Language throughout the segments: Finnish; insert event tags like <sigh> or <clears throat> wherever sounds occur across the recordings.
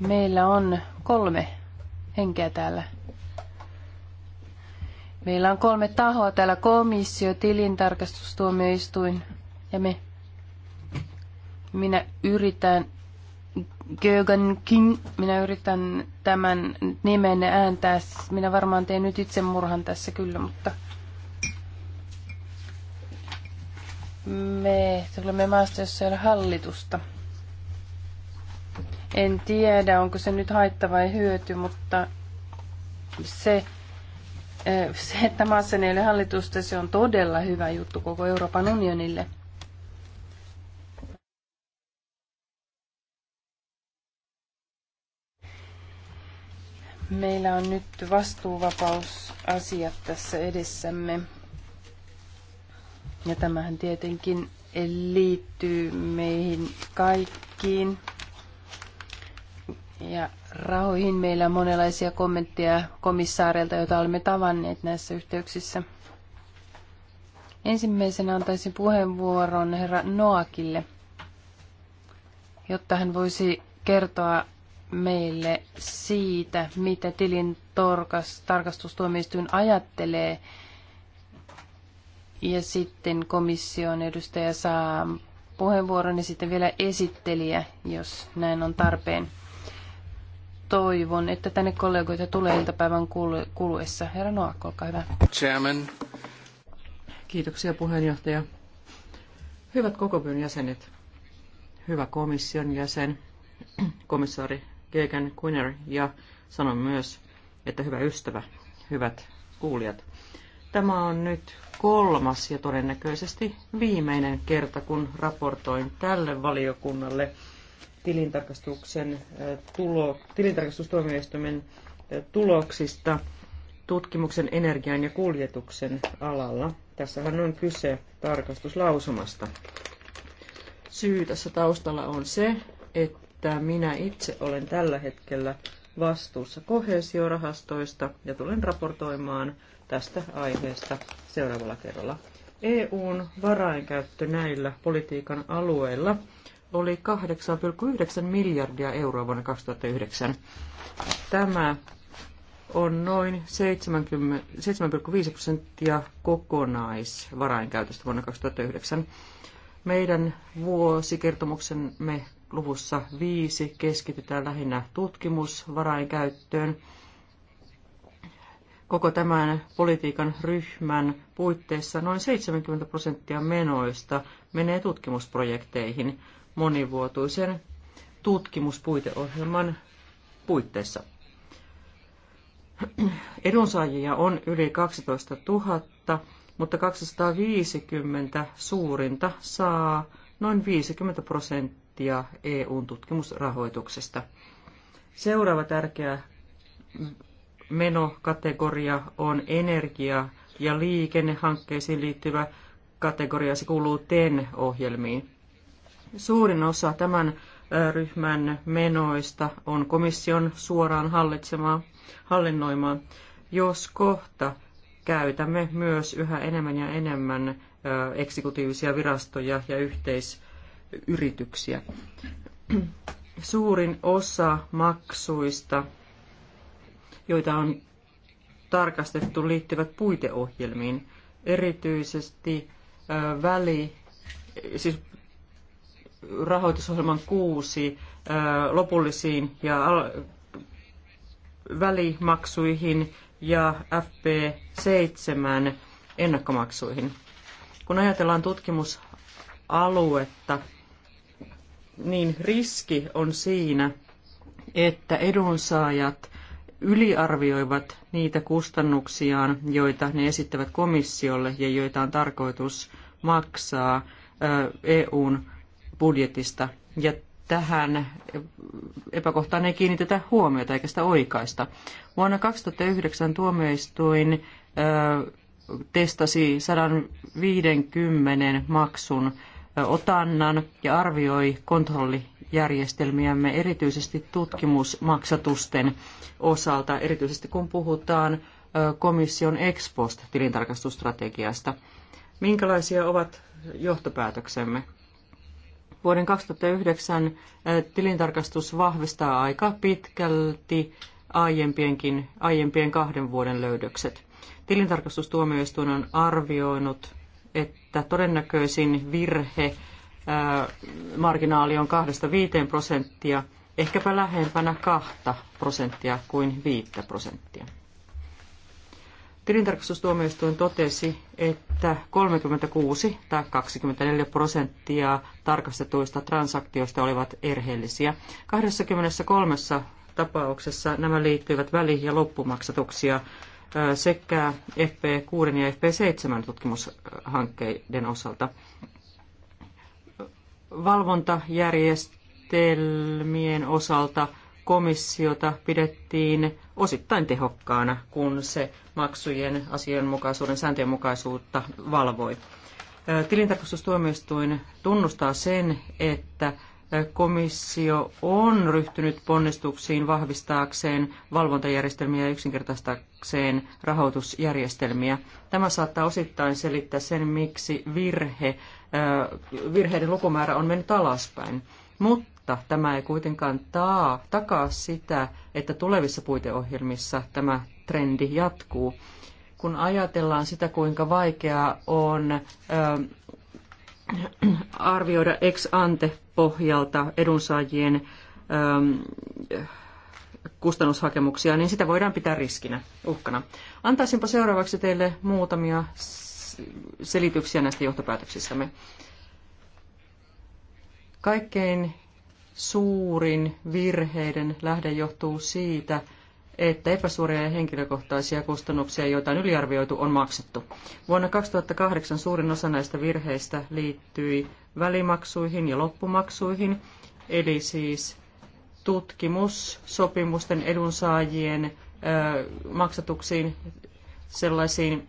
Meillä on kolme henkeä täällä. Meillä on kolme tahoa täällä, komissio, tilintarkastustuomioistuin ja me. Minä yritän, Gögan King, minä yritän tämän nimen ääntää. Minä varmaan teen nyt itsemurhan tässä kyllä, mutta me tulemme maasta, jossa ei ole hallitusta. En tiedä, onko se nyt haitta vai hyöty, mutta se, se että maassa ei ole hallitusta, se on todella hyvä juttu koko Euroopan unionille. Meillä on nyt vastuuvapausasiat tässä edessämme. Ja tämähän tietenkin liittyy meihin kaikkiin ja rahoihin meillä on monenlaisia kommentteja komissaareilta, joita olemme tavanneet näissä yhteyksissä. Ensimmäisenä antaisin puheenvuoron herra Noakille, jotta hän voisi kertoa meille siitä, mitä tilin torkas, tarkastustuomioistuin ajattelee. Ja sitten komission edustaja saa puheenvuoron ja sitten vielä esittelijä, jos näin on tarpeen toivon, että tänne kollegoita tulee iltapäivän kuluessa. Herra Noakko, olkaa hyvä. Chairman. Kiitoksia puheenjohtaja. Hyvät kokovyön jäsenet, hyvä komission jäsen, komissaari Gegen Quinner ja sanon myös, että hyvä ystävä, hyvät kuulijat. Tämä on nyt kolmas ja todennäköisesti viimeinen kerta, kun raportoin tälle valiokunnalle – tilintarkastuksen tulo, tilintarkastustuomioistuimen tuloksista tutkimuksen, energian ja kuljetuksen alalla. Tässähän on kyse tarkastuslausumasta. Syy tässä taustalla on se, että minä itse olen tällä hetkellä vastuussa kohesiorahastoista ja tulen raportoimaan tästä aiheesta seuraavalla kerralla. EUn varainkäyttö näillä politiikan alueilla oli 8,9 miljardia euroa vuonna 2009. Tämä on noin 7,5 prosenttia kokonaisvarainkäytöstä vuonna 2009. Meidän vuosikertomuksemme luvussa 5 keskitytään lähinnä tutkimusvarainkäyttöön. Koko tämän politiikan ryhmän puitteissa noin 70 prosenttia menoista menee tutkimusprojekteihin monivuotuisen tutkimuspuiteohjelman puitteissa. Edunsaajia on yli 12 000, mutta 250 suurinta saa noin 50 prosenttia EUn tutkimusrahoituksesta. Seuraava tärkeä menokategoria on energia- ja liikennehankkeisiin liittyvä kategoria. Se kuuluu TEN-ohjelmiin. Suurin osa tämän ryhmän menoista on komission suoraan hallitsemaa, hallinnoimaa. Jos kohta käytämme myös yhä enemmän ja enemmän eksekutiivisia virastoja ja yhteisyrityksiä. Suurin osa maksuista, joita on tarkastettu, liittyvät puiteohjelmiin, erityisesti väli, siis rahoitusohjelman kuusi lopullisiin ja välimaksuihin ja FP7 ennakkomaksuihin. Kun ajatellaan tutkimusaluetta, niin riski on siinä, että edunsaajat yliarvioivat niitä kustannuksiaan, joita ne esittävät komissiolle ja joita on tarkoitus maksaa EUn budjetista. Ja tähän epäkohtaan ei kiinnitetä huomiota eikä sitä oikaista. Vuonna 2009 tuomioistuin ö, testasi 150 maksun otannan ja arvioi kontrollijärjestelmiämme erityisesti tutkimusmaksatusten osalta, erityisesti kun puhutaan komission ex post tilintarkastusstrategiasta. Minkälaisia ovat johtopäätöksemme? Vuoden 2009 tilintarkastus vahvistaa aika pitkälti aiempienkin, aiempien kahden vuoden löydökset. Tilintarkastustuomioistuin on arvioinut, että todennäköisin virhe ää, marginaali on 2-5 prosenttia, ehkäpä lähempänä 2 prosenttia kuin 5 prosenttia. Tilintarkastustuomioistuin totesi, että 36 tai 24 prosenttia tarkastetuista transaktioista olivat erheellisiä. 23 tapauksessa nämä liittyivät väli- ja loppumaksatuksia sekä FP6 ja FP7 tutkimushankkeiden osalta. Valvontajärjestelmien osalta – komissiota pidettiin osittain tehokkaana, kun se maksujen asianmukaisuuden sääntöjenmukaisuutta valvoi. Tilintarkastustuomioistuin tunnustaa sen, että komissio on ryhtynyt ponnistuksiin vahvistaakseen valvontajärjestelmiä ja yksinkertaistaakseen rahoitusjärjestelmiä. Tämä saattaa osittain selittää sen, miksi virhe, virheiden lukumäärä on mennyt alaspäin. Mutta mutta tämä ei kuitenkaan taa, takaa sitä, että tulevissa puiteohjelmissa tämä trendi jatkuu. Kun ajatellaan sitä, kuinka vaikeaa on ähm, arvioida ex ante pohjalta edunsaajien ähm, kustannushakemuksia, niin sitä voidaan pitää riskinä, uhkana. Antaisinpa seuraavaksi teille muutamia selityksiä näistä johtopäätöksistämme. Kaikkein suurin virheiden lähde johtuu siitä, että epäsuoria ja henkilökohtaisia kustannuksia, joita on yliarvioitu, on maksettu. Vuonna 2008 suurin osa näistä virheistä liittyi välimaksuihin ja loppumaksuihin, eli siis tutkimussopimusten edunsaajien maksatuksiin sellaisiin,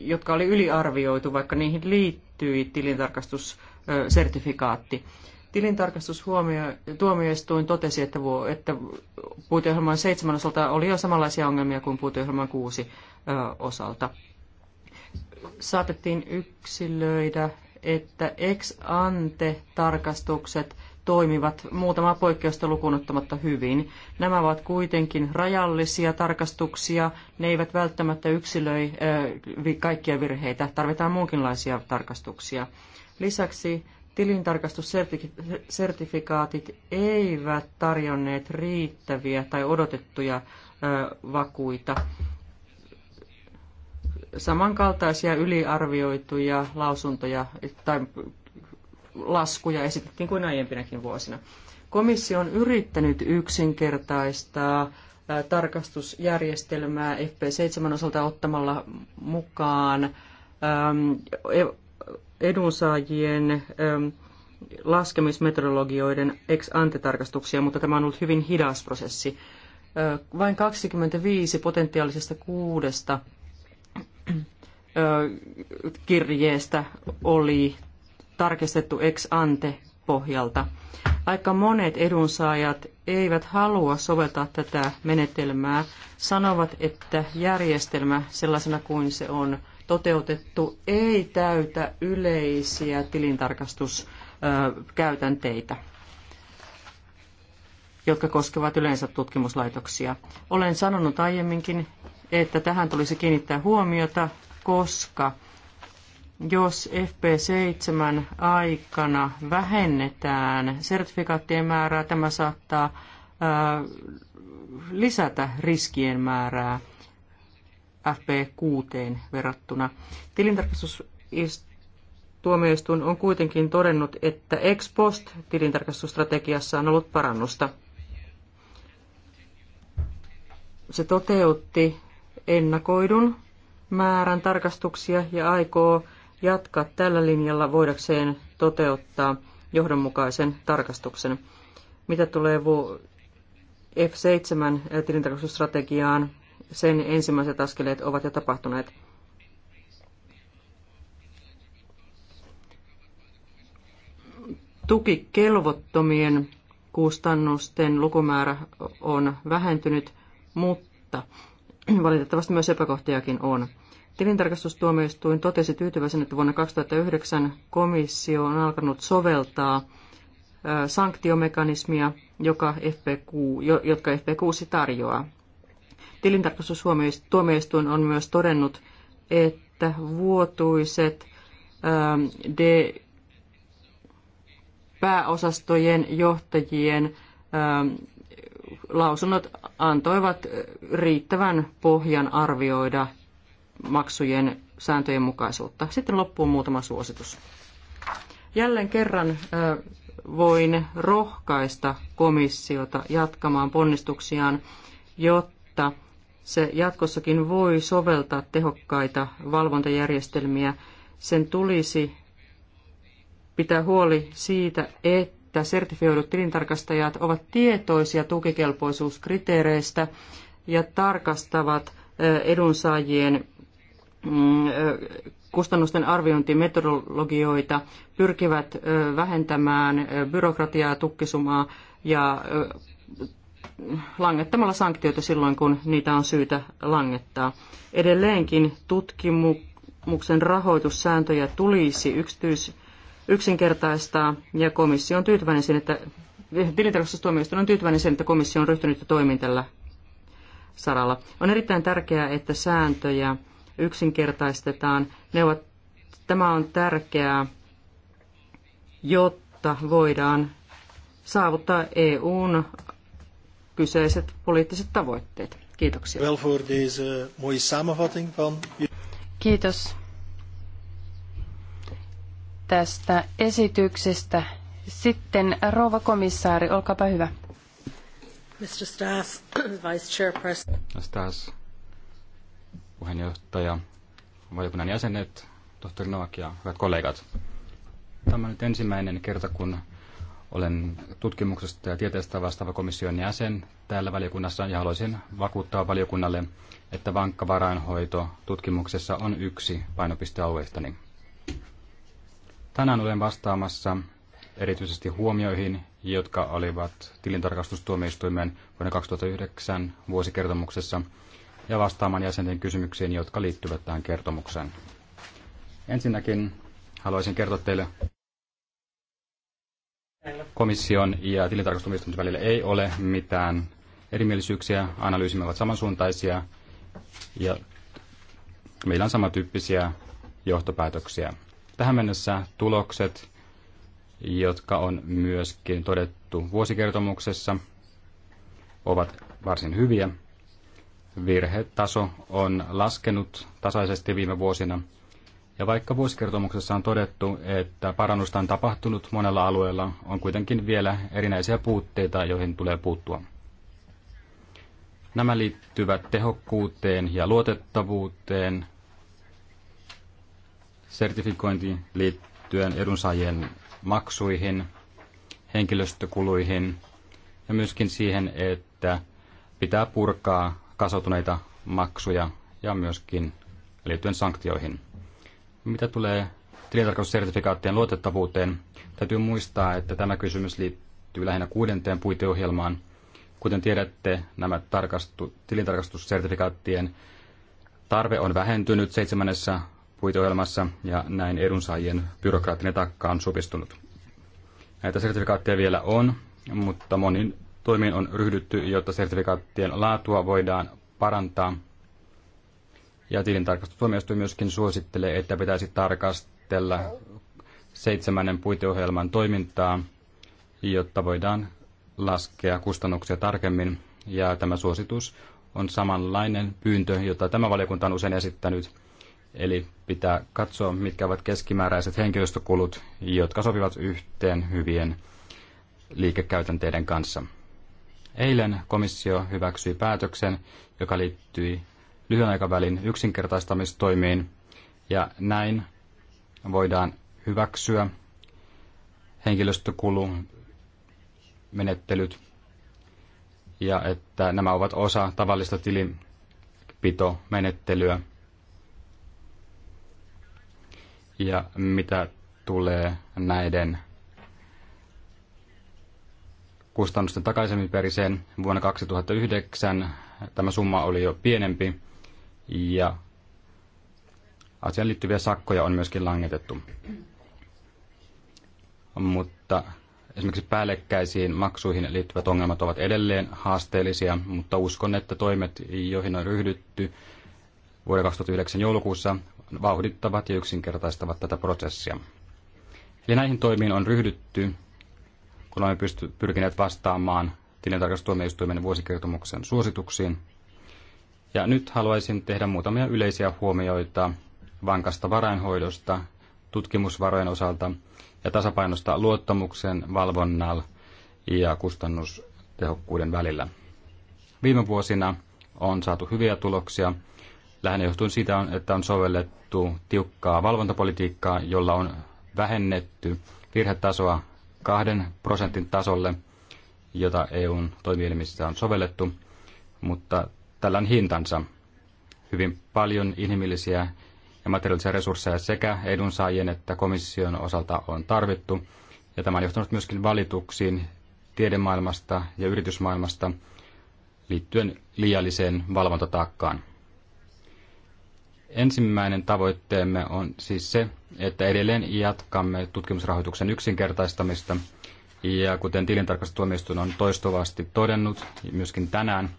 jotka oli yliarvioitu, vaikka niihin liittyi tilintarkastussertifikaatti. Tilintarkastustuomioistuin totesi, että, vu- että puuteohjelman seitsemän osalta oli jo samanlaisia ongelmia kuin puuteohjelman kuusi osalta. Saatettiin yksilöidä, että ex ante tarkastukset toimivat muutama poikkeusta lukunottamatta hyvin. Nämä ovat kuitenkin rajallisia tarkastuksia, ne eivät välttämättä yksilöi kaikkia virheitä, tarvitaan muunkinlaisia tarkastuksia. Lisäksi tilintarkastussertifikaatit eivät tarjonneet riittäviä tai odotettuja vakuita. Samankaltaisia yliarvioituja lausuntoja tai laskuja esitettiin kuin aiempinakin vuosina. Komissio on yrittänyt yksinkertaistaa tarkastusjärjestelmää FP7 osalta ottamalla mukaan edunsaajien ähm, laskemismetodologioiden ex antetarkastuksia, mutta tämä on ollut hyvin hidas prosessi. Äh, vain 25 potentiaalisesta kuudesta äh, kirjeestä oli tarkistettu ex ante pohjalta. Aika monet edunsaajat eivät halua soveltaa tätä menetelmää, sanovat, että järjestelmä sellaisena kuin se on toteutettu ei täytä yleisiä tilintarkastuskäytänteitä jotka koskevat yleensä tutkimuslaitoksia. Olen sanonut aiemminkin, että tähän tulisi kiinnittää huomiota, koska jos FP7 aikana vähennetään sertifikaattien määrää, tämä saattaa lisätä riskien määrää FP6 verrattuna. Tilintarkastustuomioistuin on kuitenkin todennut, että ex post tilintarkastusstrategiassa on ollut parannusta. Se toteutti ennakoidun määrän tarkastuksia ja aikoo jatkaa tällä linjalla voidakseen toteuttaa johdonmukaisen tarkastuksen. Mitä tulee F7 tilintarkastusstrategiaan, sen ensimmäiset askeleet ovat jo tapahtuneet. Tukikelvottomien kustannusten lukumäärä on vähentynyt, mutta valitettavasti myös epäkohtiakin on. Tilintarkastustuomioistuin totesi tyytyväisen, että vuonna 2009 komissio on alkanut soveltaa sanktiomekanismia, joka jotka FPQ tarjoaa. Tilintarkastustuomioistuin on myös todennut, että vuotuiset ähm, de pääosastojen johtajien ähm, lausunnot antoivat riittävän pohjan arvioida maksujen sääntöjen mukaisuutta. Sitten loppuun muutama suositus. Jälleen kerran äh, voin rohkaista komissiota jatkamaan ponnistuksiaan, jotta se jatkossakin voi soveltaa tehokkaita valvontajärjestelmiä. Sen tulisi pitää huoli siitä, että sertifioidut tilintarkastajat ovat tietoisia tukikelpoisuuskriteereistä ja tarkastavat eh, edunsaajien mm, eh, kustannusten arviointimetodologioita, pyrkivät eh, vähentämään byrokratiaa, tukkisumaa ja langettamalla sanktioita silloin, kun niitä on syytä langettaa. Edelleenkin tutkimuksen rahoitussääntöjä tulisi yksityis, yksinkertaistaa ja komissio on tyytyväinen sen, että tilintarkastustuomioistuin on tyytyväinen sen, että komissio on ryhtynyt toimiin tällä saralla. On erittäin tärkeää, että sääntöjä yksinkertaistetaan. Ne ovat, tämä on tärkeää, jotta voidaan saavuttaa EUn kyseiset poliittiset tavoitteet. Kiitoksia. Eh, Kiitos tästä esityksestä. Sitten rouva komissaari, olkaapa hyvä. Mr. Stas, <clears throat> Vice Chairperson. Stas, puheenjohtaja, valiokunnan jäsenet, tohtori Noak ja hyvät kollegat. Tämä on nyt ensimmäinen kerta, kun olen tutkimuksesta ja tieteestä vastaava komission jäsen täällä valiokunnassa ja haluaisin vakuuttaa valiokunnalle, että vankka varainhoito tutkimuksessa on yksi painopistealueistani. Tänään olen vastaamassa erityisesti huomioihin, jotka olivat tilintarkastustuomioistuimen vuonna 2009 vuosikertomuksessa ja vastaamaan jäsenten kysymyksiin, jotka liittyvät tähän kertomukseen. Ensinnäkin haluaisin kertoa teille Komission ja tilintarkastumistumisen välillä ei ole mitään erimielisyyksiä, analyysimme ovat samansuuntaisia ja meillä on samantyyppisiä johtopäätöksiä. Tähän mennessä tulokset, jotka on myöskin todettu vuosikertomuksessa, ovat varsin hyviä. Virhetaso on laskenut tasaisesti viime vuosina ja vaikka vuosikertomuksessa on todettu, että parannusta on tapahtunut monella alueella, on kuitenkin vielä erinäisiä puutteita, joihin tulee puuttua. Nämä liittyvät tehokkuuteen ja luotettavuuteen, sertifikointiin liittyen edunsaajien maksuihin, henkilöstökuluihin ja myöskin siihen, että pitää purkaa kasautuneita maksuja ja myöskin liittyen sanktioihin. Mitä tulee tilintarkastussertifikaattien luotettavuuteen, täytyy muistaa, että tämä kysymys liittyy lähinnä kuudenteen puiteohjelmaan. Kuten tiedätte, nämä tarkastu, tilintarkastussertifikaattien tarve on vähentynyt seitsemännessä puiteohjelmassa ja näin edunsaajien byrokraattinen takka on supistunut. Näitä sertifikaatteja vielä on, mutta monin toimiin on ryhdytty, jotta sertifikaattien laatua voidaan parantaa – ja tilintarkastustuomioistuin myöskin suosittelee, että pitäisi tarkastella seitsemännen puiteohjelman toimintaa, jotta voidaan laskea kustannuksia tarkemmin. Ja tämä suositus on samanlainen pyyntö, jota tämä valiokunta on usein esittänyt. Eli pitää katsoa, mitkä ovat keskimääräiset henkilöstökulut, jotka sopivat yhteen hyvien liikekäytänteiden kanssa. Eilen komissio hyväksyi päätöksen, joka liittyi lyhyen aikavälin yksinkertaistamistoimiin ja näin voidaan hyväksyä henkilöstökulun menettelyt ja että nämä ovat osa tavallista tilinpitomenettelyä. Ja mitä tulee näiden kustannusten takaisemmin periseen vuonna 2009, tämä summa oli jo pienempi ja asian liittyviä sakkoja on myöskin langetettu. Mutta esimerkiksi päällekkäisiin maksuihin liittyvät ongelmat ovat edelleen haasteellisia, mutta uskon, että toimet, joihin on ryhdytty vuoden 2009 joulukuussa, vauhdittavat ja yksinkertaistavat tätä prosessia. Eli näihin toimiin on ryhdytty, kun olemme pyrkineet vastaamaan tilintarkastustuomioistuimen vuosikertomuksen suosituksiin – ja nyt haluaisin tehdä muutamia yleisiä huomioita vankasta varainhoidosta, tutkimusvarojen osalta ja tasapainosta luottamuksen, valvonnan ja kustannustehokkuuden välillä. Viime vuosina on saatu hyviä tuloksia. Lähinnä johtuen siitä, että on sovellettu tiukkaa valvontapolitiikkaa, jolla on vähennetty virhetasoa kahden prosentin tasolle, jota EUn toimielimissä on sovellettu, mutta tällä on hintansa. Hyvin paljon inhimillisiä ja materiaalisia resursseja sekä edunsaajien että komission osalta on tarvittu. Ja tämä on johtanut myöskin valituksiin tiedemaailmasta ja yritysmaailmasta liittyen liialliseen valvontataakkaan. Ensimmäinen tavoitteemme on siis se, että edelleen jatkamme tutkimusrahoituksen yksinkertaistamista. Ja kuten tilintarkastustuomioistuin on toistuvasti todennut, myöskin tänään –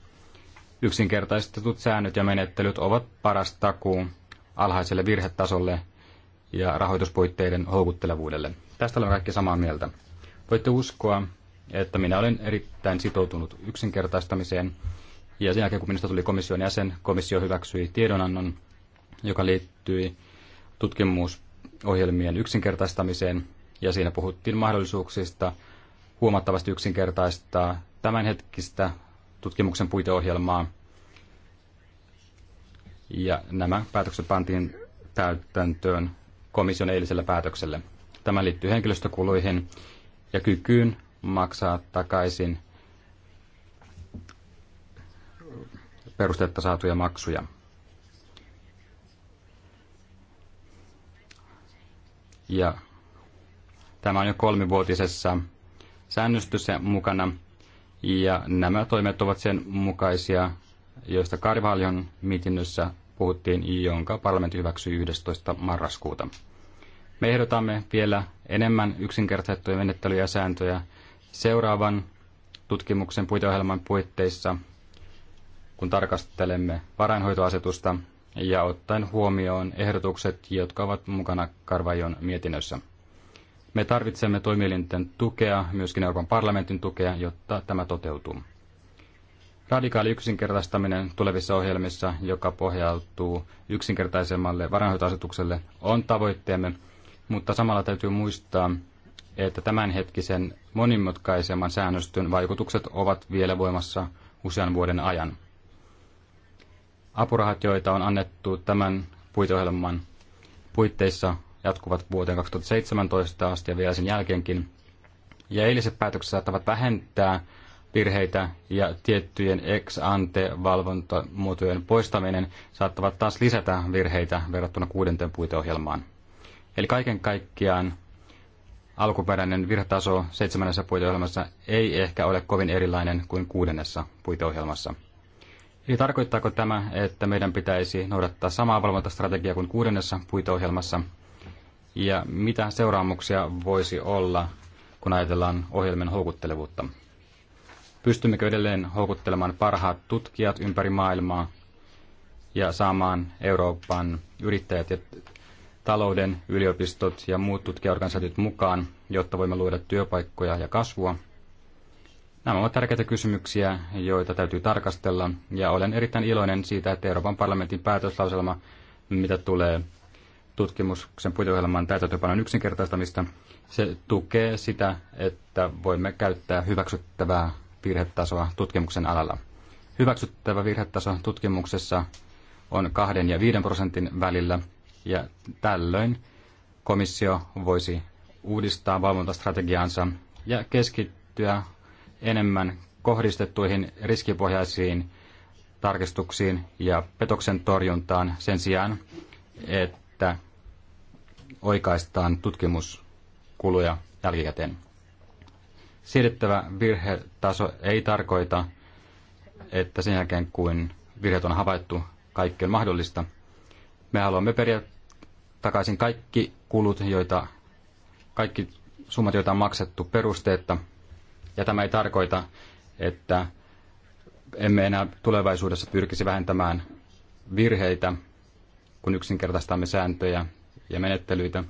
Yksinkertaistetut säännöt ja menettelyt ovat paras takuu alhaiselle virhetasolle ja rahoituspuitteiden houkuttelevuudelle. Tästä olemme kaikki samaa mieltä. Voitte uskoa, että minä olen erittäin sitoutunut yksinkertaistamiseen, ja sen jälkeen kun minusta tuli komission jäsen, komissio hyväksyi tiedonannon, joka liittyi tutkimusohjelmien yksinkertaistamiseen, ja siinä puhuttiin mahdollisuuksista huomattavasti yksinkertaistaa tämänhetkistä tutkimuksen puiteohjelmaa. Ja nämä päätökset pantiin täytäntöön komission eiliselle päätöksellä. Tämä liittyy henkilöstökuluihin ja kykyyn maksaa takaisin perustetta saatuja maksuja. Ja tämä on jo kolmivuotisessa säännöstössä mukana ja nämä toimet ovat sen mukaisia, joista Karvaljon mietinnössä puhuttiin, jonka parlamentti hyväksyi 11. marraskuuta. Me ehdotamme vielä enemmän yksinkertaistettuja menettelyjä ja sääntöjä seuraavan tutkimuksen puiteohjelman puitteissa, kun tarkastelemme varainhoitoasetusta ja ottaen huomioon ehdotukset, jotka ovat mukana Karvajon mietinnössä. Me tarvitsemme toimielinten tukea, myöskin Euroopan parlamentin tukea, jotta tämä toteutuu. Radikaali yksinkertaistaminen tulevissa ohjelmissa, joka pohjautuu yksinkertaisemmalle varainhoitoasetukselle, on tavoitteemme, mutta samalla täytyy muistaa, että tämänhetkisen monimutkaisemman säännöstön vaikutukset ovat vielä voimassa usean vuoden ajan. Apurahat, joita on annettu tämän puiteohjelman puitteissa, jatkuvat vuoteen 2017 asti ja vielä sen jälkeenkin. Ja eiliset päätökset saattavat vähentää virheitä ja tiettyjen ex ante valvontamuotojen poistaminen saattavat taas lisätä virheitä verrattuna kuudenteen puiteohjelmaan. Eli kaiken kaikkiaan alkuperäinen virhataso seitsemännessä puiteohjelmassa ei ehkä ole kovin erilainen kuin kuudennessa puiteohjelmassa. Eli tarkoittaako tämä, että meidän pitäisi noudattaa samaa valvontastrategiaa kuin kuudennessa puiteohjelmassa? ja mitä seuraamuksia voisi olla, kun ajatellaan ohjelmien houkuttelevuutta. Pystymmekö edelleen houkuttelemaan parhaat tutkijat ympäri maailmaa ja saamaan Euroopan yrittäjät ja talouden, yliopistot ja muut tutkijaorganisaatiot mukaan, jotta voimme luoda työpaikkoja ja kasvua? Nämä ovat tärkeitä kysymyksiä, joita täytyy tarkastella, ja olen erittäin iloinen siitä, että Euroopan parlamentin päätöslauselma, mitä tulee tutkimuksen puiteohjelman täytäntöpanon yksinkertaistamista. Se tukee sitä, että voimme käyttää hyväksyttävää virhetasoa tutkimuksen alalla. Hyväksyttävä virhetaso tutkimuksessa on 2 ja 5 prosentin välillä, ja tällöin komissio voisi uudistaa valvontastrategiaansa ja keskittyä enemmän kohdistettuihin riskipohjaisiin tarkistuksiin ja petoksen torjuntaan sen sijaan, että oikaistaan tutkimuskuluja jälkikäteen. Siirrettävä virhetaso ei tarkoita, että sen jälkeen kuin virheet on havaittu, kaikki on mahdollista. Me haluamme periä takaisin kaikki kulut, joita, kaikki summat, joita on maksettu perusteetta. Ja tämä ei tarkoita, että emme enää tulevaisuudessa pyrkisi vähentämään virheitä, kun yksinkertaistamme sääntöjä ja menettelyitä,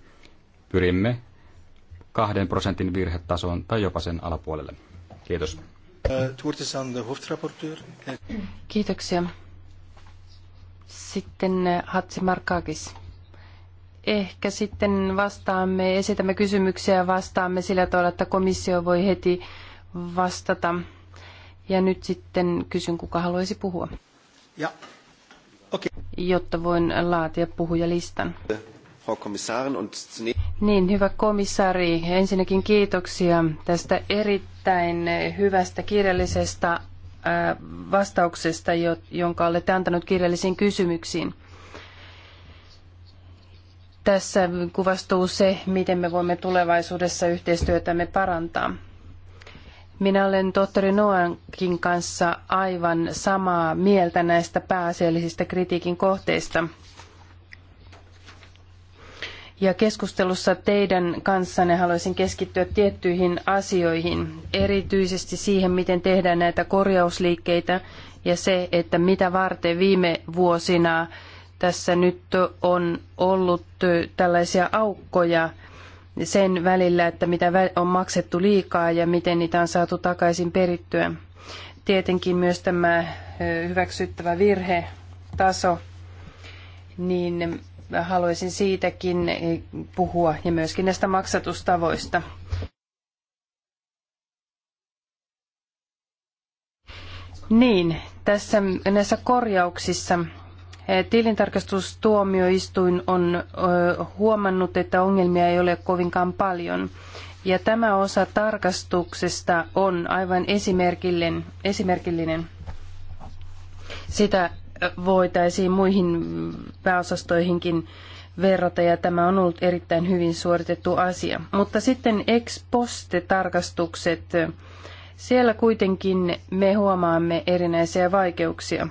pyrimme kahden prosentin virhetasoon tai jopa sen alapuolelle. Kiitos. Kiitoksia. Sitten eh, Hatsi Markakis. Ehkä sitten vastaamme, esitämme kysymyksiä ja vastaamme sillä tavalla, että komissio voi heti vastata. Ja nyt sitten kysyn, kuka haluaisi puhua. Ja. Okay. Jotta voin laatia puhujalistan. Frau Kommissarin. Und niin, hyvä komissaari, ensinnäkin kiitoksia tästä erittäin hyvästä kirjallisesta vastauksesta, jonka olette antanut kirjallisiin kysymyksiin. Tässä kuvastuu se, miten me voimme tulevaisuudessa yhteistyötämme parantaa. Minä olen tohtori Noankin kanssa aivan samaa mieltä näistä pääasiallisista kritiikin kohteista – ja keskustelussa teidän kanssanne haluaisin keskittyä tiettyihin asioihin, erityisesti siihen, miten tehdään näitä korjausliikkeitä ja se, että mitä varten viime vuosina tässä nyt on ollut tällaisia aukkoja sen välillä, että mitä on maksettu liikaa ja miten niitä on saatu takaisin perittyä. Tietenkin myös tämä hyväksyttävä virhetaso, niin haluaisin siitäkin puhua ja myöskin näistä maksatustavoista. Niin, tässä näissä korjauksissa eh, tilintarkastustuomioistuin on eh, huomannut, että ongelmia ei ole kovinkaan paljon. Ja tämä osa tarkastuksesta on aivan esimerkillinen. esimerkillinen. Sitä voitaisiin muihin pääosastoihinkin verrata ja tämä on ollut erittäin hyvin suoritettu asia. Mutta sitten ex poste tarkastukset, siellä kuitenkin me huomaamme erinäisiä vaikeuksia.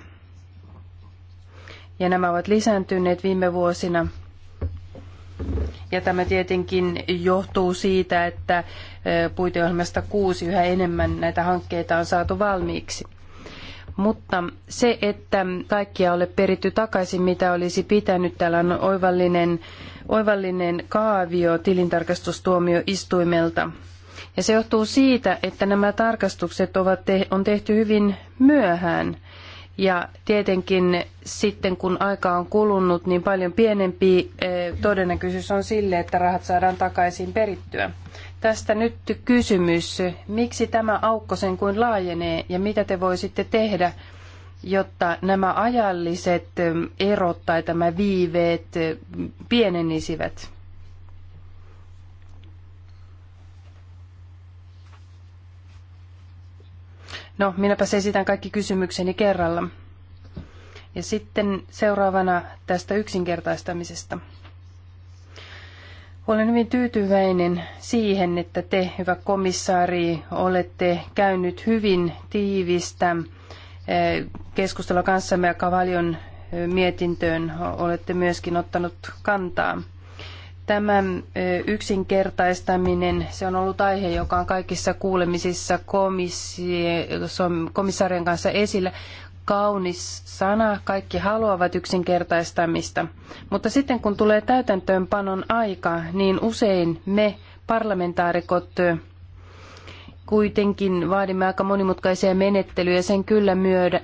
Ja nämä ovat lisääntyneet viime vuosina. Ja tämä tietenkin johtuu siitä, että puiteohjelmasta kuusi yhä enemmän näitä hankkeita on saatu valmiiksi. Mutta se, että kaikkia ole peritty takaisin, mitä olisi pitänyt, täällä on oivallinen, oivallinen kaavio tilintarkastustuomioistuimelta. Ja se johtuu siitä, että nämä tarkastukset ovat on tehty hyvin myöhään – ja tietenkin sitten kun aika on kulunut, niin paljon pienempi eh, todennäköisyys on sille, että rahat saadaan takaisin perittyä. Tästä nyt kysymys, miksi tämä aukko sen kuin laajenee ja mitä te voisitte tehdä, jotta nämä ajalliset eh, erot tai tämä viiveet eh, pienenisivät? No, minäpäs esitän kaikki kysymykseni kerralla. Ja sitten seuraavana tästä yksinkertaistamisesta. Olen hyvin tyytyväinen siihen, että te, hyvä komissaari, olette käynyt hyvin tiivistä eh, keskustelua kanssamme ja Kavalion eh, mietintöön olette myöskin ottanut kantaa. Tämä yksinkertaistaminen, se on ollut aihe, joka on kaikissa kuulemisissa komissaarien kanssa esillä. Kaunis sana, kaikki haluavat yksinkertaistamista. Mutta sitten kun tulee täytäntöönpanon aika, niin usein me parlamentaarikot kuitenkin vaadimme aika monimutkaisia menettelyjä, sen kyllä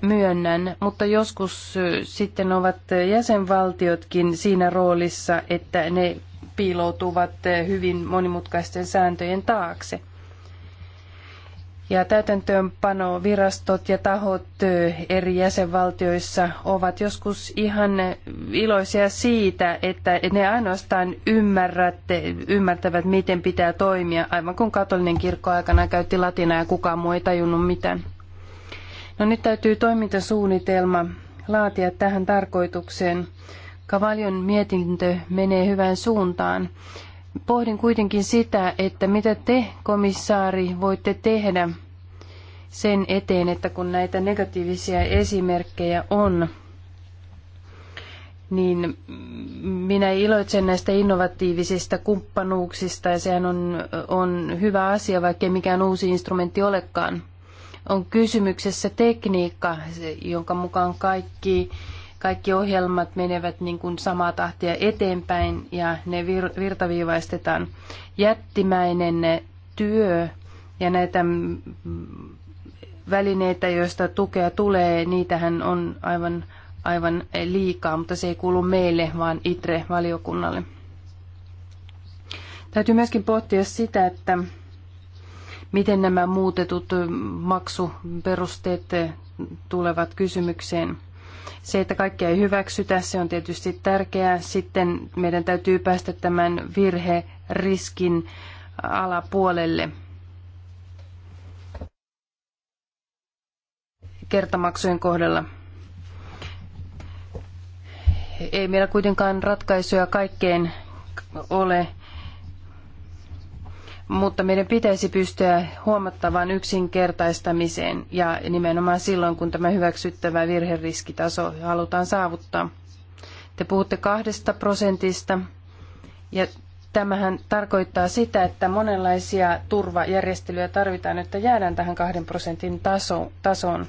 myönnän, mutta joskus sitten ovat jäsenvaltiotkin siinä roolissa, että ne piiloutuvat hyvin monimutkaisten sääntöjen taakse. Ja täytäntöönpano virastot ja tahot eri jäsenvaltioissa ovat joskus ihan iloisia siitä, että ne ainoastaan ymmärtävät, miten pitää toimia, aivan kun katolinen kirkko aikana käytti latinaa ja kukaan muu ei tajunnut mitään. No nyt täytyy toimintasuunnitelma laatia tähän tarkoitukseen. Kavaljon mietintö menee hyvään suuntaan. Pohdin kuitenkin sitä, että mitä te, komissaari, voitte tehdä sen eteen, että kun näitä negatiivisia esimerkkejä on, niin minä iloitsen näistä innovatiivisista kumppanuuksista ja sehän on, on hyvä asia, vaikkei mikään uusi instrumentti olekaan. On kysymyksessä tekniikka, jonka mukaan kaikki kaikki ohjelmat menevät niin kuin samaa tahtia eteenpäin ja ne vir- virtaviivaistetaan. Jättimäinen työ ja näitä välineitä, joista tukea tulee, niitähän on aivan, aivan liikaa, mutta se ei kuulu meille, vaan ITRE-valiokunnalle. Täytyy myöskin pohtia sitä, että miten nämä muutetut maksuperusteet tulevat kysymykseen. Se, että kaikkea ei hyväksytä, se on tietysti tärkeää. Sitten meidän täytyy päästä tämän virheriskin alapuolelle. kertamaksujen kohdalla. Ei meillä kuitenkaan ratkaisuja kaikkeen ole mutta meidän pitäisi pystyä huomattavaan yksinkertaistamiseen ja nimenomaan silloin, kun tämä hyväksyttävä virheriskitaso halutaan saavuttaa. Te puhutte kahdesta prosentista ja tämähän tarkoittaa sitä, että monenlaisia turvajärjestelyjä tarvitaan, että jäädään tähän kahden prosentin taso, tasoon.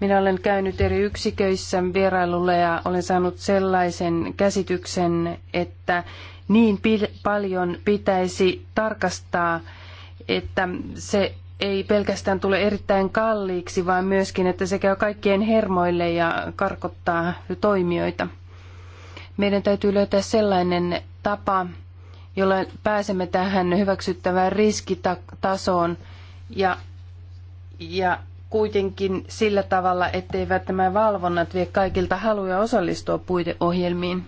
Minä olen käynyt eri yksiköissä vierailulla ja olen saanut sellaisen käsityksen, että niin paljon pitäisi tarkastaa, että se ei pelkästään tule erittäin kalliiksi, vaan myöskin, että se käy kaikkien hermoille ja karkottaa toimijoita. Meidän täytyy löytää sellainen tapa, jolla pääsemme tähän hyväksyttävään riskitasoon ja, ja kuitenkin sillä tavalla, etteivät nämä valvonnat vie kaikilta haluja osallistua puiteohjelmiin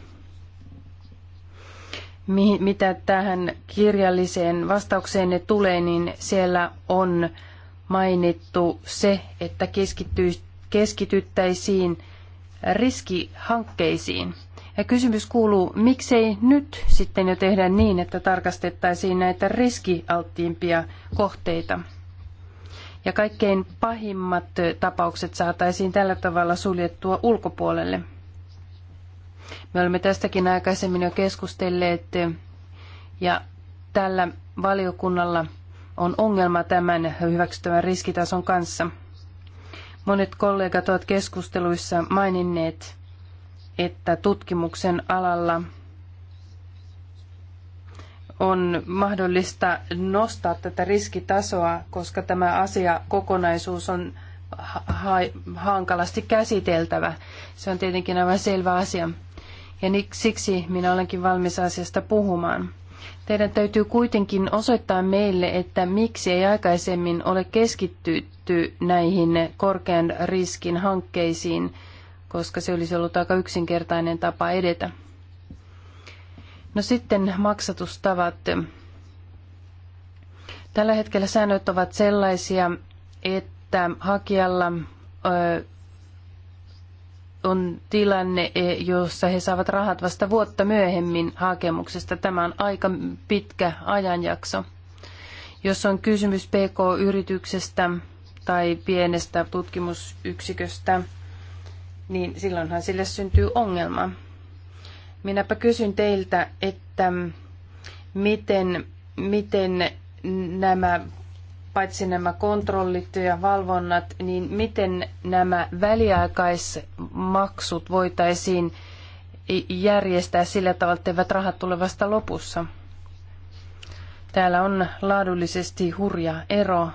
mitä tähän kirjalliseen vastaukseen tulee, niin siellä on mainittu se, että keskityttäisiin riskihankkeisiin. Ja kysymys kuuluu, miksei nyt sitten jo tehdä niin, että tarkastettaisiin näitä riskialttiimpia kohteita. Ja kaikkein pahimmat tapaukset saataisiin tällä tavalla suljettua ulkopuolelle. Me olemme tästäkin aikaisemmin jo keskustelleet ja tällä valiokunnalla on ongelma tämän hyväksyttävän riskitason kanssa. Monet kollegat ovat keskusteluissa maininneet, että tutkimuksen alalla on mahdollista nostaa tätä riskitasoa, koska tämä asia kokonaisuus on ha- hankalasti käsiteltävä. Se on tietenkin aivan selvä asia ja siksi minä olenkin valmis asiasta puhumaan. Teidän täytyy kuitenkin osoittaa meille, että miksi ei aikaisemmin ole keskittytty näihin korkean riskin hankkeisiin, koska se olisi ollut aika yksinkertainen tapa edetä. No sitten maksatustavat. Tällä hetkellä säännöt ovat sellaisia, että hakijalla on tilanne, e, jossa he saavat rahat vasta vuotta myöhemmin hakemuksesta. Tämä on aika pitkä ajanjakso. Jos on kysymys PK-yrityksestä tai pienestä tutkimusyksiköstä, niin silloinhan sille syntyy ongelma. Minäpä kysyn teiltä, että miten, miten nämä paitsi nämä kontrollit ja valvonnat, niin miten nämä väliaikaismaksut voitaisiin järjestää sillä tavalla, että eivät rahat tule vasta lopussa? Täällä on laadullisesti hurja ero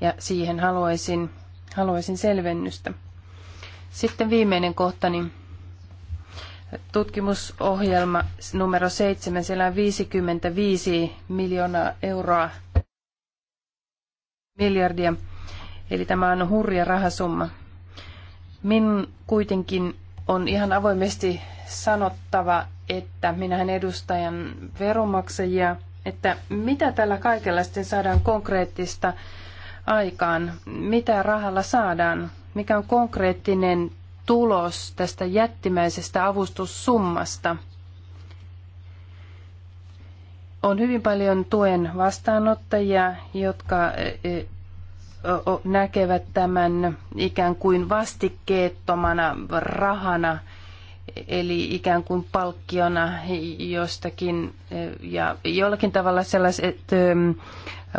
ja siihen haluaisin, haluaisin selvennystä. Sitten viimeinen kohtani. Niin tutkimusohjelma numero 7, siellä on 55 miljoonaa euroa miljardia. Eli tämä on hurja rahasumma. Minun kuitenkin on ihan avoimesti sanottava, että minähän edustajan veronmaksajia, että mitä tällä kaikella sitten saadaan konkreettista aikaan, mitä rahalla saadaan, mikä on konkreettinen tulos tästä jättimäisestä avustussummasta – on hyvin paljon tuen vastaanottajia, jotka e, e, näkevät tämän ikään kuin vastikkeettomana rahana, eli ikään kuin palkkiona jostakin. E, ja jollakin tavalla sellaiset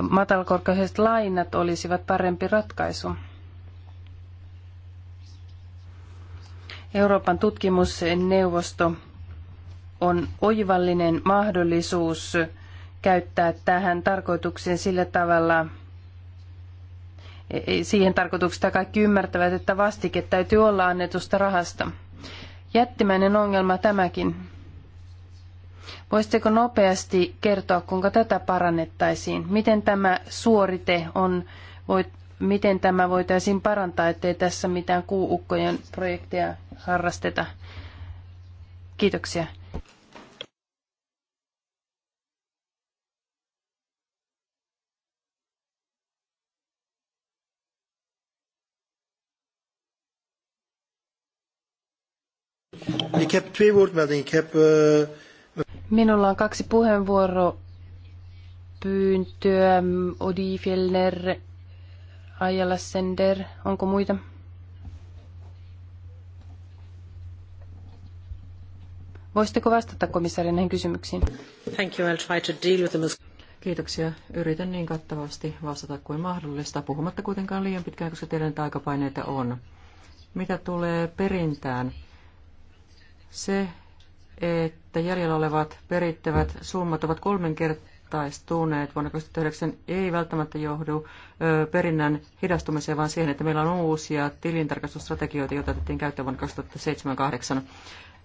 matalakorkoiset lainat olisivat parempi ratkaisu. Euroopan tutkimusneuvosto on oivallinen mahdollisuus käyttää tähän tarkoitukseen sillä tavalla, siihen tarkoituksesta kaikki ymmärtävät, että vastike täytyy olla annetusta rahasta. Jättimäinen ongelma tämäkin. Voisitteko nopeasti kertoa, kuinka tätä parannettaisiin? Miten tämä suorite on, voit, miten tämä voitaisiin parantaa, ettei tässä mitään kuuukkojen projekteja harrasteta? Kiitoksia. Uh, Minulla on kaksi puheenvuoropyyntöä. Odi Fjellner, Ajala Sender, onko muita? Voisitteko vastata komissaari näihin kysymyksiin? Thank you. I'll try to deal with them as... Kiitoksia. Yritän niin kattavasti vastata kuin mahdollista, puhumatta kuitenkaan liian pitkään, koska tiedän, että aikapaineita on. Mitä tulee perintään, se, että jäljellä olevat perittävät summat ovat kolminkertaistuneet vuonna 2009, ei välttämättä johdu perinnän hidastumiseen, vaan siihen, että meillä on uusia tilintarkastusstrategioita, joita otettiin käyttöön vuonna 2007-2008.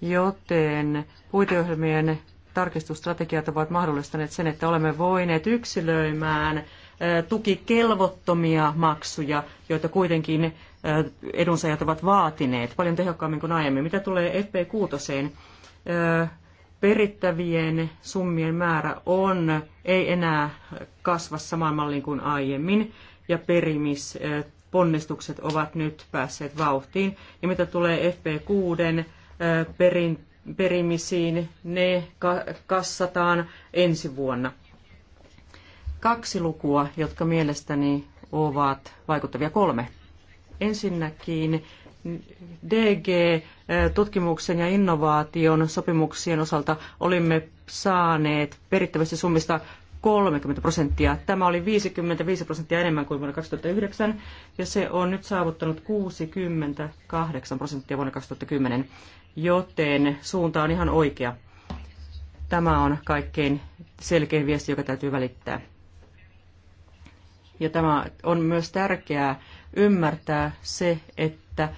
Joten puiteohjelmien tarkistusstrategiat ovat mahdollistaneet sen, että olemme voineet yksilöimään tukikelvottomia maksuja, joita kuitenkin edunsaajat ovat vaatineet paljon tehokkaammin kuin aiemmin. Mitä tulee FP6, perittävien summien määrä on, ei enää kasva samaan malliin kuin aiemmin, ja perimisponnistukset ovat nyt päässeet vauhtiin. Ja mitä tulee FP6 perin, perimisiin, ne kassataan ensi vuonna. Kaksi lukua, jotka mielestäni ovat vaikuttavia kolme Ensinnäkin DG-tutkimuksen ja innovaation sopimuksien osalta olimme saaneet perittävästi summista 30 prosenttia. Tämä oli 55 prosenttia enemmän kuin vuonna 2009 ja se on nyt saavuttanut 68 prosenttia vuonna 2010, joten suunta on ihan oikea. Tämä on kaikkein selkein viesti, joka täytyy välittää. Ja tämä on myös tärkeää ymmärtää se, että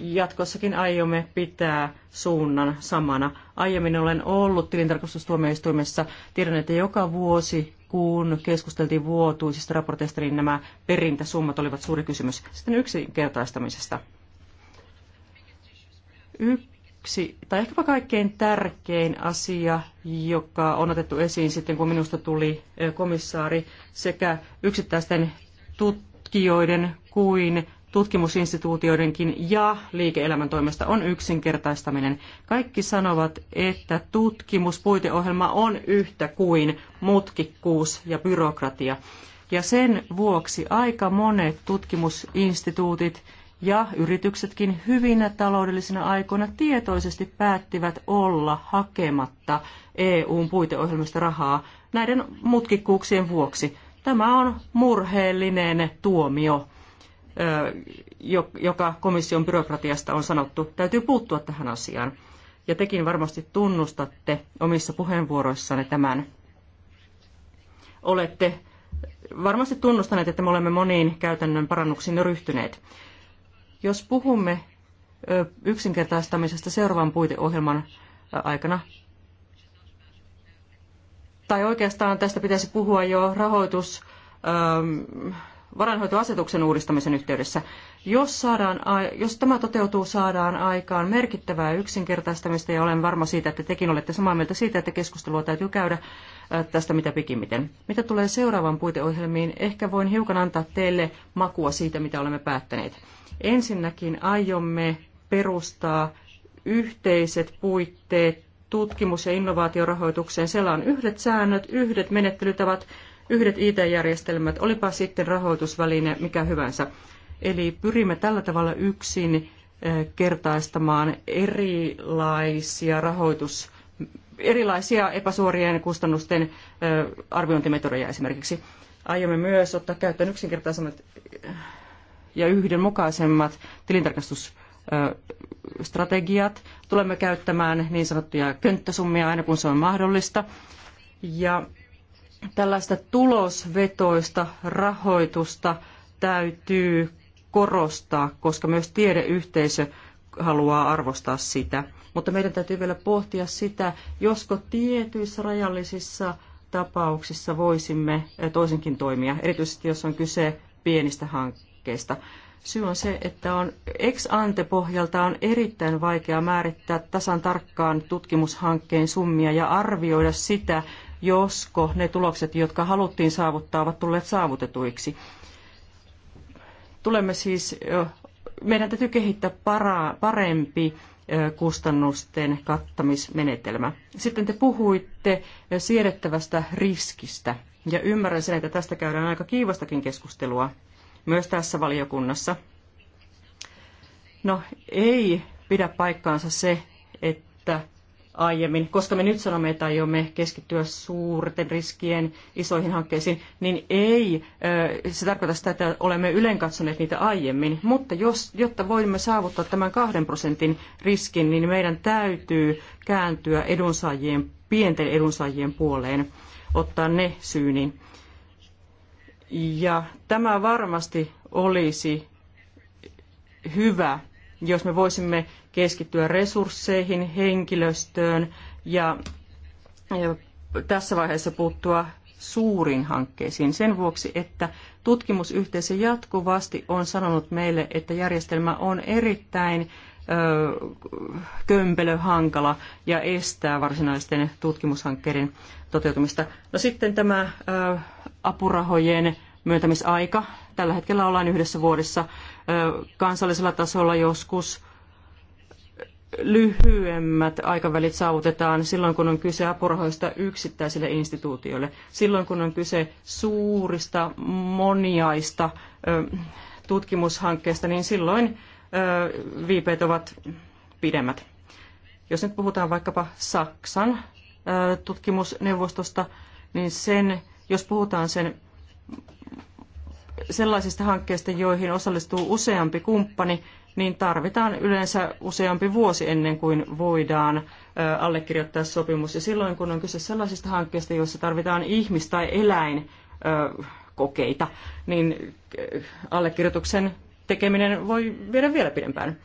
jatkossakin aiomme pitää suunnan samana. Aiemmin olen ollut tilintarkastustuomioistuimessa. Tiedän, että joka vuosi, kun keskusteltiin vuotuisista raporteista, niin nämä perintäsummat olivat suuri kysymys. Sitten yksinkertaistamisesta. Yksi, tai ehkäpä kaikkein tärkein asia, joka on otettu esiin sitten, kun minusta tuli komissaari, sekä yksittäisten tuttujen tutkijoiden kuin tutkimusinstituutioidenkin ja liike-elämän toimesta on yksinkertaistaminen. Kaikki sanovat, että tutkimuspuiteohjelma on yhtä kuin mutkikkuus ja byrokratia. Ja sen vuoksi aika monet tutkimusinstituutit ja yrityksetkin hyvinä taloudellisina aikoina tietoisesti päättivät olla hakematta EUn puiteohjelmista rahaa näiden mutkikkuuksien vuoksi. Tämä on murheellinen tuomio, joka komission byrokratiasta on sanottu. Täytyy puuttua tähän asiaan. Ja tekin varmasti tunnustatte omissa puheenvuoroissanne tämän. Olette varmasti tunnustaneet, että me olemme moniin käytännön parannuksiin ryhtyneet. Jos puhumme yksinkertaistamisesta seuraavan puiteohjelman aikana, tai oikeastaan tästä pitäisi puhua jo rahoitus, ähm, varainhoitoasetuksen uudistamisen yhteydessä. Jos, saadaan, jos tämä toteutuu, saadaan aikaan merkittävää yksinkertaistamista ja olen varma siitä, että tekin olette samaa mieltä siitä, että keskustelua täytyy käydä äh, tästä mitä pikimmiten. Mitä tulee seuraavan puiteohjelmiin, ehkä voin hiukan antaa teille makua siitä, mitä olemme päättäneet. Ensinnäkin aiomme perustaa yhteiset puitteet tutkimus- ja innovaatiorahoitukseen. Siellä on yhdet säännöt, yhdet menettelytavat, yhdet IT-järjestelmät, olipa sitten rahoitusväline mikä hyvänsä. Eli pyrimme tällä tavalla yksin eh, kertaistamaan erilaisia rahoitus, erilaisia epäsuorien kustannusten eh, arviointimetodeja esimerkiksi. Aiomme myös ottaa käyttöön yksinkertaisemmat eh, ja yhdenmukaisemmat tilintarkastus strategiat. Tulemme käyttämään niin sanottuja könttäsummia aina kun se on mahdollista. Ja tällaista tulosvetoista rahoitusta täytyy korostaa, koska myös tiedeyhteisö haluaa arvostaa sitä. Mutta meidän täytyy vielä pohtia sitä, josko tietyissä rajallisissa tapauksissa voisimme toisinkin toimia, erityisesti jos on kyse pienistä hankkeista. Syy on se, että on ex ante pohjalta on erittäin vaikea määrittää tasan tarkkaan tutkimushankkeen summia ja arvioida sitä, josko ne tulokset, jotka haluttiin saavuttaa, ovat tulleet saavutetuiksi. Tulemme siis, meidän täytyy kehittää parempi kustannusten kattamismenetelmä. Sitten te puhuitte siedettävästä riskistä, ja ymmärrän sen, että tästä käydään aika kiivastakin keskustelua myös tässä valiokunnassa. No ei pidä paikkaansa se, että aiemmin, koska me nyt sanomme, että aiomme keskittyä suurten riskien isoihin hankkeisiin, niin ei se tarkoita sitä, että olemme ylen katsoneet niitä aiemmin. Mutta jos, jotta voimme saavuttaa tämän kahden prosentin riskin, niin meidän täytyy kääntyä edunsaajien, pienten edunsaajien puoleen, ottaa ne syyniin. Ja tämä varmasti olisi hyvä, jos me voisimme keskittyä resursseihin, henkilöstöön ja, ja tässä vaiheessa puuttua suuriin hankkeisiin sen vuoksi, että tutkimusyhteisö jatkuvasti on sanonut meille, että järjestelmä on erittäin kömpelö, hankala ja estää varsinaisten tutkimushankkeiden toteutumista. No sitten tämä apurahojen myöntämisaika. Tällä hetkellä ollaan yhdessä vuodessa kansallisella tasolla joskus lyhyemmät aikavälit saavutetaan silloin, kun on kyse apurahoista yksittäisille instituutioille. Silloin, kun on kyse suurista, moniaista tutkimushankkeista, niin silloin viipeet ovat pidemmät. Jos nyt puhutaan vaikkapa Saksan tutkimusneuvostosta, niin sen, jos puhutaan sen sellaisista hankkeista, joihin osallistuu useampi kumppani, niin tarvitaan yleensä useampi vuosi ennen kuin voidaan allekirjoittaa sopimus. Ja silloin, kun on kyse sellaisista hankkeista, joissa tarvitaan ihmis- tai eläinkokeita, niin allekirjoituksen tekeminen voi viedä vielä pidempään.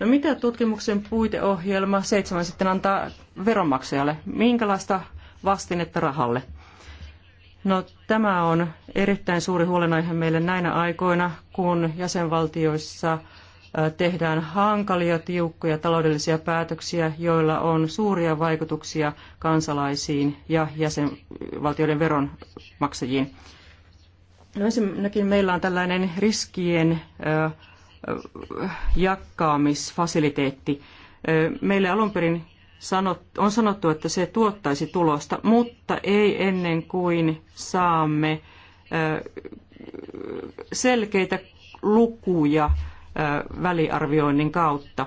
No mitä tutkimuksen puiteohjelma seitsemän sitten antaa veronmaksajalle? Minkälaista vastinetta rahalle? No tämä on erittäin suuri huolenaihe meille näinä aikoina, kun jäsenvaltioissa tehdään hankalia, tiukkoja taloudellisia päätöksiä, joilla on suuria vaikutuksia kansalaisiin ja jäsenvaltioiden veronmaksajiin. No ensinnäkin meillä on tällainen riskien jakkaamisfasiliteetti. Meille alun perin on sanottu, että se tuottaisi tulosta, mutta ei ennen kuin saamme selkeitä lukuja väliarvioinnin kautta.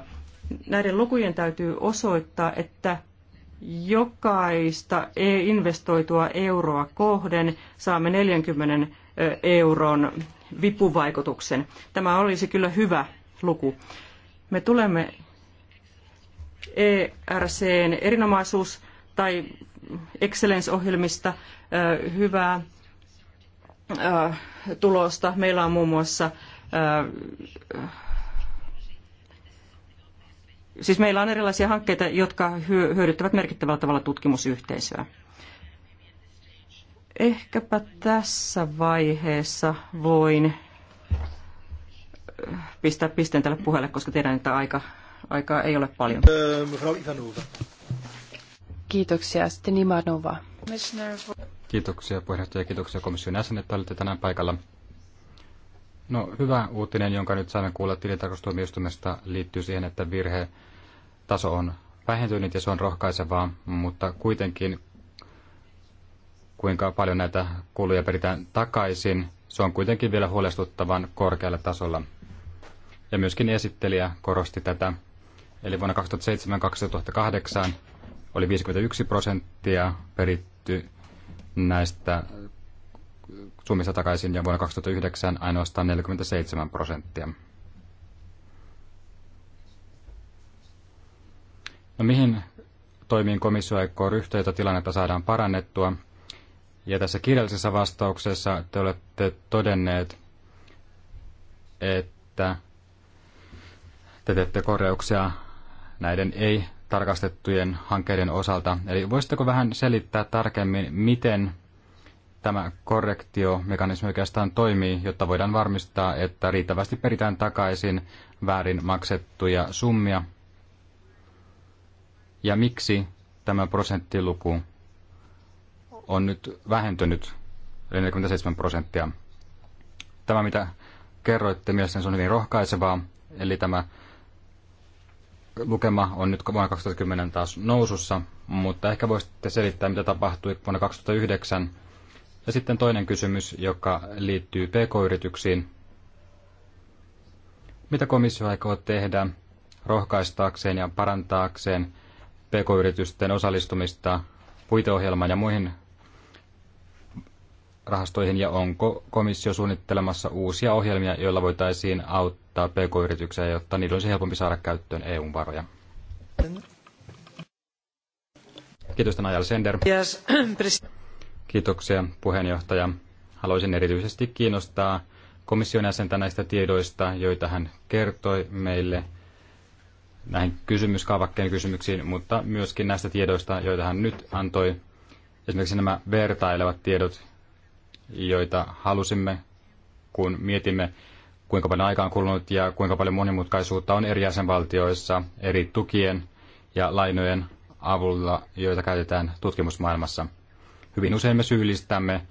Näiden lukujen täytyy osoittaa, että jokaista investoitua euroa kohden saamme 40 euron vipuvaikutuksen. Tämä olisi kyllä hyvä luku. Me tulemme ERCn erinomaisuus- tai excellence-ohjelmista hyvää tulosta. Meillä on muun muassa Siis meillä on erilaisia hankkeita, jotka hyödyttävät merkittävällä tavalla tutkimusyhteisöä. Ehkäpä tässä vaiheessa voin äh, pistää pisteen tälle puheelle, koska tiedän, että aika, aikaa ei ole paljon. Ähm, kiitoksia. Sitten Imanova. Kiitoksia puheenjohtaja ja kiitoksia komission jäsenet, että olette tänään paikalla. No hyvä uutinen, jonka nyt saimme kuulla tilintarkastustuomioistuimesta liittyy siihen, että virhe taso on vähentynyt ja se on rohkaisevaa, mutta kuitenkin kuinka paljon näitä kuluja peritään takaisin, se on kuitenkin vielä huolestuttavan korkealla tasolla. Ja myöskin esittelijä korosti tätä. Eli vuonna 2007-2008 oli 51 prosenttia peritty näistä summista takaisin ja vuonna 2009 ainoastaan 47 prosenttia. No mihin toimiin komissio aikoo ryhtyä, jotta tilannetta saadaan parannettua? Ja tässä kirjallisessa vastauksessa te olette todenneet, että te teette korjauksia näiden ei tarkastettujen hankkeiden osalta. Eli voisitteko vähän selittää tarkemmin, miten tämä korrektiomekanismi oikeastaan toimii, jotta voidaan varmistaa, että riittävästi peritään takaisin väärin maksettuja summia? Ja miksi tämä prosenttiluku on nyt vähentynyt 47 prosenttia. Tämä, mitä kerroitte, mielestäni se on hyvin rohkaisevaa. Eli tämä lukema on nyt vuonna 2010 taas nousussa, mutta ehkä voisitte selittää, mitä tapahtui vuonna 2009. Ja sitten toinen kysymys, joka liittyy pk-yrityksiin. Mitä komissio aikoo tehdä rohkaistaakseen ja parantaakseen pk-yritysten osallistumista puiteohjelmaan ja muihin rahastoihin ja onko komissio suunnittelemassa uusia ohjelmia, joilla voitaisiin auttaa pk-yrityksiä, jotta niiden olisi helpompi saada käyttöön EUn varoja? Kiitos Sender. Kiitoksia puheenjohtaja. Haluaisin erityisesti kiinnostaa komission jäsentä näistä tiedoista, joita hän kertoi meille näihin kysymyskaavakkeen kysymyksiin, mutta myöskin näistä tiedoista, joita hän nyt antoi. Esimerkiksi nämä vertailevat tiedot, joita halusimme, kun mietimme, kuinka paljon aikaa on kulunut ja kuinka paljon monimutkaisuutta on eri jäsenvaltioissa eri tukien ja lainojen avulla, joita käytetään tutkimusmaailmassa. Hyvin usein me syyllistämme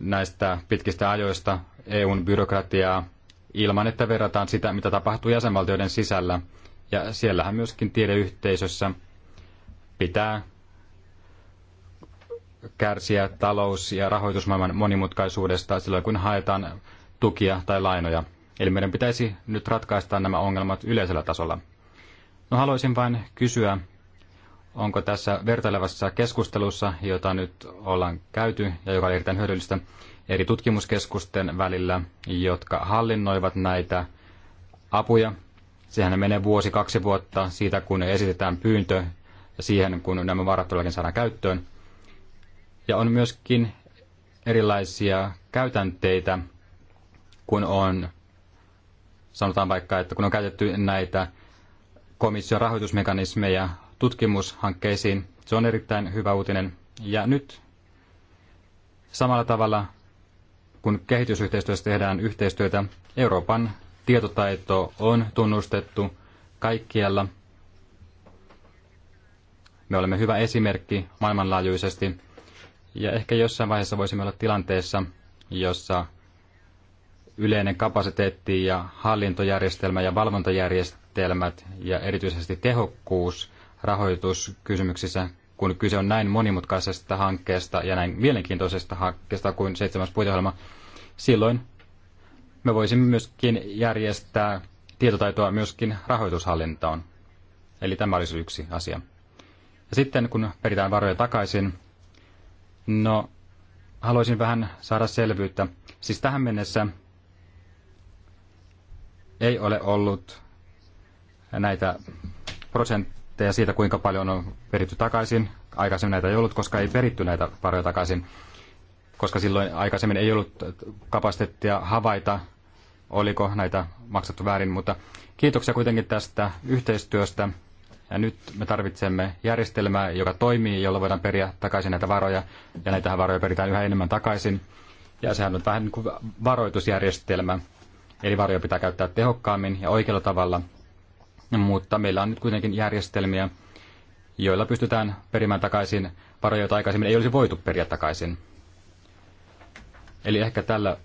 näistä pitkistä ajoista EUn byrokratiaa ilman, että verrataan sitä, mitä tapahtuu jäsenvaltioiden sisällä. Ja siellähän myöskin tiedeyhteisössä pitää kärsiä talous- ja rahoitusmaailman monimutkaisuudesta silloin, kun haetaan tukia tai lainoja. Eli meidän pitäisi nyt ratkaista nämä ongelmat yleisellä tasolla. No haluaisin vain kysyä, onko tässä vertailevassa keskustelussa, jota nyt ollaan käyty ja joka oli erittäin hyödyllistä, eri tutkimuskeskusten välillä, jotka hallinnoivat näitä apuja. Sehän menee vuosi, kaksi vuotta siitä, kun esitetään pyyntö ja siihen, kun nämä varat todellakin saadaan käyttöön. Ja on myöskin erilaisia käytänteitä, kun on, sanotaan vaikka, että kun on käytetty näitä komission rahoitusmekanismeja tutkimushankkeisiin, se on erittäin hyvä uutinen. Ja nyt samalla tavalla, kun kehitysyhteistyössä tehdään yhteistyötä, Euroopan tietotaito on tunnustettu kaikkialla. Me olemme hyvä esimerkki maailmanlaajuisesti ja ehkä jossain vaiheessa voisimme olla tilanteessa, jossa yleinen kapasiteetti ja hallintojärjestelmä ja valvontajärjestelmät ja erityisesti tehokkuus rahoituskysymyksissä, kun kyse on näin monimutkaisesta hankkeesta ja näin mielenkiintoisesta hankkeesta kuin seitsemäs puiteohjelma, silloin me voisimme myöskin järjestää tietotaitoa myöskin rahoitushallintaan. Eli tämä olisi yksi asia. Ja sitten kun peritään varoja takaisin, No, haluaisin vähän saada selvyyttä. Siis tähän mennessä ei ole ollut näitä prosentteja siitä, kuinka paljon on peritty takaisin. Aikaisemmin näitä ei ollut, koska ei peritty näitä varoja takaisin, koska silloin aikaisemmin ei ollut kapasiteettia havaita, oliko näitä maksettu väärin. Mutta kiitoksia kuitenkin tästä yhteistyöstä ja nyt me tarvitsemme järjestelmää, joka toimii, jolla voidaan periä takaisin näitä varoja, ja näitä varoja peritään yhä enemmän takaisin. Ja sehän on vähän niin kuin varoitusjärjestelmä, eli varoja pitää käyttää tehokkaammin ja oikealla tavalla. Mutta meillä on nyt kuitenkin järjestelmiä, joilla pystytään perimään takaisin varoja, joita aikaisemmin ei olisi voitu periä takaisin. Eli ehkä tällä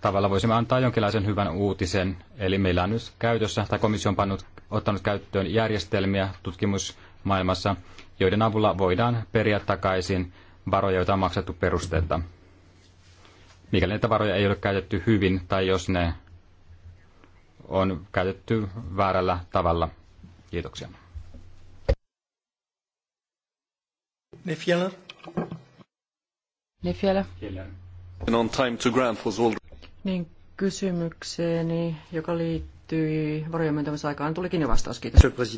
tavalla voisimme antaa jonkinlaisen hyvän uutisen. Eli meillä on nyt käytössä, tai komissio on pannut, ottanut käyttöön järjestelmiä tutkimusmaailmassa, joiden avulla voidaan periä takaisin varoja, joita on maksettu perusteetta. Mikäli näitä varoja ei ole käytetty hyvin tai jos ne on käytetty väärällä tavalla. Kiitoksia. Ne vielä. Ne vielä. On time to grant was niin kysymykseeni, joka liittyi varojen tulikin jo vastaus. Kiitos.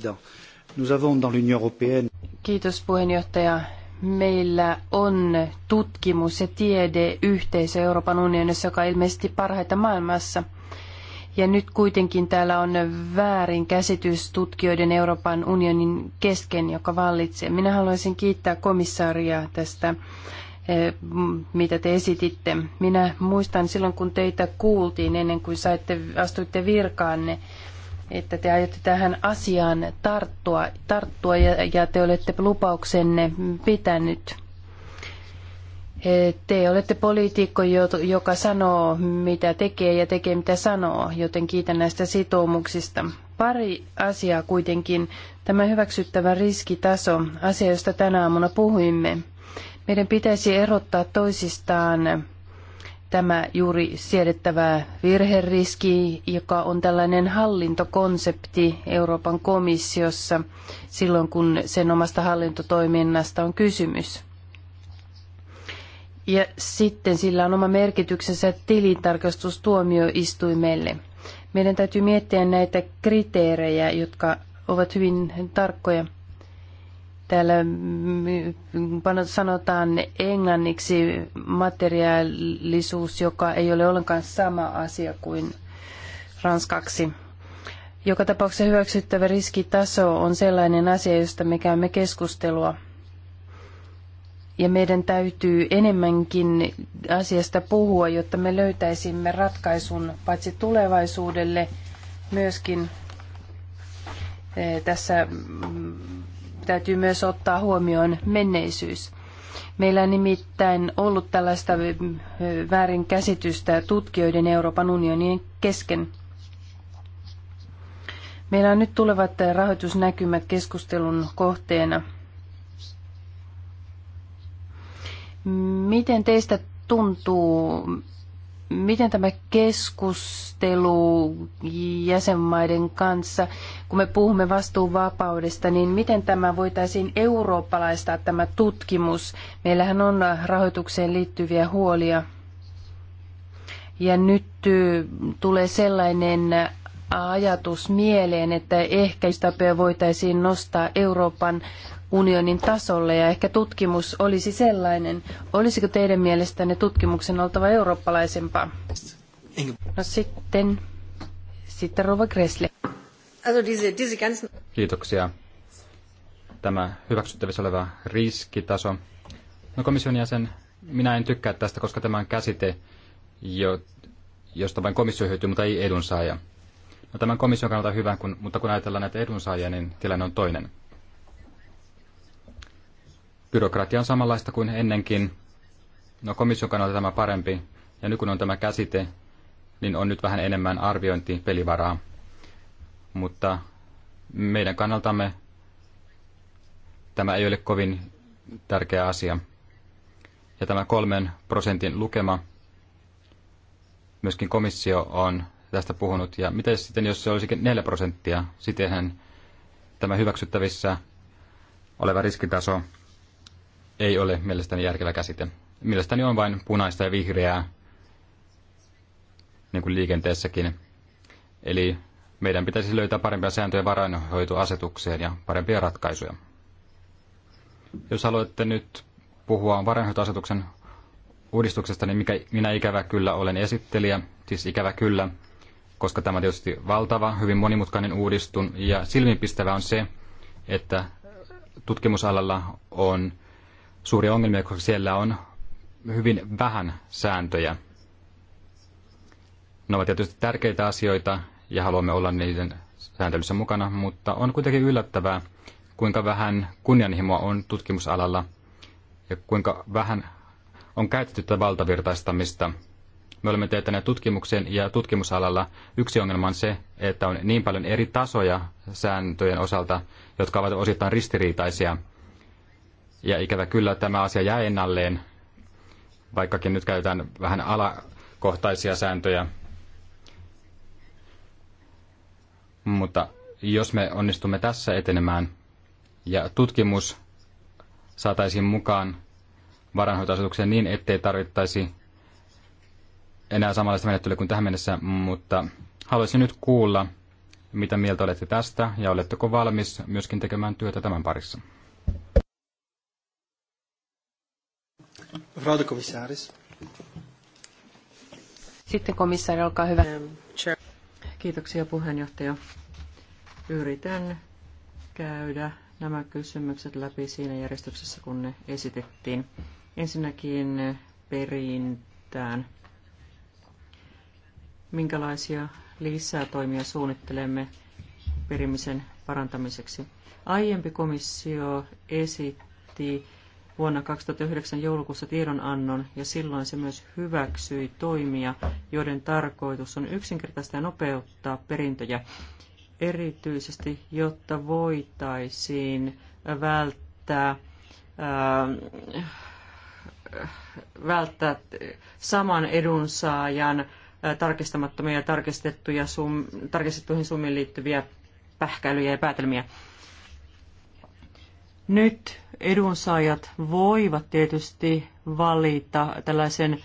Kiitos puheenjohtaja. Meillä on tutkimus- ja tiedeyhteisö Euroopan unionissa, joka on ilmeisesti parhaita maailmassa. Ja nyt kuitenkin täällä on väärin käsitys tutkijoiden Euroopan unionin kesken, joka vallitsee. Minä haluaisin kiittää komissaaria tästä Eh, mitä te esititte. Minä muistan silloin, kun teitä kuultiin ennen kuin saitte, astuitte virkaanne, että te aiotte tähän asiaan tarttua, tarttua ja, ja te olette lupauksenne pitänyt. Eh, te olette poliitikko, joka sanoo, mitä tekee ja tekee, mitä sanoo, joten kiitän näistä sitoumuksista. Pari asiaa kuitenkin. Tämä hyväksyttävä riskitaso, asia, josta tänä aamuna puhuimme – meidän pitäisi erottaa toisistaan tämä juuri siedettävä virheriski, joka on tällainen hallintokonsepti Euroopan komissiossa silloin, kun sen omasta hallintotoiminnasta on kysymys. Ja sitten sillä on oma merkityksensä tilintarkastustuomioistuimelle. Meidän täytyy miettiä näitä kriteerejä, jotka ovat hyvin tarkkoja. Täällä mm, sanotaan englanniksi materiaalisuus, joka ei ole ollenkaan sama asia kuin ranskaksi. Joka tapauksessa hyväksyttävä riskitaso on sellainen asia, josta me käymme keskustelua. Ja meidän täytyy enemmänkin asiasta puhua, jotta me löytäisimme ratkaisun paitsi tulevaisuudelle, myöskin eh, tässä mm, täytyy myös ottaa huomioon menneisyys. Meillä on nimittäin ollut tällaista väärinkäsitystä tutkijoiden Euroopan unionin kesken. Meillä on nyt tulevat rahoitusnäkymät keskustelun kohteena. Miten teistä tuntuu, miten tämä keskustelu jäsenmaiden kanssa, kun me puhumme vastuuvapaudesta, niin miten tämä voitaisiin eurooppalaistaa tämä tutkimus? Meillähän on rahoitukseen liittyviä huolia. Ja nyt tulee sellainen ajatus mieleen, että ehkä voitaisiin nostaa Euroopan unionin tasolle ja ehkä tutkimus olisi sellainen. Olisiko teidän mielestänne tutkimuksen oltava eurooppalaisempaa? No sitten, sitten Rova Gressle. Kiitoksia. Tämä hyväksyttävissä oleva riskitaso. No komission jäsen, minä en tykkää tästä, koska tämä on käsite, jo, josta vain komissio hyötyy, mutta ei edunsaaja. No, tämän komission kannalta hyvä, kun, mutta kun ajatellaan näitä edunsaajia, niin tilanne on toinen. Byrokratia on samanlaista kuin ennenkin. No komission kannalta tämä parempi. Ja nyt kun on tämä käsite, niin on nyt vähän enemmän arviointipelivaraa. Mutta meidän kannaltamme tämä ei ole kovin tärkeä asia. Ja tämä kolmen prosentin lukema, myöskin komissio on tästä puhunut. Ja mitä sitten, jos se olisikin 4 prosenttia, sitenhän tämä hyväksyttävissä oleva riskitaso ei ole mielestäni järkevä käsite. Mielestäni on vain punaista ja vihreää, niin kuin liikenteessäkin. Eli meidän pitäisi löytää parempia sääntöjä varainhoitoasetukseen ja parempia ratkaisuja. Jos haluatte nyt puhua varainhoitoasetuksen uudistuksesta, niin mikä, minä ikävä kyllä olen esittelijä, siis ikävä kyllä, koska tämä on tietysti valtava, hyvin monimutkainen uudistun, ja silmiinpistävä on se, että tutkimusalalla on suuria ongelmia, koska siellä on hyvin vähän sääntöjä. Ne ovat tietysti tärkeitä asioita ja haluamme olla niiden sääntelyssä mukana, mutta on kuitenkin yllättävää, kuinka vähän kunnianhimoa on tutkimusalalla ja kuinka vähän on käytetty tätä valtavirtaistamista. Me olemme teettäneet tutkimuksen ja tutkimusalalla yksi ongelma on se, että on niin paljon eri tasoja sääntöjen osalta, jotka ovat osittain ristiriitaisia – ja ikävä kyllä tämä asia jää ennalleen, vaikkakin nyt käytetään vähän alakohtaisia sääntöjä. Mutta jos me onnistumme tässä etenemään ja tutkimus saataisiin mukaan varanhoitoasetukseen niin, ettei tarvittaisi enää samanlaista menettelyä kuin tähän mennessä, mutta haluaisin nyt kuulla, mitä mieltä olette tästä ja oletteko valmis myöskin tekemään työtä tämän parissa. Mevrouw de commissaris. Sitten komissaari, olkaa hyvä. Um, Kiitoksia puheenjohtaja. Yritän käydä nämä kysymykset läpi siinä järjestyksessä, kun ne esitettiin. Ensinnäkin perintään. Minkälaisia lisätoimia suunnittelemme perimisen parantamiseksi? Aiempi komissio esitti vuonna 2009 joulukuussa tiedonannon ja silloin se myös hyväksyi toimia, joiden tarkoitus on yksinkertaista ja nopeuttaa perintöjä, erityisesti jotta voitaisiin välttää ää, äh, välttää saman edunsaajan äh, tarkistamattomia ja tarkistettuja sum, tarkistettuihin summiin liittyviä pähkäilyjä ja päätelmiä. Nyt edunsaajat voivat tietysti valita tällaisen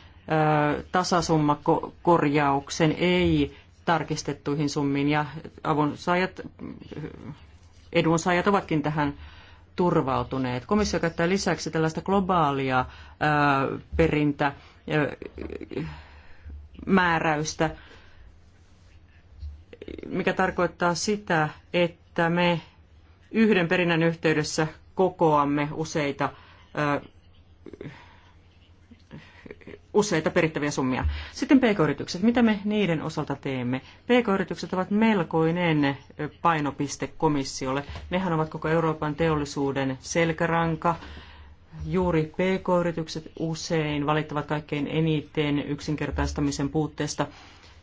tasasummakorjauksen, ei tarkistettuihin summiin, ja avunsaajat, edunsaajat ovatkin tähän turvautuneet. Komissio käyttää lisäksi tällaista globaalia ää, perintä määräystä, mikä tarkoittaa sitä, että me yhden perinnän yhteydessä kokoamme useita useita perittäviä summia. Sitten pk-yritykset. Mitä me niiden osalta teemme? Pk-yritykset ovat melkoinen painopiste komissiolle. Nehän ovat koko Euroopan teollisuuden selkäranka. Juuri pk-yritykset usein valittavat kaikkein eniten yksinkertaistamisen puutteesta.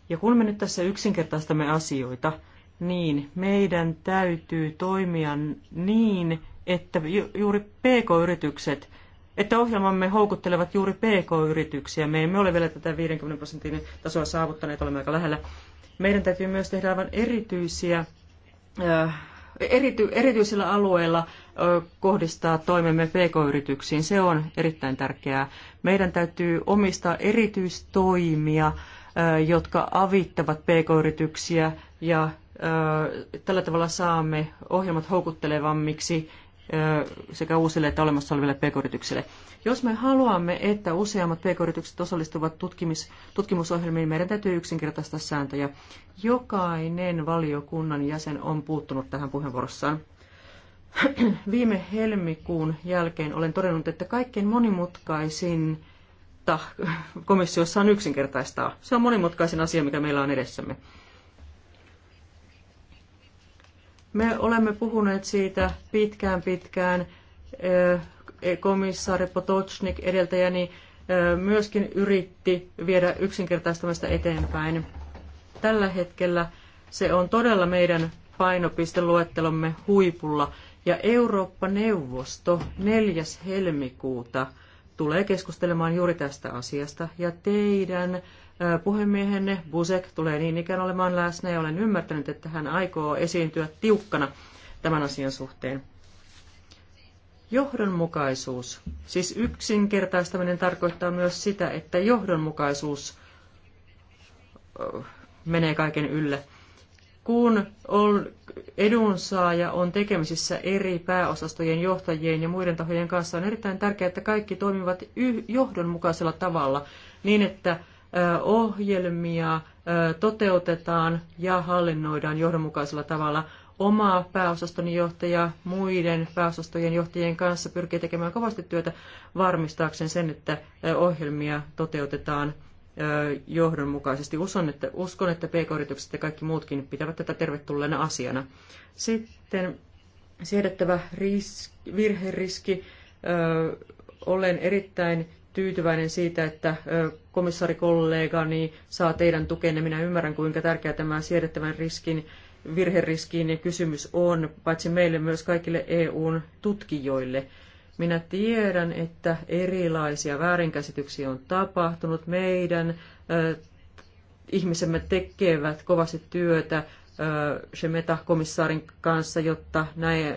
Ja kun me nyt tässä yksinkertaistamme asioita, niin meidän täytyy toimia niin, että juuri PK-yritykset, että ohjelmamme houkuttelevat juuri PK-yrityksiä. Me emme ole vielä tätä 50 prosentin tasoa saavuttaneet, olemme aika lähellä. Meidän täytyy myös tehdä aivan erityisiä, äh, erity, erityisillä alueilla äh, kohdistaa toimemme PK-yrityksiin. Se on erittäin tärkeää. Meidän täytyy omistaa erityistoimia, äh, jotka avittavat PK-yrityksiä ja tällä tavalla saamme ohjelmat houkuttelevammiksi sekä uusille että olemassa oleville pk-yrityksille. Jos me haluamme, että useammat pk-yritykset osallistuvat tutkimus, tutkimusohjelmiin, meidän täytyy yksinkertaista sääntöjä. Jokainen valiokunnan jäsen on puuttunut tähän puheenvuorossaan. <clears throat> Viime helmikuun jälkeen olen todennut, että kaikkein monimutkaisin komissiossa on yksinkertaistaa. Se on monimutkaisin asia, mikä meillä on edessämme. Me olemme puhuneet siitä pitkään pitkään. Komissaari Potocnik edeltäjäni myöskin yritti viedä yksinkertaistamista eteenpäin. Tällä hetkellä se on todella meidän painopisteluettelomme huipulla. Ja Eurooppa-neuvosto 4. helmikuuta tulee keskustelemaan juuri tästä asiasta. Ja teidän Puhemiehenne Busek tulee niin ikään olemaan läsnä ja olen ymmärtänyt, että hän aikoo esiintyä tiukkana tämän asian suhteen. Johdonmukaisuus. Siis yksinkertaistaminen tarkoittaa myös sitä, että johdonmukaisuus menee kaiken ylle. Kun edunsaaja on tekemisissä eri pääosastojen johtajien ja muiden tahojen kanssa, on erittäin tärkeää, että kaikki toimivat johdonmukaisella tavalla niin, että ohjelmia toteutetaan ja hallinnoidaan johdonmukaisella tavalla. Oma pääosastoni johtaja muiden pääosastojen johtajien kanssa pyrkii tekemään kovasti työtä varmistaakseen sen, että ohjelmia toteutetaan johdonmukaisesti. Uskon, että, uskon, että pk-yritykset ja kaikki muutkin pitävät tätä tervetulleena asiana. Sitten siedettävä riski, virheriski. olen erittäin tyytyväinen siitä, että komissarikollegani saa teidän tukenne. Minä ymmärrän, kuinka tärkeä tämä siedettävän riskin, virheriskiin kysymys on, paitsi meille myös kaikille EUn tutkijoille. Minä tiedän, että erilaisia väärinkäsityksiä on tapahtunut. Meidän ihmisemme tekevät kovasti työtä Shemeta-komissaarin kanssa, jotta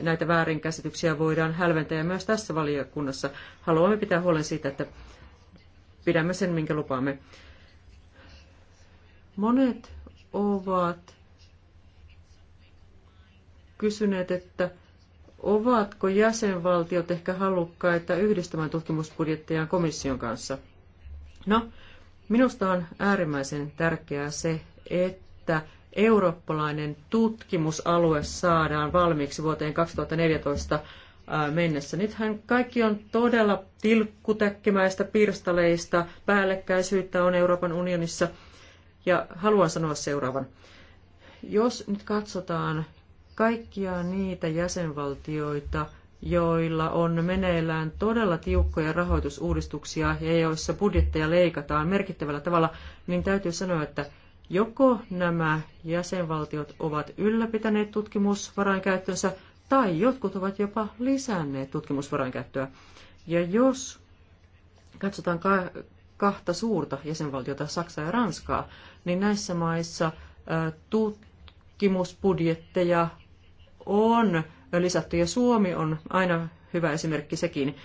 näitä väärinkäsityksiä voidaan hälventää. Ja myös tässä valiokunnassa haluamme pitää huolen siitä, että pidämme sen, minkä lupaamme. Monet ovat kysyneet, että ovatko jäsenvaltiot ehkä halukkaita yhdistämään tutkimusbudjetteja komission kanssa. No, minusta on äärimmäisen tärkeää se, että eurooppalainen tutkimusalue saadaan valmiiksi vuoteen 2014 mennessä. Nythän kaikki on todella tilkkutäkkimäistä, pirstaleista, päällekkäisyyttä on Euroopan unionissa. Ja haluan sanoa seuraavan. Jos nyt katsotaan kaikkia niitä jäsenvaltioita, joilla on meneillään todella tiukkoja rahoitusuudistuksia ja joissa budjetteja leikataan merkittävällä tavalla, niin täytyy sanoa, että joko nämä jäsenvaltiot ovat ylläpitäneet tutkimusvarainkäyttönsä tai jotkut ovat jopa lisänneet tutkimusvarojen käyttöä. Ja jos katsotaan kahta suurta jäsenvaltiota, Saksaa ja Ranskaa, niin näissä maissa tutkimusbudjetteja on lisätty ja Suomi on aina hyvä esimerkki sekin.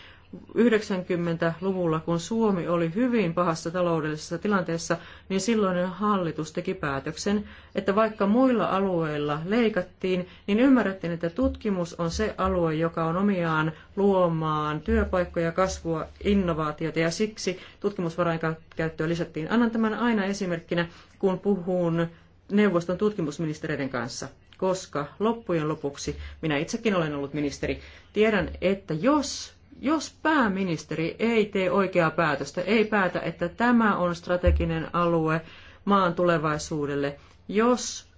90-luvulla, kun Suomi oli hyvin pahassa taloudellisessa tilanteessa, niin silloinen hallitus teki päätöksen, että vaikka muilla alueilla leikattiin, niin ymmärrettiin, että tutkimus on se alue, joka on omiaan luomaan työpaikkoja, kasvua, innovaatiota, ja siksi tutkimusvarainkäyttöä lisättiin. Annan tämän aina esimerkkinä, kun puhun neuvoston tutkimusministereiden kanssa koska loppujen lopuksi minä itsekin olen ollut ministeri. Tiedän, että jos jos pääministeri ei tee oikeaa päätöstä, ei päätä, että tämä on strateginen alue maan tulevaisuudelle, jos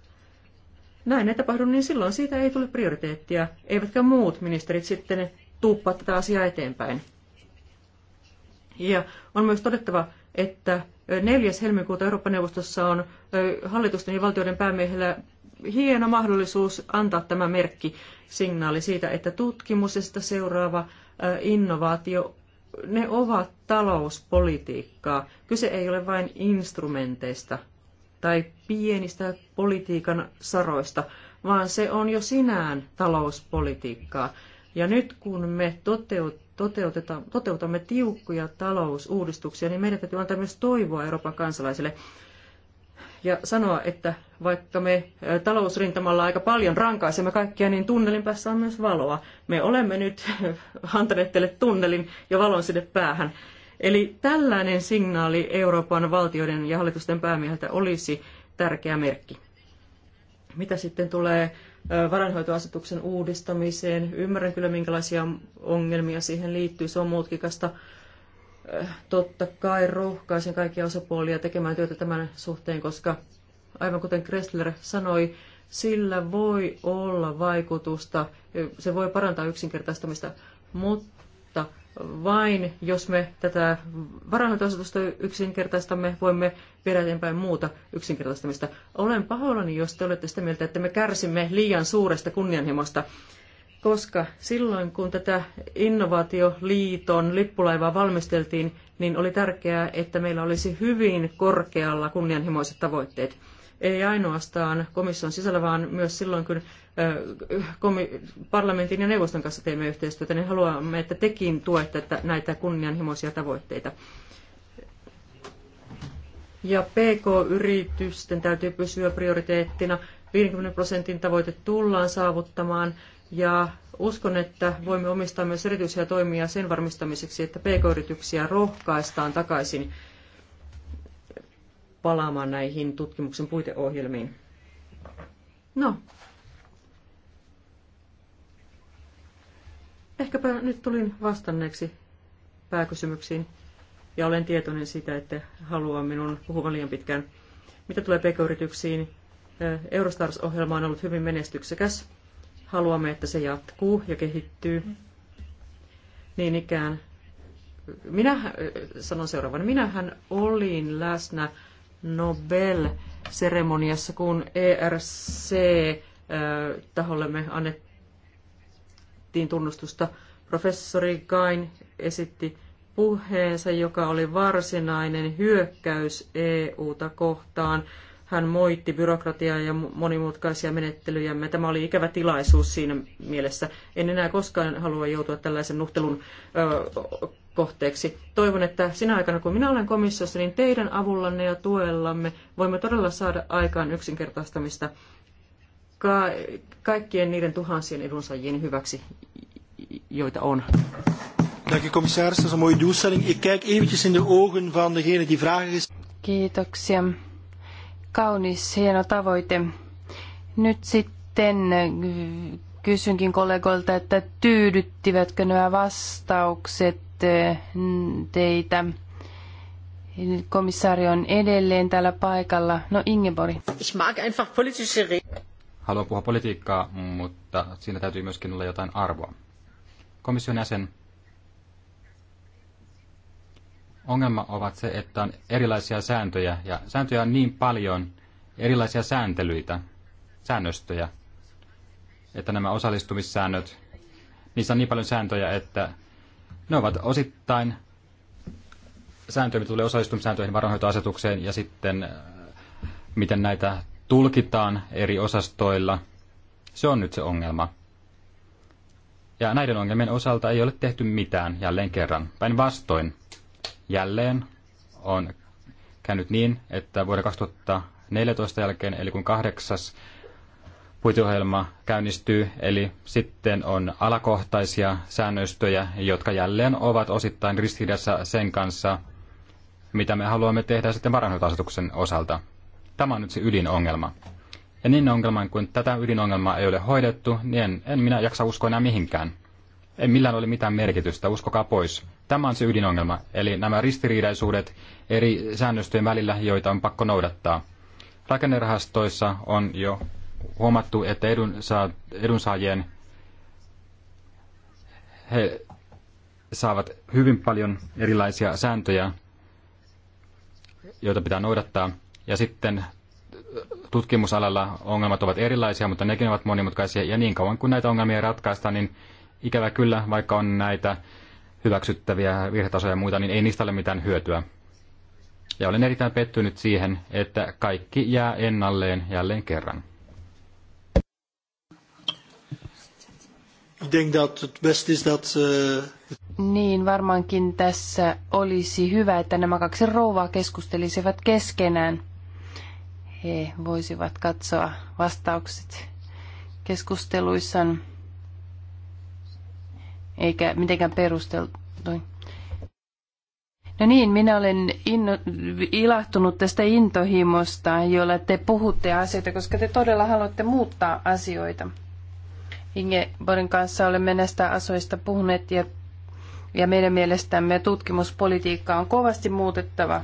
näin ei tapahdu, niin silloin siitä ei tule prioriteettia, eivätkä muut ministerit sitten tuuppa tätä asiaa eteenpäin. Ja on myös todettava, että 4. helmikuuta Eurooppa-neuvostossa on hallitusten ja valtioiden päämiehillä hieno mahdollisuus antaa tämä merkki, signaali siitä, että tutkimus ja sitä seuraava innovaatio, ne ovat talouspolitiikkaa. Kyse ei ole vain instrumenteista tai pienistä politiikan saroista, vaan se on jo sinään talouspolitiikkaa. Ja nyt kun me toteutamme tiukkoja talousuudistuksia, niin meidän täytyy antaa myös toivoa Euroopan kansalaisille ja sanoa, että vaikka me talousrintamalla aika paljon rankaisemme kaikkia, niin tunnelin päässä on myös valoa. Me olemme nyt <laughs> antaneet teille tunnelin ja valon sinne päähän. Eli tällainen signaali Euroopan valtioiden ja hallitusten päämieheltä olisi tärkeä merkki. Mitä sitten tulee varainhoitoasetuksen uudistamiseen? Ymmärrän kyllä, minkälaisia ongelmia siihen liittyy. Se on mutkikasta Äh, totta kai rohkaisen kaikkia osapuolia tekemään työtä tämän suhteen, koska aivan kuten Kressler sanoi, sillä voi olla vaikutusta, äh, se voi parantaa yksinkertaistamista, mutta vain jos me tätä varainhoitoasetusta yksinkertaistamme, voimme viedä eteenpäin muuta yksinkertaistamista. Olen pahoillani, jos te olette sitä mieltä, että me kärsimme liian suuresta kunnianhimosta koska silloin kun tätä innovaatioliiton lippulaivaa valmisteltiin, niin oli tärkeää, että meillä olisi hyvin korkealla kunnianhimoiset tavoitteet. Ei ainoastaan komission sisällä, vaan myös silloin, kun parlamentin ja neuvoston kanssa teemme yhteistyötä, niin haluamme, että tekin tuette näitä kunnianhimoisia tavoitteita. Ja PK-yritysten täytyy pysyä prioriteettina. 50 prosentin tavoite tullaan saavuttamaan ja uskon, että voimme omistaa myös erityisiä toimia sen varmistamiseksi, että pk-yrityksiä rohkaistaan takaisin palaamaan näihin tutkimuksen puiteohjelmiin. No. Ehkäpä nyt tulin vastanneeksi pääkysymyksiin ja olen tietoinen siitä, että haluan minun puhuvan liian pitkään. Mitä tulee pk-yrityksiin, Eurostars-ohjelma on ollut hyvin menestyksekäs Haluamme, että se jatkuu ja kehittyy. Niin ikään. Minä äh, sanon seuraavan. Minähän olin läsnä Nobel-seremoniassa, kun ERC-tahollemme äh, annettiin tunnustusta. Professori Gain esitti puheensa, joka oli varsinainen hyökkäys EU: ta kohtaan hän moitti byrokratiaa ja monimutkaisia menettelyjämme. Tämä oli ikävä tilaisuus siinä mielessä. En enää koskaan halua joutua tällaisen nuhtelun ö, kohteeksi. Toivon, että sinä aikana, kun minä olen komissiossa, niin teidän avullanne ja tuellamme voimme todella saada aikaan yksinkertaistamista ka- kaikkien niiden tuhansien edunsaajien hyväksi, joita on. Dank u commissaris, dat is een mooie doelstelling. Ik kijk eventjes in de ogen van degene die vragen gesteld. Kiitoksia. Kaunis, hieno tavoite. Nyt sitten kysynkin kollegoilta, että tyydyttivätkö nämä vastaukset eh, teitä? Komissaari on edelleen täällä paikalla. No Ingeborg. Ich mag einfach politische Haluan puhua politiikkaa, mutta siinä täytyy myöskin olla jotain arvoa. Komission jäsen, ongelma ovat se, että on erilaisia sääntöjä, ja sääntöjä on niin paljon, erilaisia sääntelyitä, säännöstöjä, että nämä osallistumissäännöt, niissä on niin paljon sääntöjä, että ne ovat osittain sääntöjä, mitä tulee osallistumissääntöihin, varanhoitoasetukseen ja sitten äh, miten näitä tulkitaan eri osastoilla. Se on nyt se ongelma. Ja näiden ongelmien osalta ei ole tehty mitään jälleen kerran. Päinvastoin jälleen on käynyt niin, että vuoden 2014 jälkeen, eli kun kahdeksas puitiohjelma käynnistyy, eli sitten on alakohtaisia säännöstöjä, jotka jälleen ovat osittain ristiriidassa sen kanssa, mitä me haluamme tehdä sitten varainhoitoasetuksen osalta. Tämä on nyt se ydinongelma. Ja niin ongelman kuin tätä ydinongelmaa ei ole hoidettu, niin en, en minä jaksa uskoa enää mihinkään. Ei millään ole mitään merkitystä, uskokaa pois. Tämä on se ydinongelma, eli nämä ristiriidaisuudet eri säännöstöjen välillä, joita on pakko noudattaa. Rakennerahastoissa on jo huomattu, että edunsa- edunsaajien he saavat hyvin paljon erilaisia sääntöjä, joita pitää noudattaa. Ja sitten tutkimusalalla ongelmat ovat erilaisia, mutta nekin ovat monimutkaisia. Ja niin kauan kuin näitä ongelmia ratkaistaan, niin ikävä kyllä, vaikka on näitä hyväksyttäviä virhetasoja ja muita, niin ei niistä ole mitään hyötyä. Ja olen erittäin pettynyt siihen, että kaikki jää ennalleen jälleen kerran. Eh, niin, varmaankin tässä olisi hyvä, että nämä kaksi rouvaa keskustelisivat keskenään. He voisivat katsoa vastaukset keskusteluissaan eikä mitenkään perusteltu. No niin, minä olen inno, ilahtunut tästä intohimosta, jolla te puhutte asioita, koska te todella haluatte muuttaa asioita. Borin kanssa olemme näistä asioista puhuneet ja, ja meidän mielestämme tutkimuspolitiikka on kovasti muutettava.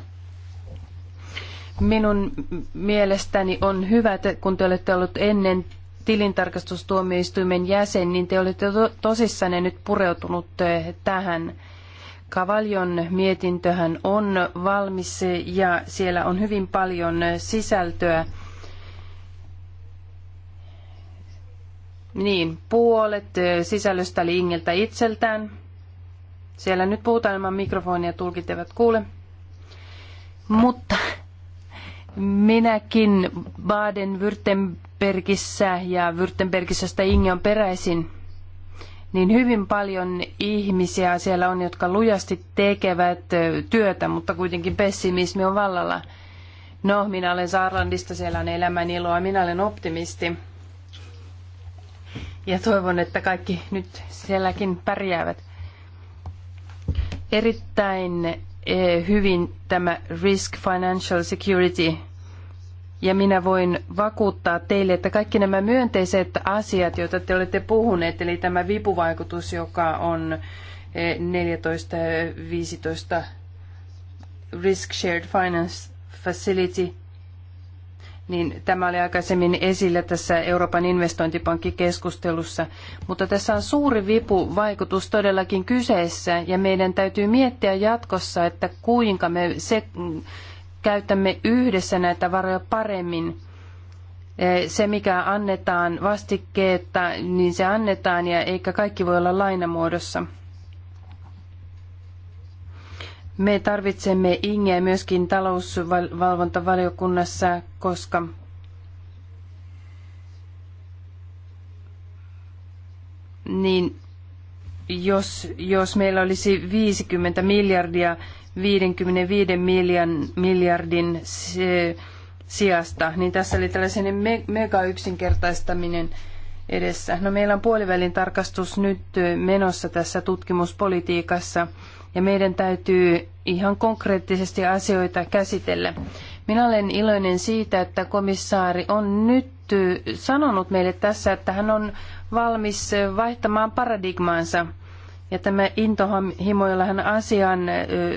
Minun mielestäni on hyvä, että kun te olette olleet ennen tilintarkastustuomioistuimen jäsen, niin te olette to- tosissanne nyt pureutunut eh, tähän. Kavaljon mietintöhän on valmis ja siellä on hyvin paljon sisältöä. Niin, puolet eh, sisällöstä oli Ingeltä itseltään. Siellä nyt puhutaan ilman mikrofonia, tulkit eivät kuule. Mutta minäkin Baden-Württemberg Bergissä ja Württembergissä, josta Inge on peräisin, niin hyvin paljon ihmisiä siellä on, jotka lujasti tekevät työtä, mutta kuitenkin pessimismi on vallalla. No, minä olen Saarlandista, siellä on elämän iloa, minä olen optimisti. Ja toivon, että kaikki nyt sielläkin pärjäävät. Erittäin hyvin tämä Risk Financial Security ja minä voin vakuuttaa teille, että kaikki nämä myönteiset asiat, joita te olette puhuneet, eli tämä vipuvaikutus, joka on 14-15 eh, Risk Shared Finance Facility, niin tämä oli aikaisemmin esillä tässä Euroopan investointipankkikeskustelussa. Mutta tässä on suuri vipuvaikutus todellakin kyseessä, ja meidän täytyy miettiä jatkossa, että kuinka me se, käytämme yhdessä näitä varoja paremmin. E, se, mikä annetaan vastikkeetta, niin se annetaan ja eikä kaikki voi olla lainamuodossa. Me tarvitsemme Ingeä myöskin talousvalvontavaliokunnassa, koska niin jos, jos meillä olisi 50 miljardia 55 miljardin sijasta, niin tässä oli tällaisen mega-yksinkertaistaminen edessä. No meillä on puolivälin tarkastus nyt menossa tässä tutkimuspolitiikassa ja meidän täytyy ihan konkreettisesti asioita käsitellä. Minä olen iloinen siitä, että komissaari on nyt sanonut meille tässä, että hän on valmis vaihtamaan paradigmaansa – ja tämä intohimo, jolla hän asiaan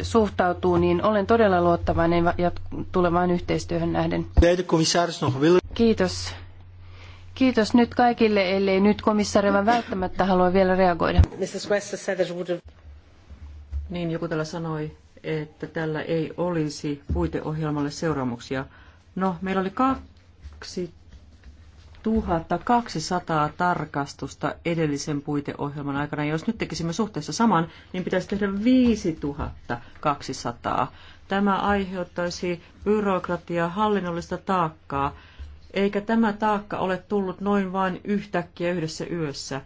suhtautuu, niin olen todella luottavainen ja tulevaan yhteistyöhön nähden. Kiitos. Kiitos nyt kaikille, ellei nyt komissaari vaan välttämättä halua vielä reagoida. Mrs. Wester Niin, joku täällä sanoi, että tällä ei olisi puiteohjelmalle seuraamuksia. No, meillä oli kaksi 1200 tarkastusta edellisen puiteohjelman aikana. Jos nyt tekisimme suhteessa saman, niin pitäisi tehdä 5200. Tämä aiheuttaisi byrokratiaa, hallinnollista taakkaa, eikä tämä taakka ole tullut noin vain yhtäkkiä yhdessä yössä.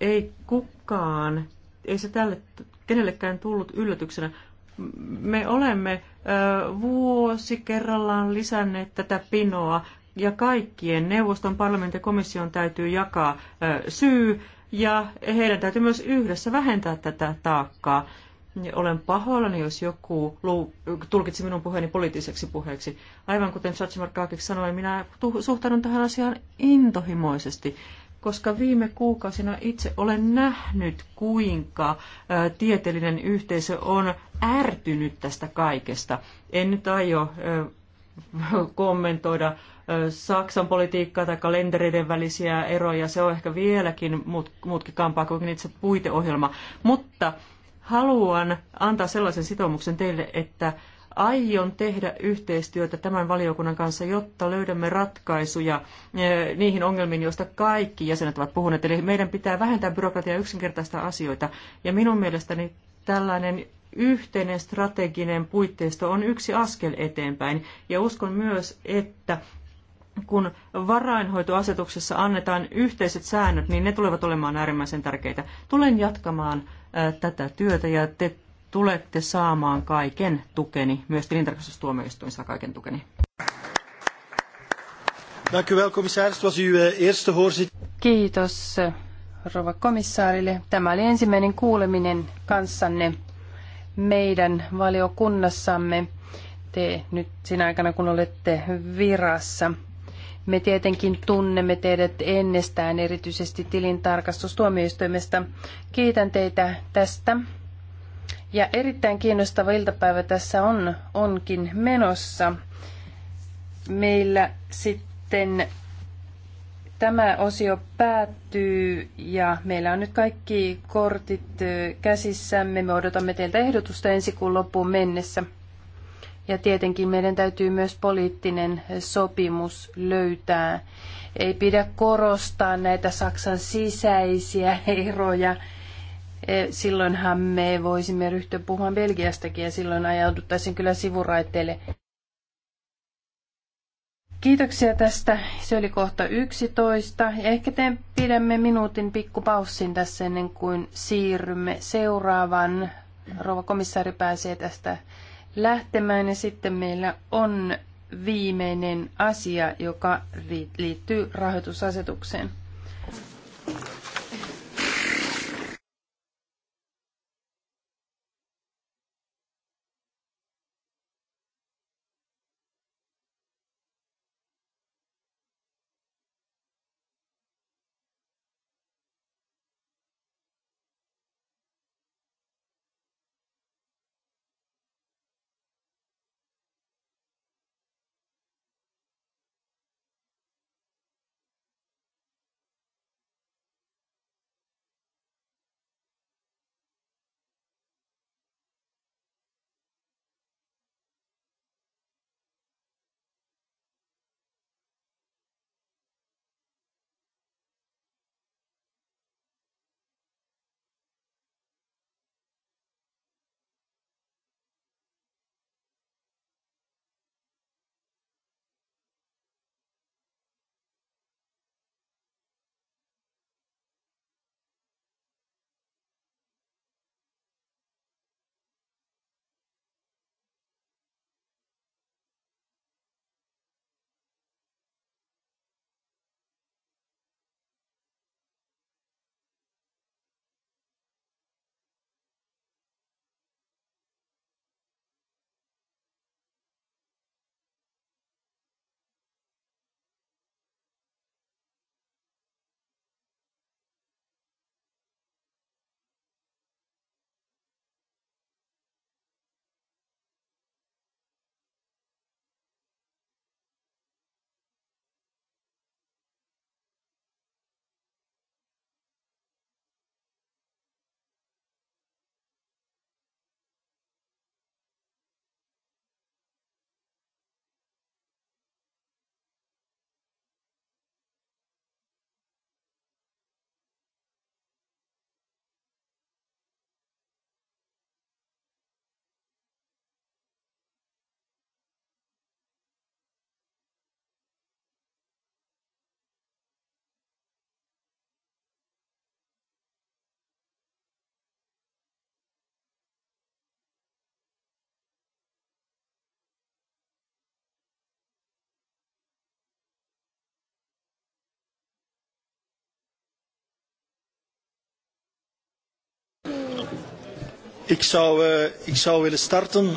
Ei kukaan, ei se tälle kenellekään tullut yllätyksenä me olemme vuosi kerrallaan lisänneet tätä pinoa ja kaikkien neuvoston, parlamentin ja komission täytyy jakaa syy ja heidän täytyy myös yhdessä vähentää tätä taakkaa. Olen pahoillani, jos joku tulkitsi minun puheeni poliittiseksi puheeksi. Aivan kuten Chachimarkaakin sanoi, minä suhtaudun tähän asiaan intohimoisesti koska viime kuukausina itse olen nähnyt, kuinka tieteellinen yhteisö on ärtynyt tästä kaikesta. En nyt aio kommentoida Saksan politiikkaa tai kalendereiden välisiä eroja. Se on ehkä vieläkin mut, mutkikampaa kuin itse puiteohjelma. Mutta haluan antaa sellaisen sitoumuksen teille, että Aion tehdä yhteistyötä tämän valiokunnan kanssa, jotta löydämme ratkaisuja eh, niihin ongelmiin, joista kaikki jäsenet ovat puhuneet. Eli meidän pitää vähentää byrokratiaa ja yksinkertaistaa asioita. Ja minun mielestäni tällainen yhteinen strateginen puitteisto on yksi askel eteenpäin. Ja uskon myös, että kun varainhoitoasetuksessa annetaan yhteiset säännöt, niin ne tulevat olemaan äärimmäisen tärkeitä. Tulen jatkamaan eh, tätä työtä ja te tulette saamaan kaiken tukeni, myös tilintarkastustuomioistuinsa kaiken tukeni. Dank u wel, commissaris. Het was uw eh, eerste Kiitos rouva komissaarille. Tämä oli ensimmäinen kuuleminen kanssanne meidän valiokunnassamme. Te nyt sinä aikana, kun olette virassa. Me tietenkin tunnemme teidät ennestään, erityisesti tilintarkastustuomioistuimesta. Kiitän teitä tästä. Ja erittäin kiinnostava iltapäivä tässä on, onkin menossa. Meillä sitten tämä osio päättyy ja meillä on nyt kaikki kortit käsissämme. Me odotamme teiltä ehdotusta ensi kuun loppuun mennessä. Ja tietenkin meidän täytyy myös poliittinen sopimus löytää. Ei pidä korostaa näitä Saksan sisäisiä eroja E, silloinhan me voisimme ryhtyä puhumaan Belgiastakin ja silloin ajauduttaisiin kyllä sivuraiteille. Kiitoksia tästä. Se oli kohta 11. Ja ehkä te pidämme minuutin pikkupaussin tässä ennen kuin siirrymme seuraavan. Rouva komissaari pääsee tästä lähtemään ja sitten meillä on viimeinen asia, joka liittyy rahoitusasetukseen. Ik zou, uh, ik zou willen starten.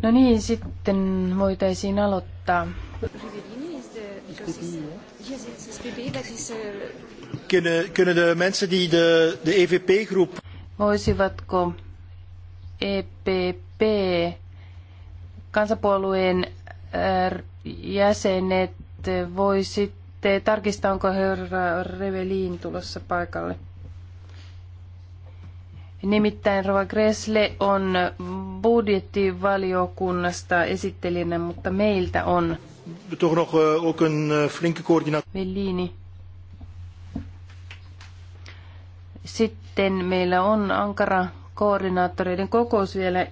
No niin, sitten voitaisiin aloittaa. Kunnen, kunnen de mensen die de, de EVP-groep... Voisivatko EPP, kansapuolueen eh, jäsenet, eh, voisitte tarkistaa, onko herra Revelin tulossa paikalle? Nimittäin Rova Gressle on budjettivaliokunnasta esittelijänä, mutta meiltä on... Toch nog eh, ook een eh, flinke coördinatie. Sitten meillä on ankara koordinaattoreiden kokous vielä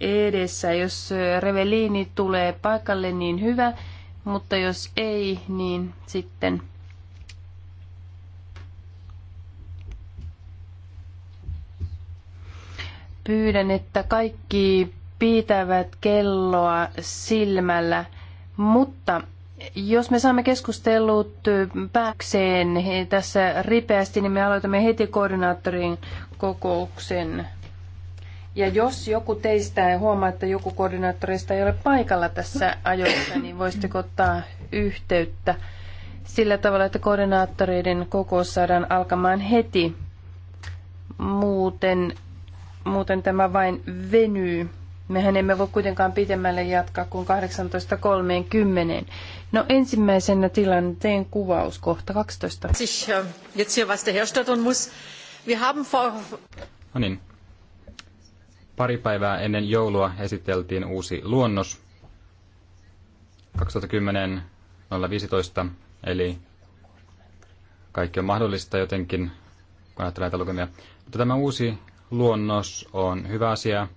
edessä. Jos eh, Reveliini tulee paikalle, niin hyvä, mutta jos ei, niin sitten Pyydän, että kaikki pitävät kelloa silmällä, mutta jos me saamme keskustelut pääkseen tässä ripeästi, niin me aloitamme heti koordinaattorin kokouksen. Ja jos joku teistä huomaa, että joku koordinaattorista ei ole paikalla tässä ajoissa, niin voisitteko ottaa yhteyttä sillä tavalla, että koordinaattoreiden kokous saadaan alkamaan heti. Muuten muuten tämä vain venyy. Mehän emme voi kuitenkaan pitemmälle jatkaa kuin 18.30. No ensimmäisenä tilanteen kuvaus kohta 12. Ähm, jetzt hier was der muss. Wir haben vor... No niin. Pari päivää ennen joulua esiteltiin uusi luonnos 2010 015, eli kaikki on mahdollista jotenkin, kun ajattelee näitä lukemia. Mutta tämä uusi luonnos on hyvä asia.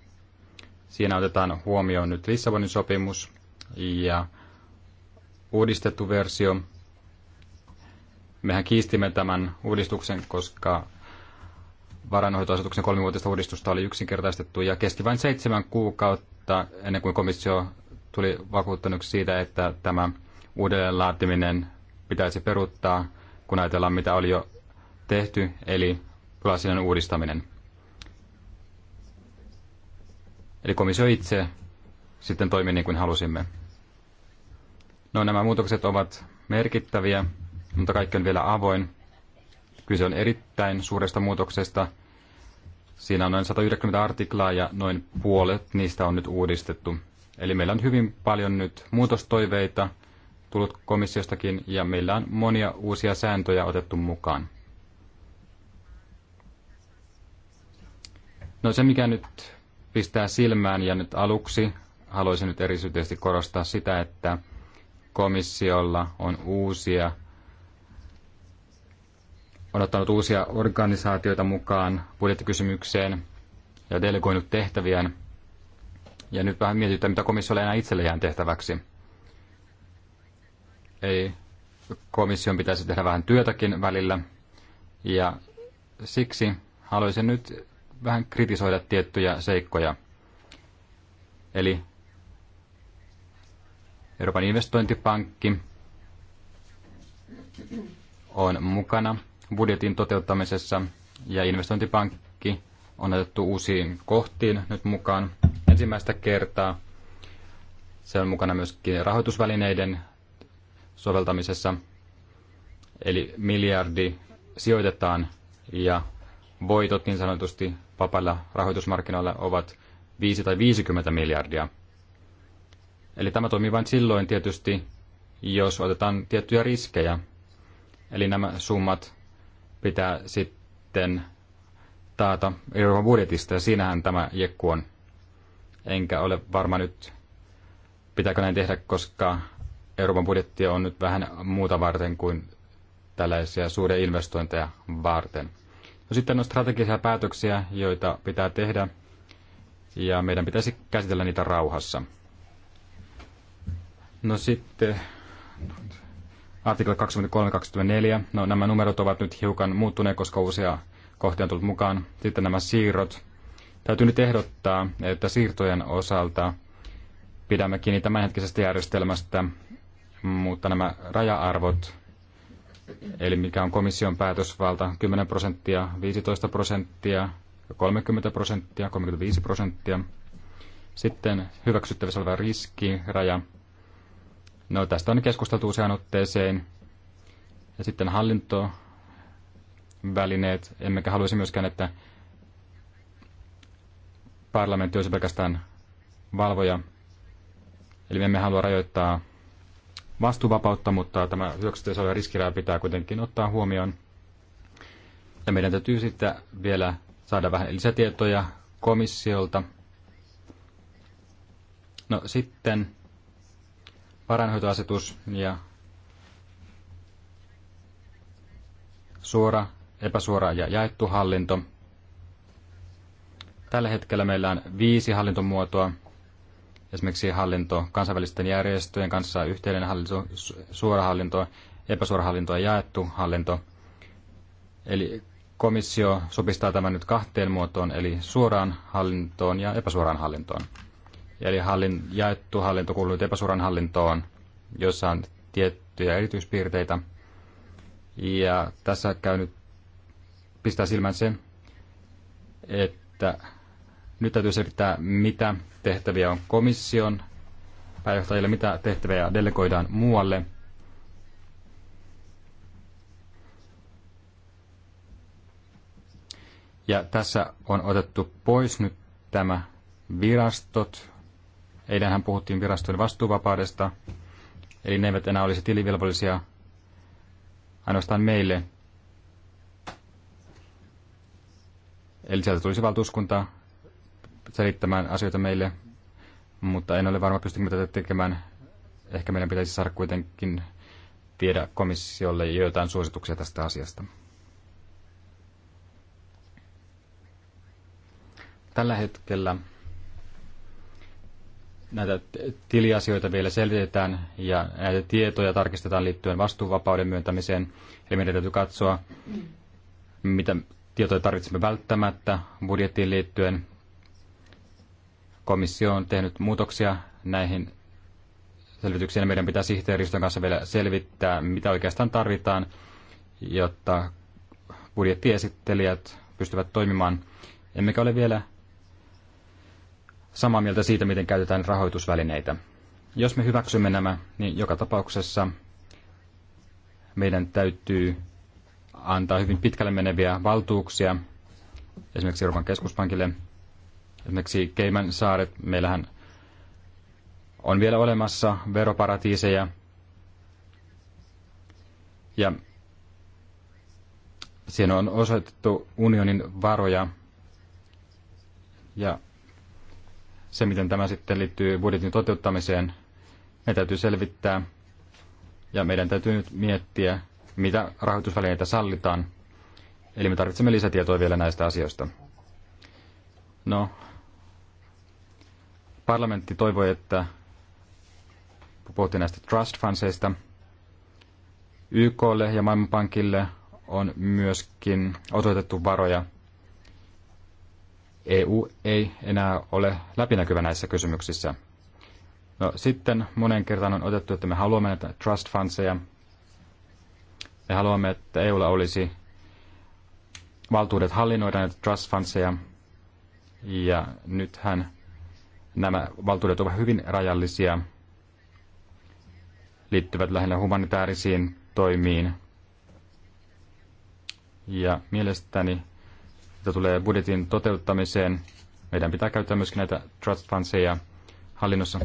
Siinä otetaan huomioon nyt Lissabonin sopimus ja uudistettu versio. Mehän kiistimme tämän uudistuksen, koska varainhoitoasetuksen kolmivuotista uudistusta oli yksinkertaistettu ja kesti vain seitsemän kuukautta ennen kuin komissio tuli vakuuttaneeksi siitä, että tämä uudelleen laatiminen pitäisi peruuttaa, kun ajatellaan mitä oli jo tehty, eli plasinen uudistaminen. Eli komissio itse sitten toimi niin kuin halusimme. No nämä muutokset ovat merkittäviä, mutta kaikki on vielä avoin. Kyse on erittäin suuresta muutoksesta. Siinä on noin 190 artiklaa ja noin puolet niistä on nyt uudistettu. Eli meillä on hyvin paljon nyt muutostoiveita tullut komissiostakin ja meillä on monia uusia sääntöjä otettu mukaan. No se mikä nyt pistää silmään ja nyt aluksi haluaisin nyt erityisesti korostaa sitä, että komissiolla on uusia on ottanut uusia organisaatioita mukaan budjettikysymykseen ja delegoinut tehtäviään. Ja nyt vähän mietitään, mitä komissiolle enää itselle jää tehtäväksi. Ei, komission pitäisi tehdä vähän työtäkin välillä. Ja siksi haluaisin nyt vähän kritisoida tiettyjä seikkoja. Eli Euroopan investointipankki on mukana budjetin toteuttamisessa ja investointipankki on otettu uusiin kohtiin nyt mukaan ensimmäistä kertaa. Se on mukana myöskin rahoitusvälineiden soveltamisessa, eli miljardi sijoitetaan ja voitot niin sanotusti vapailla rahoitusmarkkinoilla ovat 5 tai 50 miljardia. Eli tämä toimii vain silloin tietysti, jos otetaan tiettyjä riskejä. Eli nämä summat pitää sitten taata Euroopan budjetista, ja siinähän tämä jekku on. Enkä ole varma nyt, pitääkö näin tehdä, koska Euroopan budjetti on nyt vähän muuta varten kuin tällaisia suuria investointeja varten. No sitten on strategisia päätöksiä, joita pitää tehdä, ja meidän pitäisi käsitellä niitä rauhassa. No sitten artikla 23-24. No nämä numerot ovat nyt hiukan muuttuneet, koska uusia kohtia on tullut mukaan. Sitten nämä siirrot. Täytyy nyt ehdottaa, että siirtojen osalta pidämme kiinni tämänhetkisestä järjestelmästä, mutta nämä raja-arvot Eli mikä on komission päätösvalta? 10 prosenttia, 15 prosenttia, 30 prosenttia, 35 prosenttia. Sitten hyväksyttävissä oleva riskiraja. No tästä on keskusteltu useaan otteeseen. Ja sitten hallintovälineet. Emmekä haluaisi myöskään, että parlamentti olisi pelkästään valvoja. Eli me emme halua rajoittaa vastuuvapautta, mutta tämä hyöksytysalueen riskirää pitää kuitenkin ottaa huomioon. Ja meidän täytyy sitten vielä saada vähän lisätietoja komissiolta. No sitten varainhoitoasetus ja suora, epäsuora ja jaettu hallinto. Tällä hetkellä meillä on viisi hallintomuotoa – esimerkiksi hallinto kansainvälisten järjestöjen kanssa, yhteinen hallinto, suora hallinto, epäsuora hallinto ja jaettu hallinto. Eli komissio supistaa tämän nyt kahteen muotoon, eli suoraan hallintoon ja epäsuoraan hallintoon. Eli hallin, jaettu hallinto kuuluu nyt epäsuoraan hallintoon, jossa on tiettyjä erityispiirteitä. Ja tässä käy nyt pistää silmän se, että nyt täytyy selvittää, mitä tehtäviä on komission pääjohtajille, mitä tehtäviä delegoidaan muualle. Ja tässä on otettu pois nyt tämä virastot. Eilenhän puhuttiin virastojen vastuuvapaudesta, eli ne eivät enää olisi tilivelvollisia ainoastaan meille. Eli sieltä tulisi valtuuskunta selittämään asioita meille, mutta en ole varma, pystymme tätä tekemään. Ehkä meidän pitäisi saada kuitenkin tiedä komissiolle joitain suosituksia tästä asiasta. Tällä hetkellä näitä tiliasioita vielä selvitetään ja näitä tietoja tarkistetaan liittyen vastuuvapauden myöntämiseen. Eli meidän täytyy katsoa, mitä tietoja tarvitsemme välttämättä budjettiin liittyen Komissio on tehnyt muutoksia näihin selvityksiin. Meidän pitää sihteeristön kanssa vielä selvittää, mitä oikeastaan tarvitaan, jotta budjettiesittelijät pystyvät toimimaan. Emmekä ole vielä samaa mieltä siitä, miten käytetään rahoitusvälineitä. Jos me hyväksymme nämä, niin joka tapauksessa meidän täytyy antaa hyvin pitkälle meneviä valtuuksia esimerkiksi Euroopan keskuspankille Esimerkiksi Keiman saaret, meillähän on vielä olemassa veroparatiiseja. Ja siinä on osoitettu unionin varoja. Ja se, miten tämä sitten liittyy budjetin toteuttamiseen, me täytyy selvittää. Ja meidän täytyy nyt miettiä, mitä rahoitusvälineitä sallitaan. Eli me tarvitsemme lisätietoa vielä näistä asioista. No, Parlamentti toivoi, että puhuttiin näistä trust fundseista. YKlle ja Maailmanpankille on myöskin osoitettu varoja. EU ei enää ole läpinäkyvä näissä kysymyksissä. No, sitten monen kertaan on otettu, että me haluamme näitä trust fundseja. Me haluamme, että EUlla olisi valtuudet hallinnoida näitä trust fundseja. Ja nythän Nämä valtuudet ovat hyvin rajallisia, liittyvät lähinnä humanitaarisiin toimiin. Ja mielestäni, mitä tulee budjetin toteuttamiseen, meidän pitää käyttää myöskin näitä trust fundseja hallinnossa.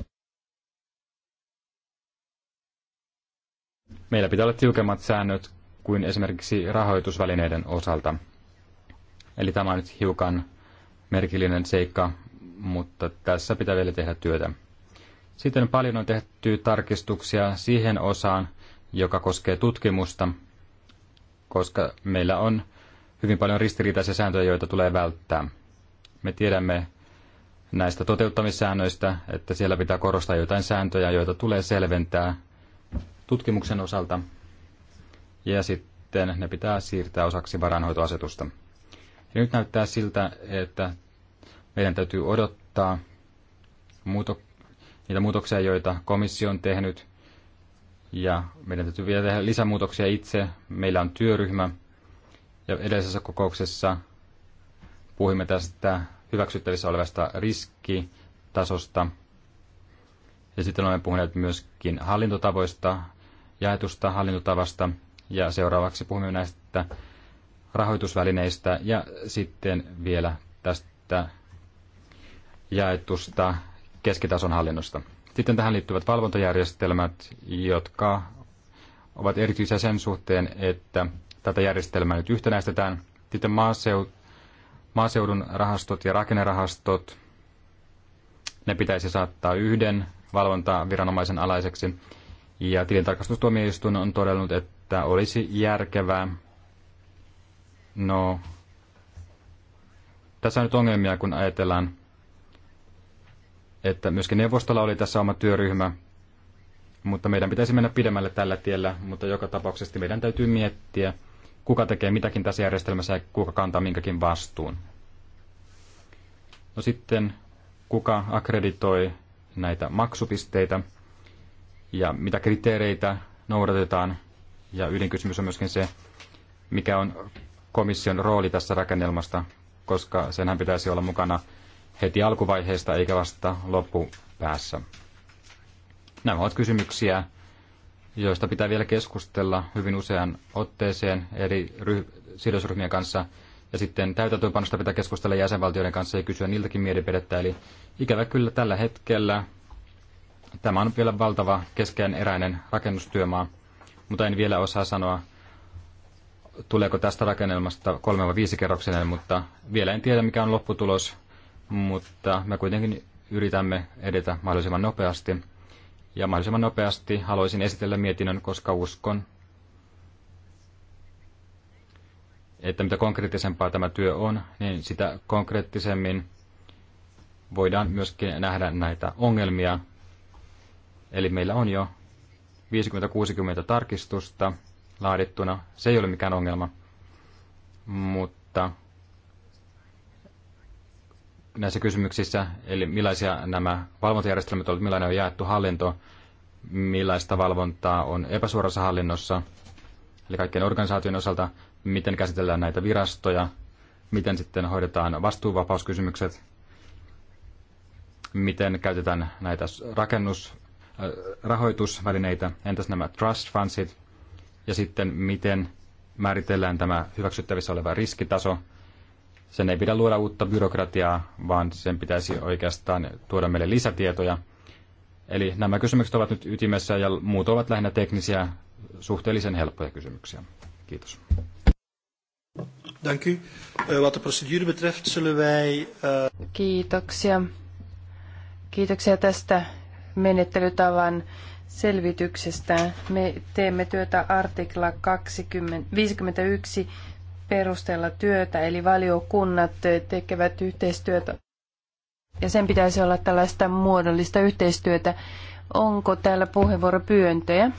Meillä pitää olla tiukemmat säännöt kuin esimerkiksi rahoitusvälineiden osalta. Eli tämä on nyt hiukan merkillinen seikka, mutta tässä pitää vielä tehdä työtä. Sitten paljon on tehty tarkistuksia siihen osaan, joka koskee tutkimusta, koska meillä on hyvin paljon ristiriitaisia sääntöjä, joita tulee välttää. Me tiedämme näistä toteuttamissäännöistä, että siellä pitää korostaa jotain sääntöjä, joita tulee selventää tutkimuksen osalta, ja sitten ne pitää siirtää osaksi varainhoitoasetusta. Ja nyt näyttää siltä, että meidän täytyy odottaa muuto, niitä muutoksia, joita komissio on tehnyt, ja meidän täytyy vielä tehdä lisämuutoksia itse. Meillä on työryhmä, ja edellisessä kokouksessa puhuimme tästä hyväksyttävissä olevasta riskitasosta. Ja sitten olemme puhuneet myöskin hallintotavoista, jaetusta hallintotavasta, ja seuraavaksi puhumme näistä rahoitusvälineistä ja sitten vielä tästä jaetusta keskitason hallinnosta. Sitten tähän liittyvät valvontajärjestelmät, jotka ovat erityisiä sen suhteen, että tätä järjestelmää nyt yhtenäistetään. Sitten maaseudun rahastot ja rakennerahastot, ne pitäisi saattaa yhden valvontaviranomaisen alaiseksi. Ja tilintarkastustuomioistuin on todennut, että olisi järkevää. No, tässä on nyt ongelmia, kun ajatellaan että myöskin neuvostolla oli tässä oma työryhmä, mutta meidän pitäisi mennä pidemmälle tällä tiellä, mutta joka tapauksessa meidän täytyy miettiä, kuka tekee mitäkin tässä järjestelmässä ja kuka kantaa minkäkin vastuun. No sitten, kuka akkreditoi näitä maksupisteitä ja mitä kriteereitä noudatetaan. Ja ydinkysymys on myöskin se, mikä on komission rooli tässä rakennelmasta, koska senhän pitäisi olla mukana heti alkuvaiheesta eikä vasta loppupäässä. Nämä ovat kysymyksiä, joista pitää vielä keskustella hyvin usean otteeseen eri ryh- sidosryhmien kanssa. Ja sitten täytäntöönpanosta pitää keskustella jäsenvaltioiden kanssa ja kysyä niiltäkin mielipidettä. Eli ikävä kyllä tällä hetkellä tämä on vielä valtava keskeneräinen rakennustyömaa, mutta en vielä osaa sanoa, tuleeko tästä rakennelmasta kolme vai viisi kerroksinen, mutta vielä en tiedä mikä on lopputulos mutta me kuitenkin yritämme edetä mahdollisimman nopeasti. Ja mahdollisimman nopeasti haluaisin esitellä mietinnön, koska uskon, että mitä konkreettisempaa tämä työ on, niin sitä konkreettisemmin voidaan myöskin nähdä näitä ongelmia. Eli meillä on jo 50-60 tarkistusta laadittuna. Se ei ole mikään ongelma, mutta näissä kysymyksissä, eli millaisia nämä valvontajärjestelmät ovat, millainen on jaettu hallinto, millaista valvontaa on epäsuorassa hallinnossa, eli kaikkien organisaation osalta, miten käsitellään näitä virastoja, miten sitten hoidetaan vastuuvapauskysymykset, miten käytetään näitä rakennus, äh, rahoitusvälineitä, entäs nämä trust fundsit, ja sitten miten määritellään tämä hyväksyttävissä oleva riskitaso, sen ei pidä luoda uutta byrokratiaa, vaan sen pitäisi oikeastaan tuoda meille lisätietoja. Eli nämä kysymykset ovat nyt ytimessä ja muut ovat lähinnä teknisiä, suhteellisen helppoja kysymyksiä. Kiitos. Dank u. Eh, wat de procedure betreft zullen wij... Eh, Kiitoksia. Kiitoksia tästä menettelytavan selvityksestä. Me teemme työtä artikla 20, 51 perusteella työtä, eli valiokunnat tekevät yhteistyötä. Ja sen pitäisi olla tällaista muodollista yhteistyötä. Onko täällä puheenvuoropyöntöjä?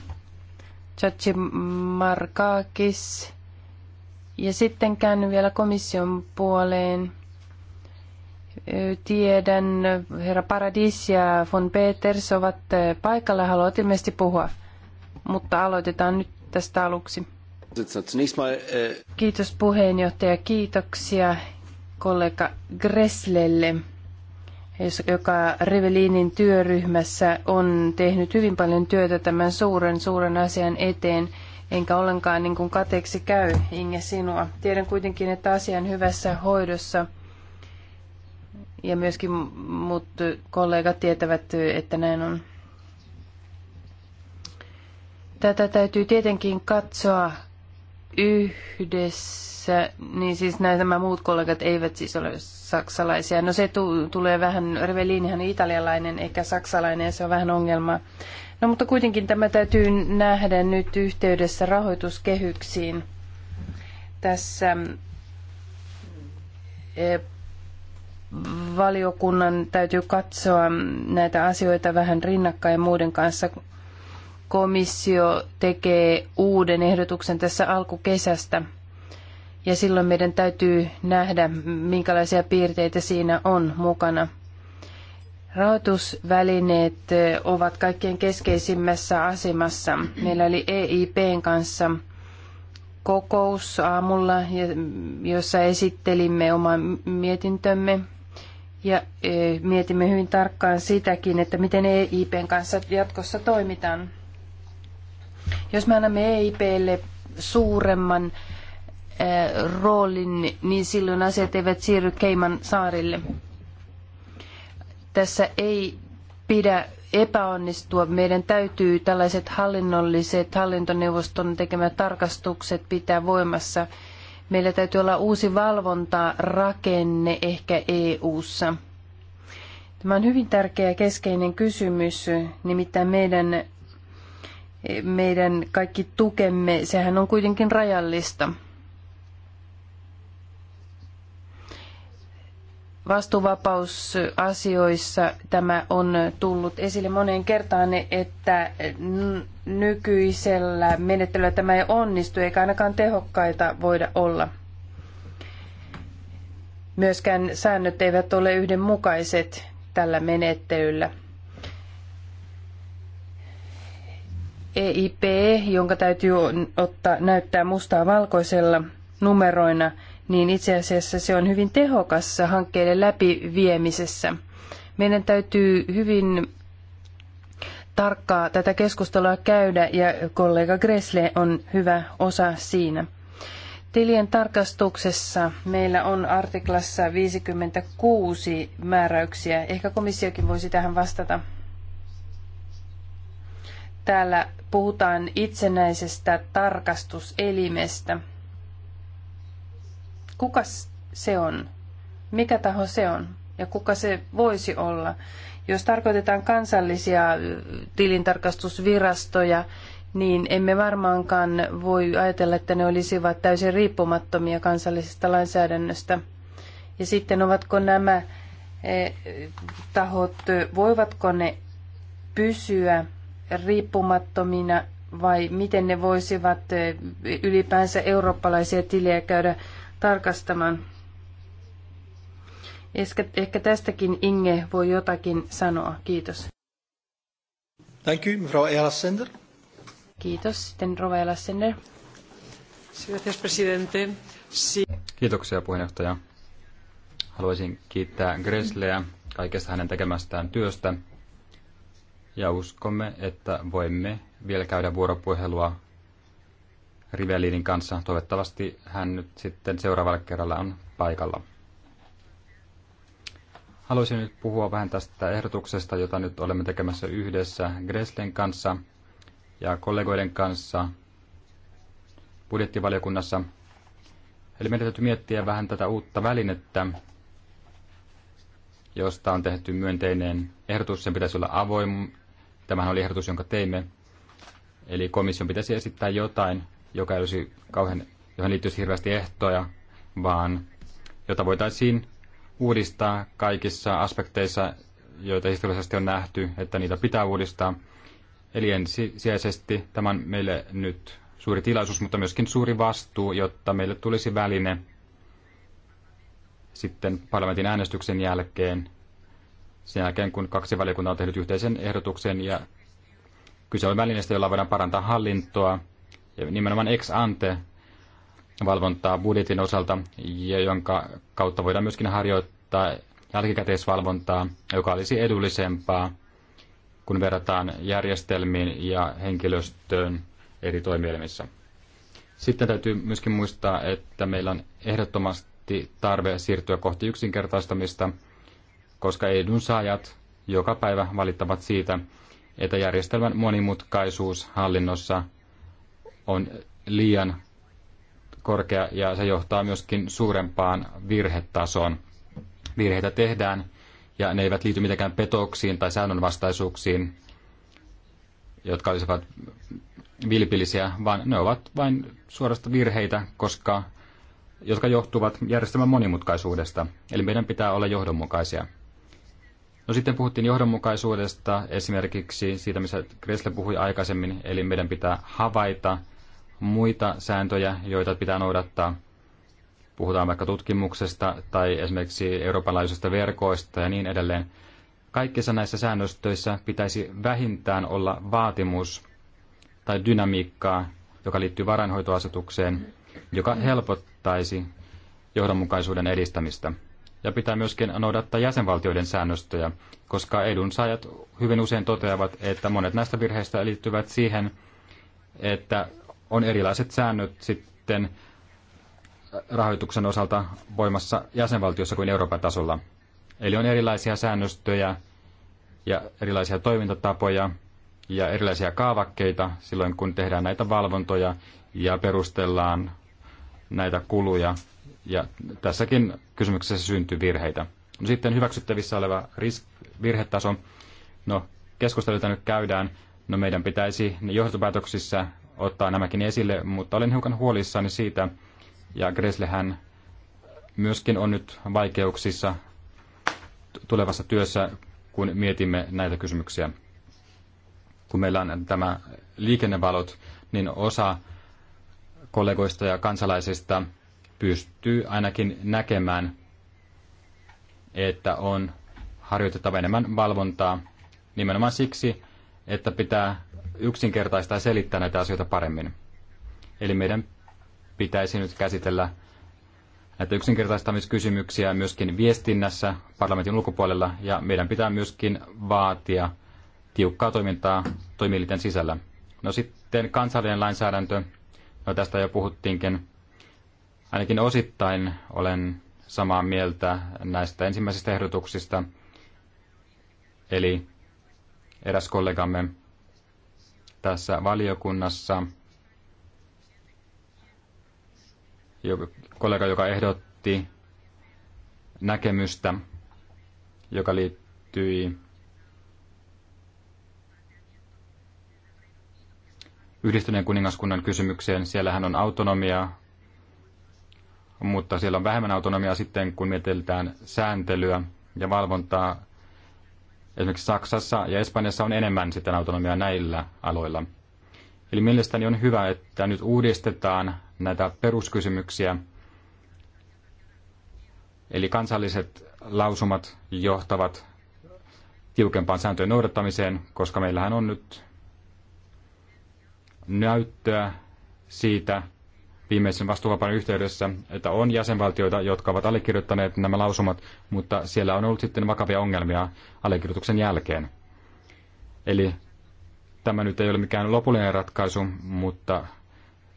Chachi Markakis. Ja sitten käännyn vielä komission puoleen. Tiedän, herra Paradis ja von Peters ovat paikalla ja haluavat ilmeisesti puhua. Mutta aloitetaan nyt tästä aluksi. Äh, Kiitos puheenjohtaja. Kiitoksia kollega Gresslelle, joka Revelinin työryhmässä on tehnyt hyvin paljon työtä tämän suuren, suuren asian eteen. Enkä ollenkaan niin kuin kateeksi käy, Inge, sinua. Tiedän kuitenkin, että asian hyvässä hoidossa ja myöskin muut kollegat tietävät, että näin on. Tätä täytyy tietenkin katsoa yhdessä, niin siis nämä muut kollegat eivät siis ole saksalaisia. No se tu- tulee vähän, Rivellinihan italialainen eikä saksalainen ja se on vähän ongelma. No mutta kuitenkin tämä täytyy nähdä nyt yhteydessä rahoituskehyksiin. Tässä e, valiokunnan täytyy katsoa näitä asioita vähän rinnakkain muiden kanssa, komissio tekee uuden ehdotuksen tässä alkukesästä. Ja silloin meidän täytyy nähdä, minkälaisia piirteitä siinä on mukana. Rahoitusvälineet ovat kaikkein keskeisimmässä asemassa. Meillä oli EIPn kanssa kokous aamulla, jossa esittelimme oman mietintömme ja mietimme hyvin tarkkaan sitäkin, että miten EIPn kanssa jatkossa toimitaan. Jos me annamme EIPlle suuremman eh, roolin, niin silloin asiat eivät siirry Keiman saarille. Tässä ei pidä epäonnistua. Meidän täytyy tällaiset hallinnolliset hallintoneuvoston tekemät tarkastukset pitää voimassa. Meillä täytyy olla uusi valvontarakenne ehkä EU-ssa. Tämä on hyvin tärkeä ja keskeinen kysymys, nimittäin meidän meidän kaikki tukemme, sehän on kuitenkin rajallista. Vastuvapausasioissa tämä on tullut esille moneen kertaan, että nykyisellä menettelyllä tämä ei onnistu eikä ainakaan tehokkaita voida olla. Myöskään säännöt eivät ole yhdenmukaiset tällä menettelyllä. EIP, jonka täytyy ottaa, näyttää mustaa valkoisella numeroina, niin itse asiassa se on hyvin tehokas hankkeiden läpiviemisessä. Meidän täytyy hyvin tarkkaa tätä keskustelua käydä ja kollega Gresle on hyvä osa siinä. Tilien tarkastuksessa meillä on artiklassa 56 määräyksiä. Ehkä komissiokin voisi tähän vastata. Täällä puhutaan itsenäisestä tarkastuselimestä. Kuka se on? Mikä taho se on? Ja kuka se voisi olla? Jos tarkoitetaan kansallisia tilintarkastusvirastoja, niin emme varmaankaan voi ajatella, että ne olisivat täysin riippumattomia kansallisesta lainsäädännöstä. Ja sitten ovatko nämä e, tahot, voivatko ne pysyä riippumattomina vai miten ne voisivat eh, ylipäänsä eurooppalaisia tilejä käydä tarkastamaan. Ehkä tästäkin Inge voi jotakin sanoa. Kiitos. Thank you, Frau Sender. Kiitos. Sitten Rova Sender. Gracias, presidente. Si- Kiitoksia puheenjohtaja. Haluaisin kiittää Gresleä kaikesta hänen tekemästään työstä ja uskomme, että voimme vielä käydä vuoropuhelua Rivelinin kanssa. Toivottavasti hän nyt sitten seuraavalla kerralla on paikalla. Haluaisin nyt puhua vähän tästä ehdotuksesta, jota nyt olemme tekemässä yhdessä Greslen kanssa ja kollegoiden kanssa budjettivaliokunnassa. Eli meidän täytyy miettiä vähän tätä uutta välinettä, josta on tehty myönteinen ehdotus. Sen pitäisi olla avoin, Tämähän oli ehdotus, jonka teimme. Eli komission pitäisi esittää jotain, joka ei olisi kauhean, johon liittyisi hirveästi ehtoja, vaan jota voitaisiin uudistaa kaikissa aspekteissa, joita historiallisesti on nähty, että niitä pitää uudistaa. Eli ensisijaisesti tämä on meille nyt suuri tilaisuus, mutta myöskin suuri vastuu, jotta meille tulisi väline sitten parlamentin äänestyksen jälkeen sen jälkeen, kun kaksi valiokuntaa on tehnyt yhteisen ehdotuksen ja kyse on välineestä, jolla voidaan parantaa hallintoa ja nimenomaan ex ante valvontaa budjetin osalta ja jonka kautta voidaan myöskin harjoittaa jälkikäteisvalvontaa, joka olisi edullisempaa, kun verrataan järjestelmiin ja henkilöstöön eri toimielimissä. Sitten täytyy myöskin muistaa, että meillä on ehdottomasti tarve siirtyä kohti yksinkertaistamista – koska edunsaajat joka päivä valittavat siitä, että järjestelmän monimutkaisuus hallinnossa on liian korkea ja se johtaa myöskin suurempaan virhetasoon. Virheitä tehdään ja ne eivät liity mitenkään petoksiin tai säännönvastaisuuksiin, jotka olisivat vilpillisiä, vaan ne ovat vain suorasta virheitä, koska, jotka johtuvat järjestelmän monimutkaisuudesta. Eli meidän pitää olla johdonmukaisia. No sitten puhuttiin johdonmukaisuudesta, esimerkiksi siitä, missä Kresle puhui aikaisemmin, eli meidän pitää havaita muita sääntöjä, joita pitää noudattaa. Puhutaan vaikka tutkimuksesta tai esimerkiksi eurooppalaisista verkoista ja niin edelleen. Kaikissa näissä säännöstöissä pitäisi vähintään olla vaatimus tai dynamiikkaa, joka liittyy varainhoitoasetukseen, joka helpottaisi johdonmukaisuuden edistämistä ja pitää myöskin noudattaa jäsenvaltioiden säännöstöjä, koska edunsaajat hyvin usein toteavat, että monet näistä virheistä liittyvät siihen, että on erilaiset säännöt sitten rahoituksen osalta voimassa jäsenvaltiossa kuin Euroopan tasolla. Eli on erilaisia säännöstöjä ja erilaisia toimintatapoja ja erilaisia kaavakkeita silloin, kun tehdään näitä valvontoja ja perustellaan näitä kuluja ja tässäkin kysymyksessä syntyy virheitä. No sitten hyväksyttävissä oleva risk- virhetaso. No, keskusteluita nyt käydään. No meidän pitäisi johtopäätöksissä ottaa nämäkin esille, mutta olen hiukan huolissani siitä, ja Greslehän myöskin on nyt vaikeuksissa tulevassa työssä, kun mietimme näitä kysymyksiä. Kun meillä on tämä liikennevalot, niin osa kollegoista ja kansalaisista pystyy ainakin näkemään, että on harjoitettava enemmän valvontaa nimenomaan siksi, että pitää yksinkertaistaa ja selittää näitä asioita paremmin. Eli meidän pitäisi nyt käsitellä näitä yksinkertaistamiskysymyksiä myöskin viestinnässä parlamentin ulkopuolella ja meidän pitää myöskin vaatia tiukkaa toimintaa toimielinten sisällä. No sitten kansallinen lainsäädäntö, no tästä jo puhuttiinkin. Ainakin osittain olen samaa mieltä näistä ensimmäisistä ehdotuksista. Eli eräs kollegamme tässä valiokunnassa, kollega, joka ehdotti näkemystä, joka liittyi yhdistyneen kuningaskunnan kysymykseen. Siellähän on autonomia mutta siellä on vähemmän autonomiaa sitten, kun mietitään sääntelyä ja valvontaa. Esimerkiksi Saksassa ja Espanjassa on enemmän sitten autonomiaa näillä aloilla. Eli mielestäni on hyvä, että nyt uudistetaan näitä peruskysymyksiä. Eli kansalliset lausumat johtavat tiukempaan sääntöjen noudattamiseen, koska meillähän on nyt näyttöä siitä, viimeisen vastuuvapauden yhteydessä, että on jäsenvaltioita, jotka ovat allekirjoittaneet nämä lausumat, mutta siellä on ollut sitten vakavia ongelmia allekirjoituksen jälkeen. Eli tämä nyt ei ole mikään lopullinen ratkaisu, mutta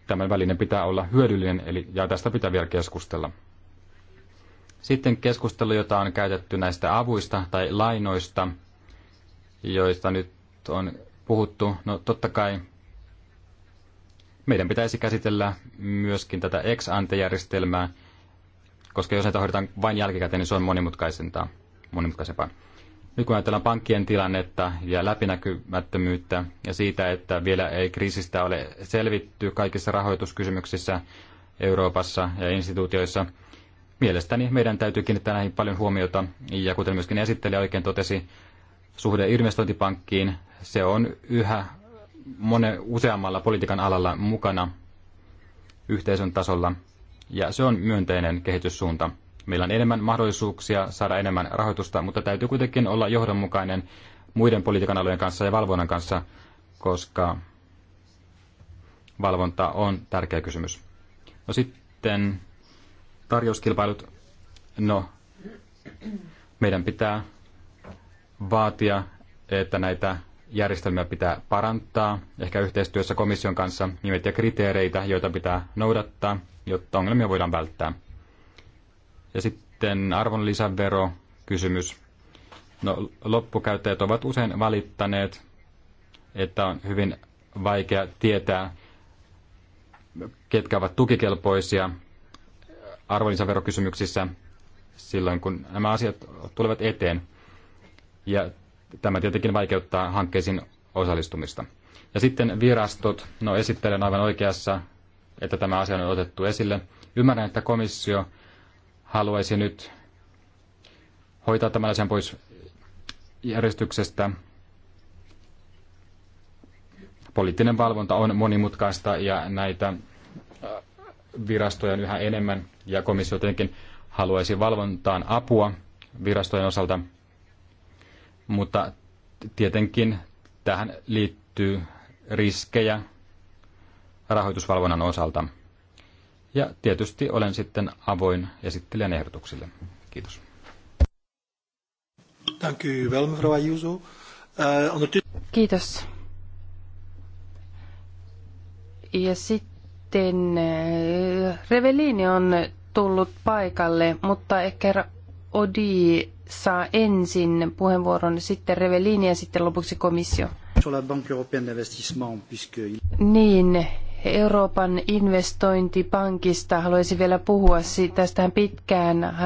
tämän välinen pitää olla hyödyllinen, eli, ja tästä pitää vielä keskustella. Sitten keskustelu, jota on käytetty näistä avuista tai lainoista, joista nyt on puhuttu. No totta kai meidän pitäisi käsitellä myöskin tätä ex-ante-järjestelmää, koska jos näitä hoidetaan vain jälkikäteen, niin se on monimutkaisempaa. monimutkaisempaa. Nyt kun ajatellaan pankkien tilannetta ja läpinäkymättömyyttä ja siitä, että vielä ei kriisistä ole selvitty kaikissa rahoituskysymyksissä Euroopassa ja instituutioissa, mielestäni meidän täytyy kiinnittää näihin paljon huomiota. Ja kuten myöskin esittelijä oikein totesi, suhde investointipankkiin, se on yhä monen useammalla politiikan alalla mukana yhteisön tasolla, ja se on myönteinen kehityssuunta. Meillä on enemmän mahdollisuuksia saada enemmän rahoitusta, mutta täytyy kuitenkin olla johdonmukainen muiden politiikan alojen kanssa ja valvonnan kanssa, koska valvonta on tärkeä kysymys. No sitten tarjouskilpailut. No, meidän pitää vaatia, että näitä järjestelmää pitää parantaa, ehkä yhteistyössä komission kanssa nimettiä kriteereitä, joita pitää noudattaa, jotta ongelmia voidaan välttää. Ja sitten arvonlisävero kysymys. No, loppukäyttäjät ovat usein valittaneet, että on hyvin vaikea tietää, ketkä ovat tukikelpoisia arvonlisäverokysymyksissä silloin, kun nämä asiat tulevat eteen. Ja Tämä tietenkin vaikeuttaa hankkeisiin osallistumista. Ja sitten virastot. No esittelen aivan oikeassa, että tämä asia on otettu esille. Ymmärrän, että komissio haluaisi nyt hoitaa tämän asian pois järjestyksestä. Poliittinen valvonta on monimutkaista ja näitä äh, virastoja on yhä enemmän ja komissio tietenkin haluaisi valvontaan apua virastojen osalta – mutta tietenkin tähän liittyy riskejä rahoitusvalvonnan osalta. Ja tietysti olen sitten avoin esittelijän ehdotuksille. Kiitos. Uh, Kiitos. Ja sitten uh, Revelini on tullut paikalle, mutta ehkä Odi saa ensin puheenvuoron, sitten Revelini ja sitten lopuksi komissio. Niin, Euroopan investointipankista haluaisin vielä puhua. Tästähän pitkään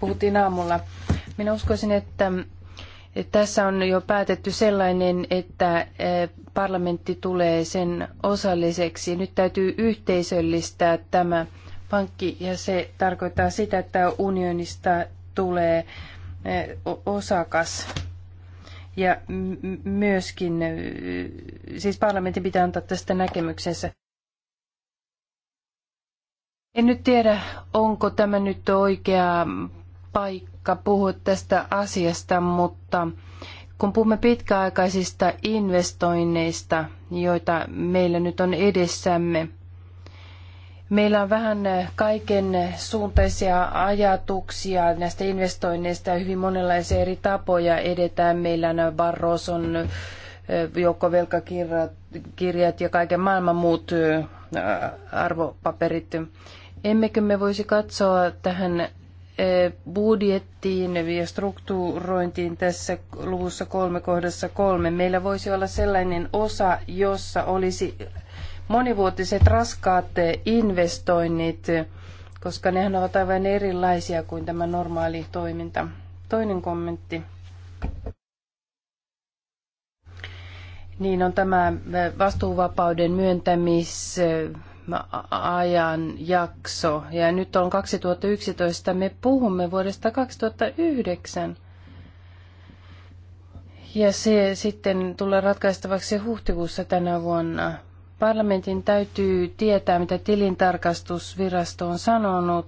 puhuttiin aamulla. Minä uskoisin, että tässä on jo päätetty sellainen, että e, parlamentti tulee sen osalliseksi. Nyt täytyy yhteisöllistää tämä pankki ja se tarkoittaa sitä, että unionista tulee eh, osakas. Ja myöskin, eh, siis parlamentin pitää antaa tästä näkemyksensä. En nyt tiedä, onko tämä nyt oikea paikka puhua tästä asiasta, mutta kun puhumme pitkäaikaisista investoinneista, joita meillä nyt on edessämme, Meillä on vähän eh, kaiken suuntaisia ajatuksia näistä investoinneista ja hyvin monenlaisia eri tapoja edetään. Meillä on Barroson eh, joukkovelkakirjat ja kaiken maailman muut eh, arvopaperit. Emmekö me voisi katsoa tähän budjettiin ja strukturointiin tässä luvussa kolme kohdassa kolme. Meillä voisi olla sellainen osa, jossa olisi monivuotiset raskaat investoinnit, koska nehän ovat aivan erilaisia kuin tämä normaali toiminta. Toinen kommentti. Niin on tämä vastuuvapauden myöntämis ajan jakso. Ja nyt on 2011, me puhumme vuodesta 2009. Ja se sitten tulee ratkaistavaksi huhtikuussa tänä vuonna. Parlamentin täytyy tietää, mitä tilintarkastusvirasto on sanonut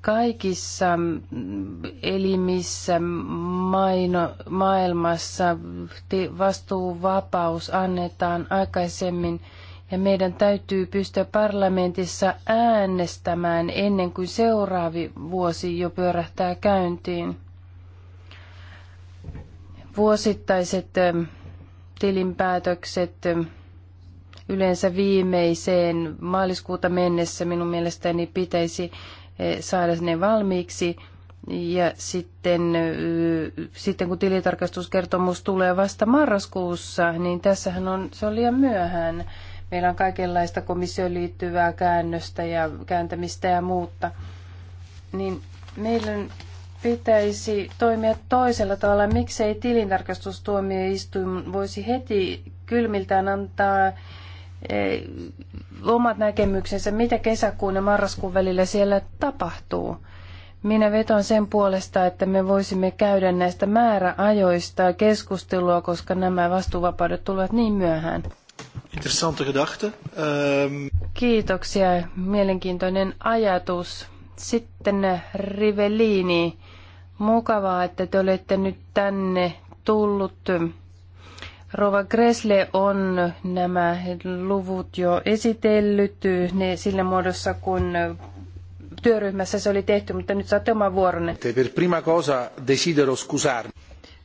kaikissa mm, elimissä maino, maailmassa vastuuvapaus annetaan aikaisemmin ja meidän täytyy pystyä parlamentissa äänestämään ennen kuin seuraavi vuosi jo pyörähtää käyntiin. Vuosittaiset mm, tilinpäätökset mm, yleensä viimeiseen maaliskuuta mennessä minun mielestäni pitäisi eh, saada ne valmiiksi. Ja sitten, eh, sitten kun tilitarkastuskertomus tulee vasta marraskuussa, niin tässähän on, se on liian myöhään. Meillä on kaikenlaista komissioon liittyvää käännöstä ja kääntämistä ja muuta. Niin meidän pitäisi toimia toisella tavalla. Miksei tilintarkastustuomioistuin voisi heti kylmiltään antaa Eh, omat näkemyksensä, mitä kesäkuun ja marraskuun välillä siellä tapahtuu. Minä veton sen puolesta, että me voisimme käydä näistä määräajoista keskustelua, koska nämä vastuuvapaudet tulevat niin myöhään. Interessante gedachte. Ehm, Kiitoksia. Mielenkiintoinen ajatus. Sitten Rivellini. Mukavaa, että te olette nyt tänne tullut. Rova Gresle on nämä luvut jo esitellyt ne sillä muodossa, kun työryhmässä se oli tehty, mutta nyt saatte oman vuoronne. Per prima cosa desidero scusarmi.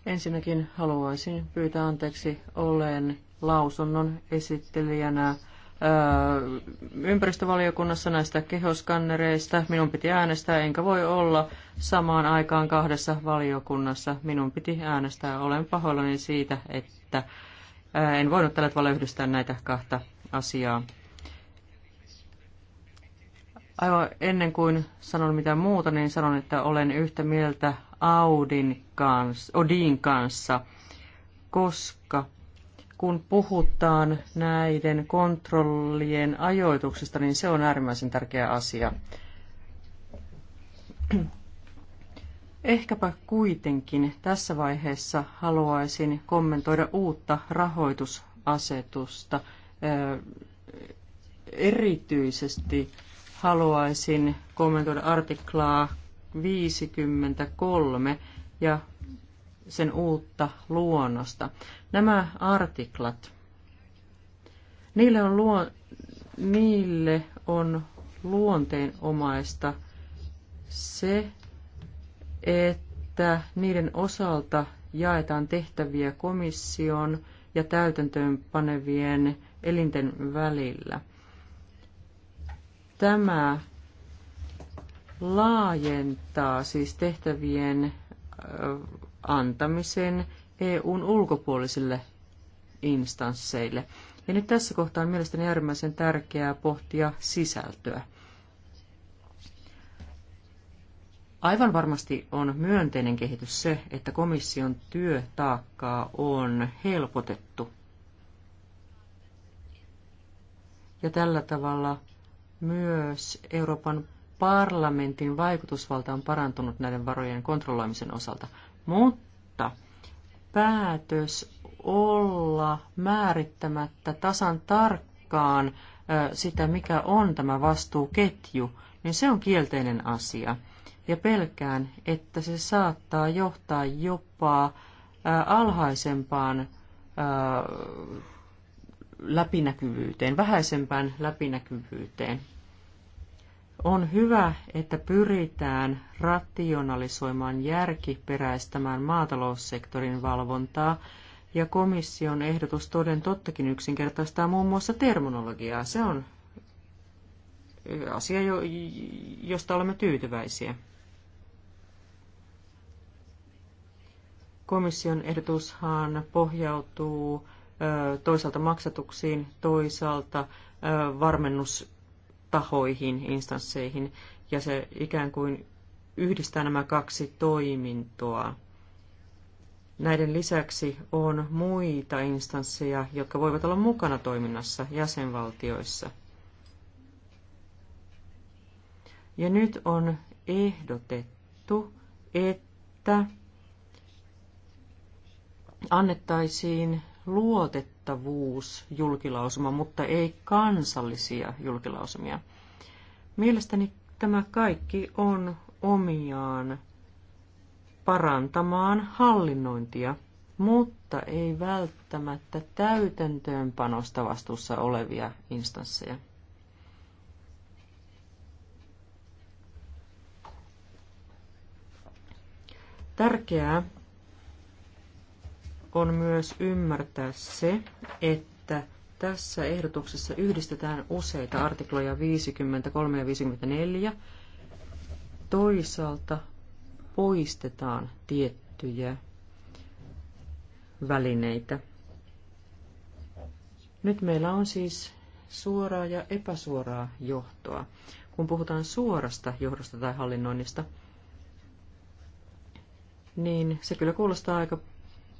Ensinnäkin haluaisin pyytää anteeksi, olen lausunnon esittelijänä ympäristövaliokunnassa näistä kehoskannereista. Minun piti äänestää, enkä voi olla samaan aikaan kahdessa valiokunnassa. Minun piti äänestää. Olen pahoillani siitä, että että en voinut tällä tavalla yhdistää näitä kahta asiaa. Aivan ennen kuin sanon mitä muuta, niin sanon, että olen yhtä mieltä Audin kanssa, Odin kanssa, koska kun puhutaan näiden kontrollien ajoituksesta, niin se on äärimmäisen tärkeä asia. Ehkäpä kuitenkin tässä vaiheessa haluaisin kommentoida uutta rahoitusasetusta. Erityisesti haluaisin kommentoida artiklaa 53 ja sen uutta luonnosta. Nämä artiklat, niille on, luo, niille on luonteenomaista se, että niiden osalta jaetaan tehtäviä komission ja täytäntöönpanevien elinten välillä. Tämä laajentaa siis tehtävien antamisen EUn ulkopuolisille instansseille. Ja nyt tässä kohtaa on mielestäni äärimmäisen tärkeää pohtia sisältöä. Aivan varmasti on myönteinen kehitys se, että komission työtaakkaa on helpotettu. Ja tällä tavalla myös Euroopan parlamentin vaikutusvalta on parantunut näiden varojen kontrolloimisen osalta. Mutta päätös olla määrittämättä tasan tarkkaan sitä, mikä on tämä vastuuketju, niin se on kielteinen asia ja pelkään, että se saattaa johtaa jopa alhaisempaan läpinäkyvyyteen, vähäisempään läpinäkyvyyteen. On hyvä, että pyritään rationalisoimaan järkiperäistämään maataloussektorin valvontaa, ja komission ehdotus toden tottakin yksinkertaistaa muun muassa terminologiaa. Se on asia, josta olemme tyytyväisiä. Komission ehdotushan pohjautuu toisaalta maksatuksiin, toisaalta varmennustahoihin, instansseihin, ja se ikään kuin yhdistää nämä kaksi toimintoa. Näiden lisäksi on muita instansseja, jotka voivat olla mukana toiminnassa jäsenvaltioissa. Ja nyt on ehdotettu, että annettaisiin luotettavuus julkilausuma, mutta ei kansallisia julkilausumia. Mielestäni tämä kaikki on omiaan parantamaan hallinnointia, mutta ei välttämättä täytäntöönpanosta vastuussa olevia instansseja. Tärkeää on myös ymmärtää se, että tässä ehdotuksessa yhdistetään useita artikloja 53 ja 54. Toisaalta poistetaan tiettyjä välineitä. Nyt meillä on siis suoraa ja epäsuoraa johtoa. Kun puhutaan suorasta johdosta tai hallinnoinnista, niin se kyllä kuulostaa aika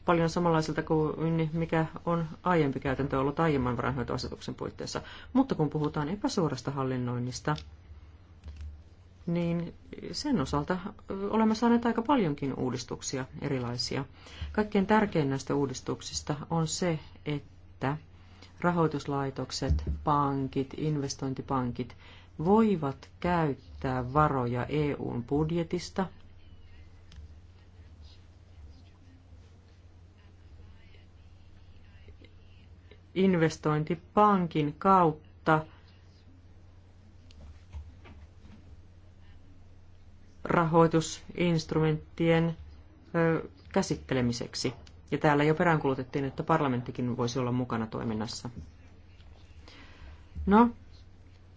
paljon samanlaiselta kuin mikä on aiempi käytäntö ollut aiemman varainhoitoasetuksen puitteissa. Mutta kun puhutaan epäsuorasta hallinnoinnista, niin sen osalta olemme saaneet aika paljonkin uudistuksia erilaisia. Kaikkein tärkein näistä uudistuksista on se, että rahoituslaitokset, pankit, investointipankit voivat käyttää varoja EUn budjetista investointipankin kautta rahoitusinstrumenttien käsittelemiseksi. Ja täällä jo peräänkulutettiin, että parlamenttikin voisi olla mukana toiminnassa. No,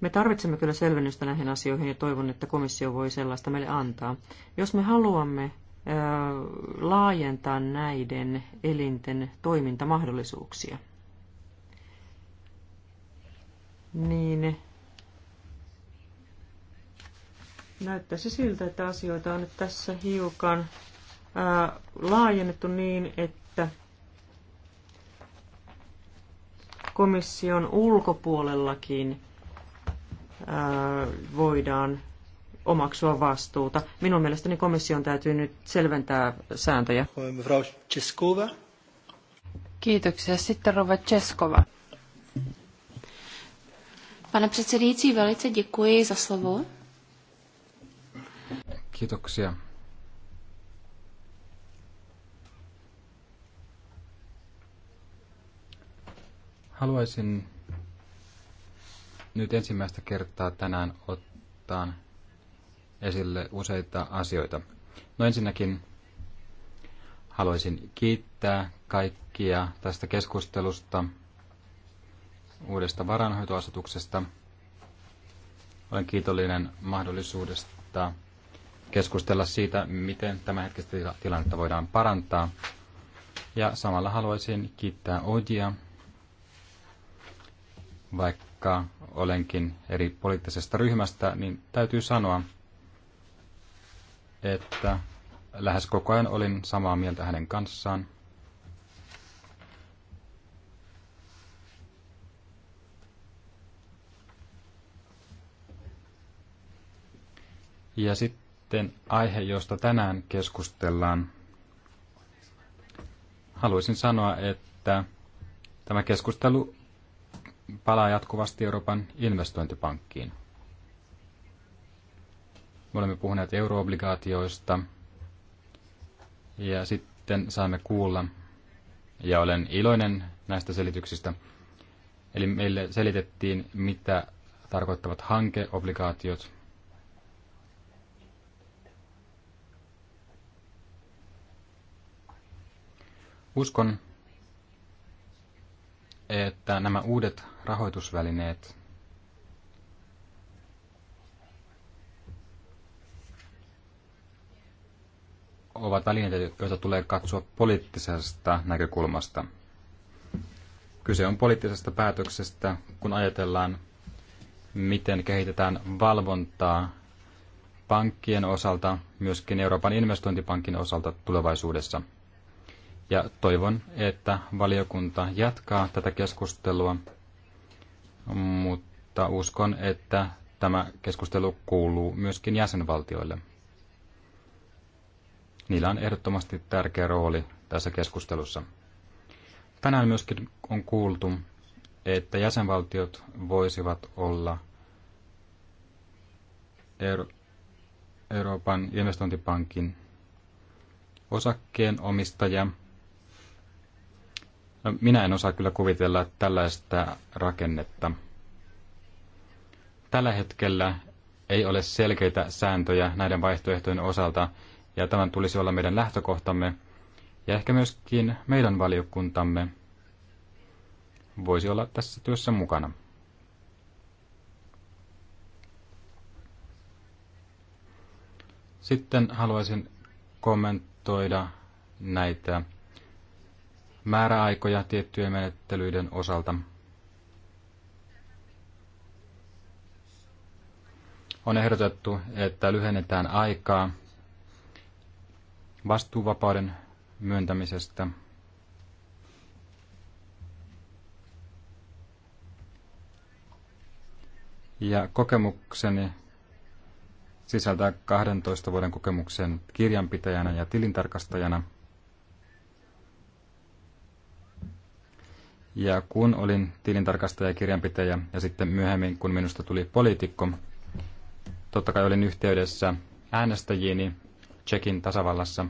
me tarvitsemme kyllä selvennystä näihin asioihin ja toivon, että komissio voi sellaista meille antaa. Jos me haluamme laajentaa näiden elinten toimintamahdollisuuksia niin näyttäisi siltä, että asioita on nyt tässä hiukan ää, laajennettu niin, että komission ulkopuolellakin ää, voidaan omaksua vastuuta. Minun mielestäni komission täytyy nyt selventää sääntöjä. Kiitoksia. Sitten Rova Cheskova. Pane předsedající, velice děkuji za slovo. Kiitoksia. Haluaisin nyt ensimmäistä kertaa tänään ottaa esille useita asioita. No ensinnäkin haluaisin kiittää kaikkia tästä keskustelusta uudesta varainhoitoasetuksesta. Olen kiitollinen mahdollisuudesta keskustella siitä, miten tämä hetkistä tilannetta voidaan parantaa. Ja samalla haluaisin kiittää Odia, vaikka olenkin eri poliittisesta ryhmästä, niin täytyy sanoa, että lähes koko ajan olin samaa mieltä hänen kanssaan – Ja sitten aihe, josta tänään keskustellaan. Haluaisin sanoa, että tämä keskustelu palaa jatkuvasti Euroopan investointipankkiin. Me olemme puhuneet euroobligaatioista ja sitten saamme kuulla, ja olen iloinen näistä selityksistä. Eli meille selitettiin, mitä tarkoittavat hankeobligaatiot Uskon, että nämä uudet rahoitusvälineet ovat välineitä, joita tulee katsoa poliittisesta näkökulmasta. Kyse on poliittisesta päätöksestä, kun ajatellaan, miten kehitetään valvontaa pankkien osalta, myöskin Euroopan investointipankin osalta tulevaisuudessa – ja toivon, että valiokunta jatkaa tätä keskustelua, mutta uskon, että tämä keskustelu kuuluu myöskin jäsenvaltioille. Niillä on ehdottomasti tärkeä rooli tässä keskustelussa. Tänään myöskin on kuultu, että jäsenvaltiot voisivat olla Euro- Euroopan investointipankin osakkeen omistaja. Minä en osaa kyllä kuvitella tällaista rakennetta. Tällä hetkellä ei ole selkeitä sääntöjä näiden vaihtoehtojen osalta, ja tämän tulisi olla meidän lähtökohtamme, ja ehkä myöskin meidän valiokuntamme voisi olla tässä työssä mukana. Sitten haluaisin kommentoida näitä määräaikoja tiettyjen menettelyiden osalta. On ehdotettu, että lyhennetään aikaa vastuuvapauden myöntämisestä Ja kokemukseni sisältää 12 vuoden kokemuksen kirjanpitäjänä ja tilintarkastajana – Ja kun olin tilintarkastaja ja kirjanpitäjä ja sitten myöhemmin, kun minusta tuli poliitikko, totta kai olin yhteydessä äänestäjiini Tsekin tasavallassa.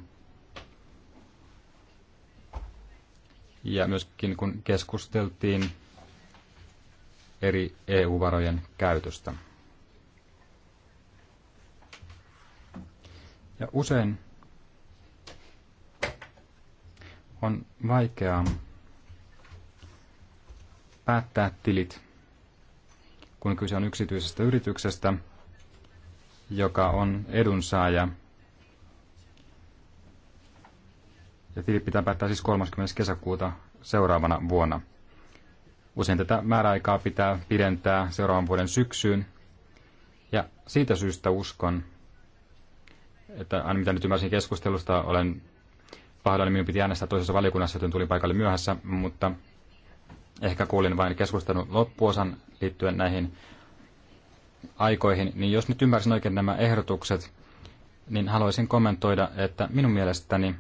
Ja myöskin kun keskusteltiin eri EU-varojen käytöstä. Ja usein on vaikeaa päättää tilit, kun kyse on yksityisestä yrityksestä, joka on edunsaaja. Ja tilit pitää päättää siis 30. kesäkuuta seuraavana vuonna. Usein tätä määräaikaa pitää pidentää seuraavan vuoden syksyyn. Ja siitä syystä uskon, että aina mitä nyt ymmärsin keskustelusta, olen pahoillani, minun piti äänestää toisessa valiokunnassa, joten tulin paikalle myöhässä, mutta ehkä kuulin vain keskustelun loppuosan liittyen näihin aikoihin, niin jos nyt ymmärsin oikein nämä ehdotukset, niin haluaisin kommentoida, että minun mielestäni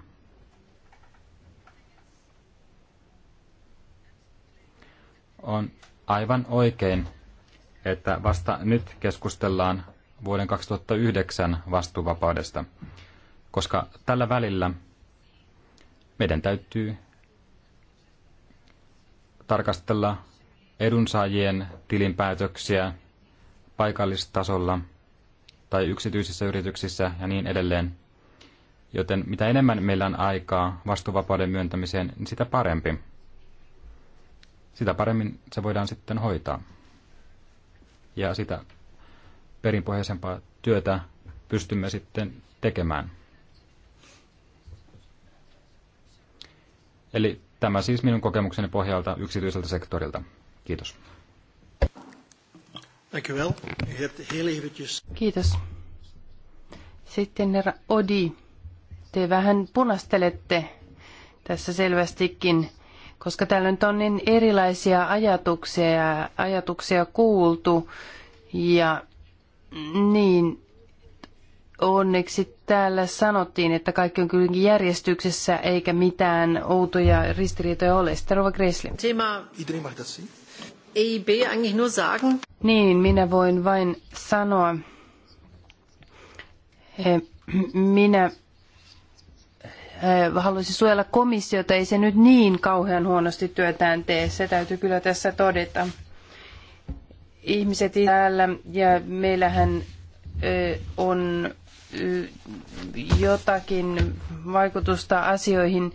on aivan oikein, että vasta nyt keskustellaan vuoden 2009 vastuuvapaudesta, koska tällä välillä meidän täytyy tarkastella edunsaajien tilinpäätöksiä paikallistasolla tai yksityisissä yrityksissä ja niin edelleen. Joten mitä enemmän meillä on aikaa vastuuvapauden myöntämiseen, niin sitä parempi. Sitä paremmin se voidaan sitten hoitaa. Ja sitä perinpohjaisempaa työtä pystymme sitten tekemään. Eli Tämä siis minun kokemukseni pohjalta yksityiseltä sektorilta. Kiitos. Kiitos. Sitten herra Odi, te vähän punastelette tässä selvästikin, koska täällä nyt on niin erilaisia ajatuksia ja ajatuksia kuultu ja niin Onneksi täällä sanottiin, että kaikki on kuitenkin järjestyksessä eikä mitään outoja ristiriitoja ole. Sterova Gresli. E eigentlich nur sagen. Niin, minä voin vain sanoa. Eh, minä eh, haluaisin suojella komissiota, ei se nyt niin kauhean huonosti työtään tee, se täytyy kyllä tässä todeta. Ihmiset täällä ja meillähän eh, on jotakin vaikutusta asioihin.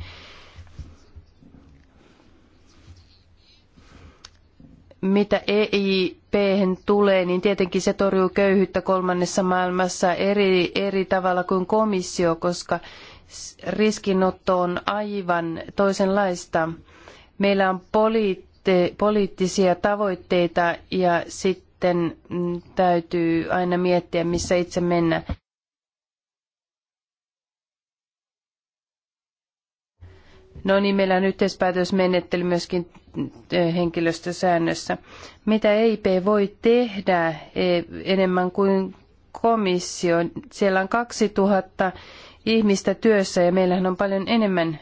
Mitä EIP tulee, niin tietenkin se torjuu köyhyyttä kolmannessa maailmassa eri, eri tavalla kuin komissio, koska riskinotto on aivan toisenlaista. Meillä on poliitte, poliittisia tavoitteita ja sitten mm, täytyy aina miettiä, missä itse mennään. No niin, meillä on yhteispäätösmenettely myöskin eh, henkilöstösäännössä. Mitä EIP voi tehdä eh, enemmän kuin komissio? Siellä on 2000 ihmistä työssä ja meillähän on paljon enemmän.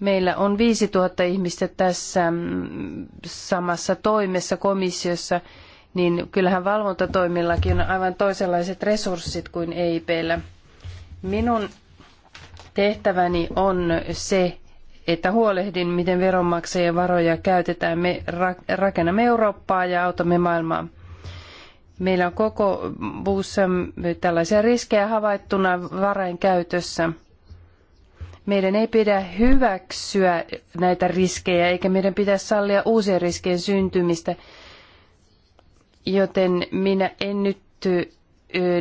Meillä on 5000 ihmistä tässä mm, samassa toimessa komissiossa, niin kyllähän valvontatoimillakin on aivan toisenlaiset resurssit kuin EIPllä. Minun tehtäväni on se, että huolehdin, miten veronmaksajien varoja käytetään. Me rakennamme Eurooppaa ja autamme maailmaa. Meillä on koko puussa tällaisia riskejä havaittuna varainkäytössä. Meidän ei pidä hyväksyä näitä riskejä, eikä meidän pidä sallia uusien riskien syntymistä. Joten minä en nyt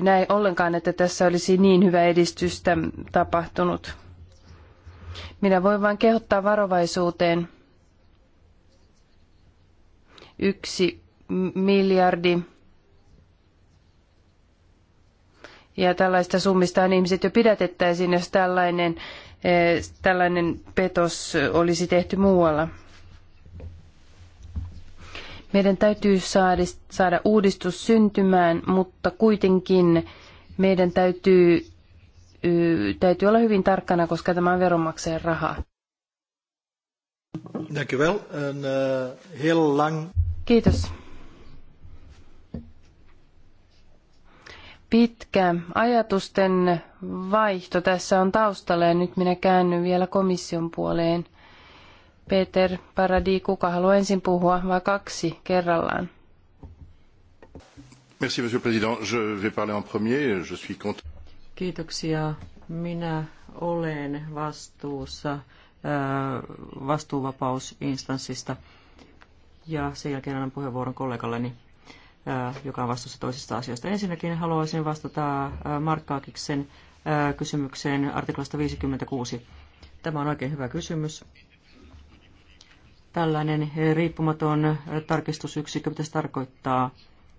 näe ollenkaan, että tässä olisi niin hyvä edistystä tapahtunut. Minä voin vain kehottaa varovaisuuteen. Yksi miljardi. Ja tällaista summistaan ihmiset jo pidätettäisiin, jos tällainen, eh, tällainen petos olisi tehty muualla. Meidän täytyy saada uudistus syntymään, mutta kuitenkin meidän täytyy täytyy, olla hyvin tarkkana, koska tämä on veronmaksajan rahaa. Dank u uh, heel lang... Kiitos. Pitkä ajatusten vaihto tässä on taustalla ja nyt minä käännyn vielä komission puoleen. Peter Paradi, kuka haluaa ensin puhua vai kaksi kerrallaan? Merci, monsieur le président. Je vais parler en premier. Je suis content. Kiitoksia. Minä olen vastuussa vastuuvapausinstanssista ja sen jälkeen annan puheenvuoron kollegalleni, joka on vastuussa toisista asioista. Ensinnäkin haluaisin vastata Markkaakiksen kysymykseen artiklasta 56. Tämä on oikein hyvä kysymys. Tällainen riippumaton tarkistusyksikkö se tarkoittaa.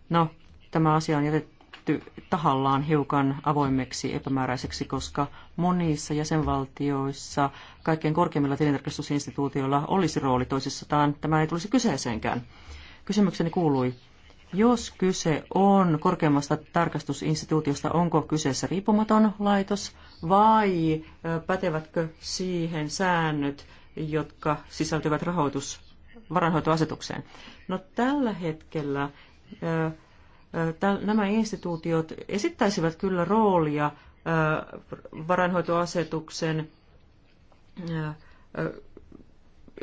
No, tämä asia on jätetty jätetty tahallaan hiukan avoimeksi epämääräiseksi, koska monissa jäsenvaltioissa kaikkein korkeimmilla tilintarkastusinstituutioilla olisi rooli toisissaan. Tämä ei tulisi kyseeseenkään. Kysymykseni kuului, jos kyse on korkeimmasta tarkastusinstituutiosta, onko kyseessä riippumaton laitos vai pätevätkö siihen säännöt, jotka sisältyvät rahoitus, No tällä hetkellä nämä instituutiot esittäisivät kyllä roolia varainhoitoasetuksen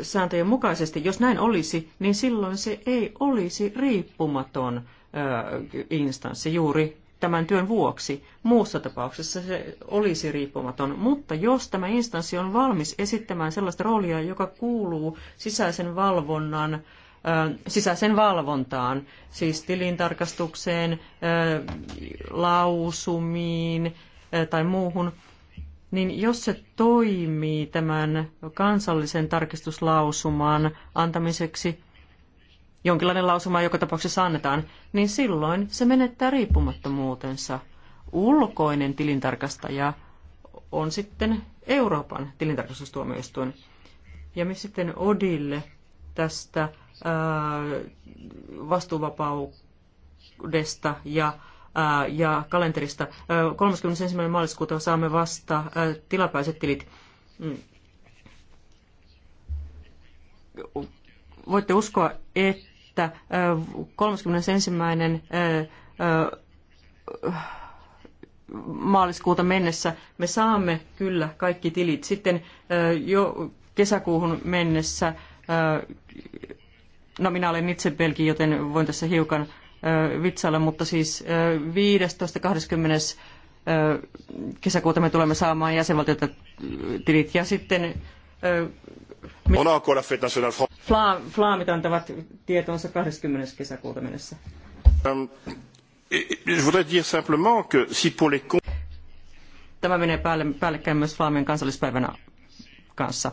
sääntöjen mukaisesti. Jos näin olisi, niin silloin se ei olisi riippumaton instanssi juuri tämän työn vuoksi. Muussa tapauksessa se olisi riippumaton, mutta jos tämä instanssi on valmis esittämään sellaista roolia, joka kuuluu sisäisen valvonnan sisäiseen valvontaan, siis tilintarkastukseen, lausumiin tai muuhun, niin jos se toimii tämän kansallisen tarkistuslausuman antamiseksi, jonkinlainen lausuma joka tapauksessa annetaan, niin silloin se menettää riippumattomuutensa. Ulkoinen tilintarkastaja on sitten Euroopan tilintarkastustuomioistuin. Ja me sitten Odille tästä vastuuvapaudesta ja ja kalenterista. 31. maaliskuuta saamme vasta tilapäiset tilit. Mm. Voitte uskoa, että 31. maaliskuuta mennessä me saamme kyllä kaikki tilit. Sitten jo kesäkuuhun mennessä no minä olen itse Belgi, joten voin tässä hiukan vitsailla, mutta siis 15.20 kesäkuuta me tulemme saamaan jäsenvaltiolta tilit ja sitten Monaco la Flaamit antavat tietonsa 20. kesäkuuta mennessä. Ähm, je voudrais dire simplement que si pour les Tämä menee päälle, päällekkäin myös Flaamien kansallispäivänä kanssa.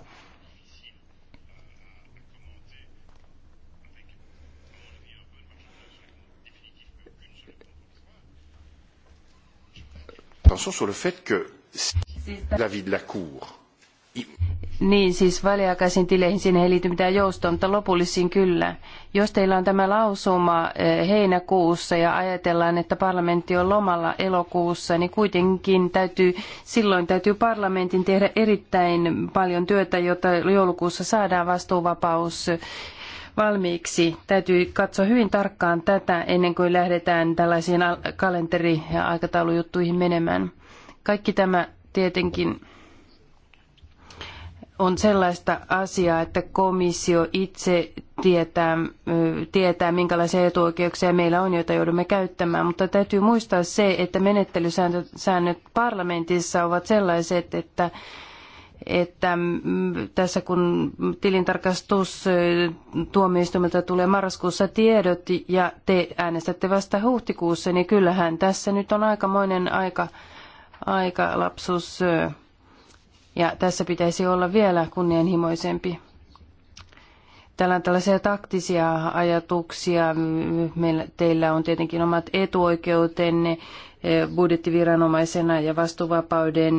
attention sur le fait que l'avis de la Cour. Niin siis väliaikaisiin tileihin sinne ei liity mitään joustoa, mutta lopullisiin kyllä. Jos teillä on tämä lausuma eh, heinäkuussa ja ajatellaan, että parlamentti on lomalla elokuussa, niin kuitenkin täytyy, silloin täytyy parlamentin tehdä erittäin paljon työtä, jotta joulukuussa saadaan vastuuvapaus valmiiksi. Täytyy katsoa hyvin tarkkaan tätä ennen kuin lähdetään tällaisiin kalenteri- ja aikataulujuttuihin menemään. Kaikki tämä tietenkin on sellaista asiaa, että komissio itse tietää, tietää minkälaisia etuoikeuksia meillä on, joita joudumme käyttämään, mutta täytyy muistaa se, että menettelysäännöt parlamentissa ovat sellaiset, että että tässä kun tilintarkastus tuomioistuimelta tulee marraskuussa tiedot ja te äänestätte vasta huhtikuussa, niin kyllähän tässä nyt on aikamoinen aika, aika lapsus ja tässä pitäisi olla vielä kunnianhimoisempi. Täällä on tällaisia taktisia ajatuksia. Meillä, teillä on tietenkin omat etuoikeutenne eh, budjettiviranomaisena ja vastuuvapauden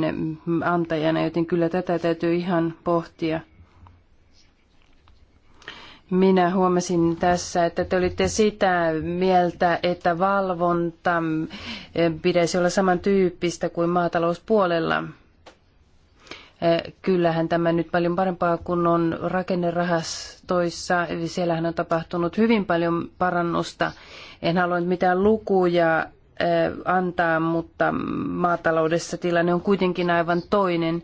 antajana, joten kyllä tätä täytyy ihan pohtia. Minä huomasin tässä, että te olitte sitä mieltä, että valvonta eh, pitäisi olla samantyyppistä kuin maatalouspuolella. Kyllähän tämä nyt paljon parempaa kuin on rakennerahastoissa. Siellähän on tapahtunut hyvin paljon parannusta. En halua nyt mitään lukuja antaa, mutta maataloudessa tilanne on kuitenkin aivan toinen.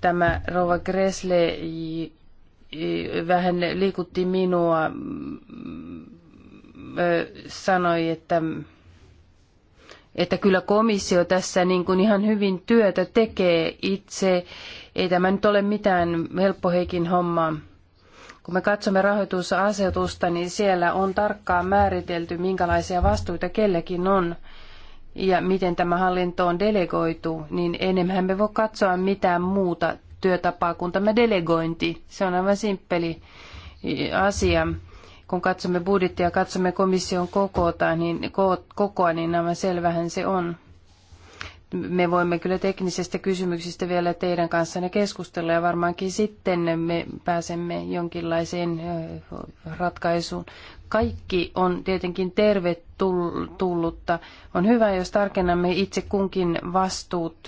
Tämä Rova Gresle vähän liikutti minua, sanoi, että että kyllä komissio tässä niin kuin ihan hyvin työtä tekee itse. Ei tämä nyt ole mitään helppoheikin homma. Kun me katsomme rahoitusasetusta, niin siellä on tarkkaan määritelty, minkälaisia vastuita kellekin on ja miten tämä hallinto on delegoitu, niin enemmän me voi katsoa mitään muuta työtapaa kuin tämä delegointi. Se on aivan simppeli asia kun katsomme budjettia ja katsomme komission kokoota, niin, kokoa, niin nämä selvähän se on. Me voimme kyllä teknisistä kysymyksistä vielä teidän kanssanne keskustella ja varmaankin sitten me pääsemme jonkinlaiseen ratkaisuun. Kaikki on tietenkin tervetullutta. On hyvä, jos tarkennamme itse kunkin vastuut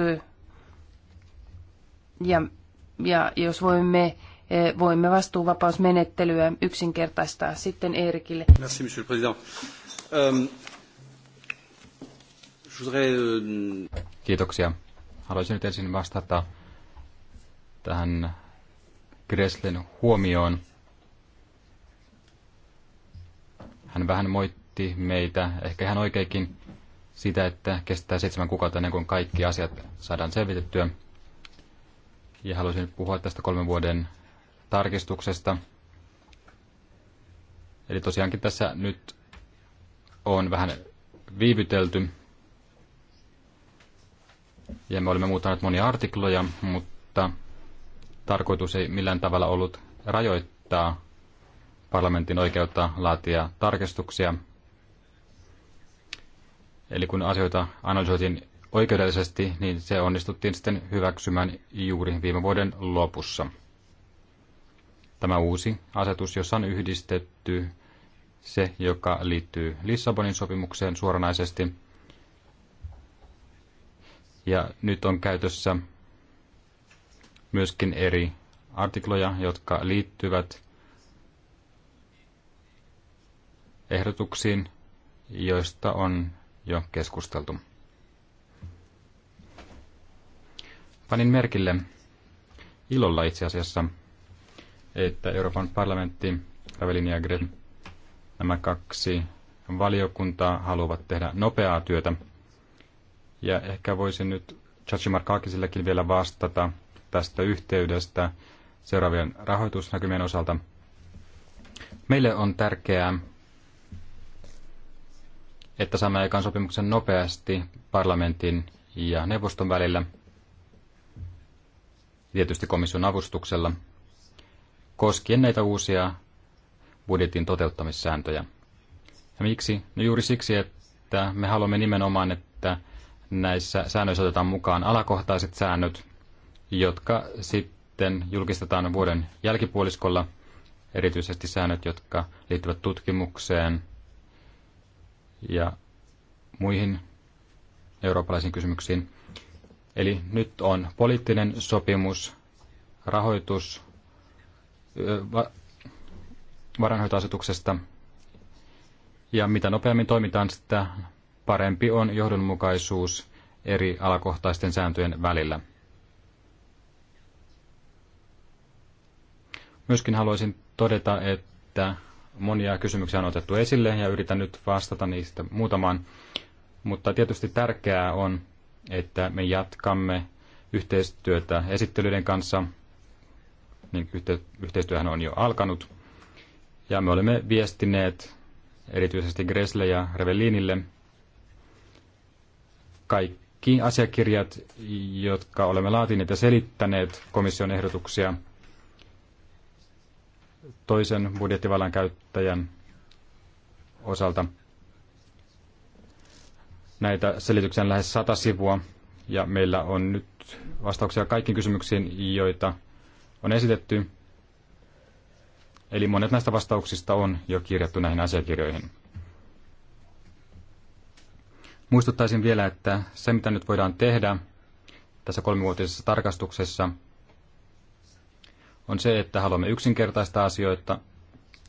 ja, ja jos voimme Eh, voimme vastuuvapausmenettelyä yksinkertaistaa sitten Erikille. Merci, monsieur le président. Euh, euh, Kiitoksia. Haluaisin nyt ensin vastata tähän Greslen huomioon. Hän vähän moitti meitä, ehkä ihan oikeinkin, siitä, että kestää seitsemän kuukautta ennen kuin kaikki asiat saadaan selvitettyä. Ja haluaisin puhua tästä kolmen vuoden tarkistuksesta. Eli tosiaankin tässä nyt on vähän viivytelty. Ja me olemme muuttaneet monia artikloja, mutta tarkoitus ei millään tavalla ollut rajoittaa parlamentin oikeutta laatia tarkistuksia. Eli kun asioita analysoitiin oikeudellisesti, niin se onnistuttiin sitten hyväksymään juuri viime vuoden lopussa tämä uusi asetus, jossa on yhdistetty se, joka liittyy Lissabonin sopimukseen suoranaisesti. Ja nyt on käytössä myöskin eri artikloja, jotka liittyvät ehdotuksiin, joista on jo keskusteltu. Panin merkille ilolla itse asiassa, että Euroopan parlamentti, Ravelin ja Greg, nämä kaksi valiokuntaa haluavat tehdä nopeaa työtä. Ja ehkä voisin nyt Chachimarkaakisillekin vielä vastata tästä yhteydestä seuraavien rahoitusnäkymien osalta. Meille on tärkeää, että saamme aikaan sopimuksen nopeasti parlamentin ja neuvoston välillä, tietysti komission avustuksella, koskien näitä uusia budjetin toteuttamissääntöjä. Ja miksi? No juuri siksi, että me haluamme nimenomaan, että näissä säännöissä otetaan mukaan alakohtaiset säännöt, jotka sitten julkistetaan vuoden jälkipuoliskolla, erityisesti säännöt, jotka liittyvät tutkimukseen ja muihin eurooppalaisiin kysymyksiin. Eli nyt on poliittinen sopimus rahoitus varainhoitoasetuksesta. Ja mitä nopeammin toimitaan, sitä parempi on johdonmukaisuus eri alakohtaisten sääntöjen välillä. Myöskin haluaisin todeta, että monia kysymyksiä on otettu esille ja yritän nyt vastata niistä muutamaan. Mutta tietysti tärkeää on, että me jatkamme yhteistyötä esittelyiden kanssa niin yhteistyöhän on jo alkanut. Ja me olemme viestineet erityisesti Gresle ja Revelinille kaikki asiakirjat, jotka olemme laatineet ja selittäneet komission ehdotuksia toisen budjettivallan käyttäjän osalta. Näitä selityksiä on lähes sata sivua ja meillä on nyt vastauksia kaikkiin kysymyksiin, joita on esitetty. Eli monet näistä vastauksista on jo kirjattu näihin asiakirjoihin. Muistuttaisin vielä, että se mitä nyt voidaan tehdä tässä kolmivuotisessa tarkastuksessa on se, että haluamme yksinkertaista asioita,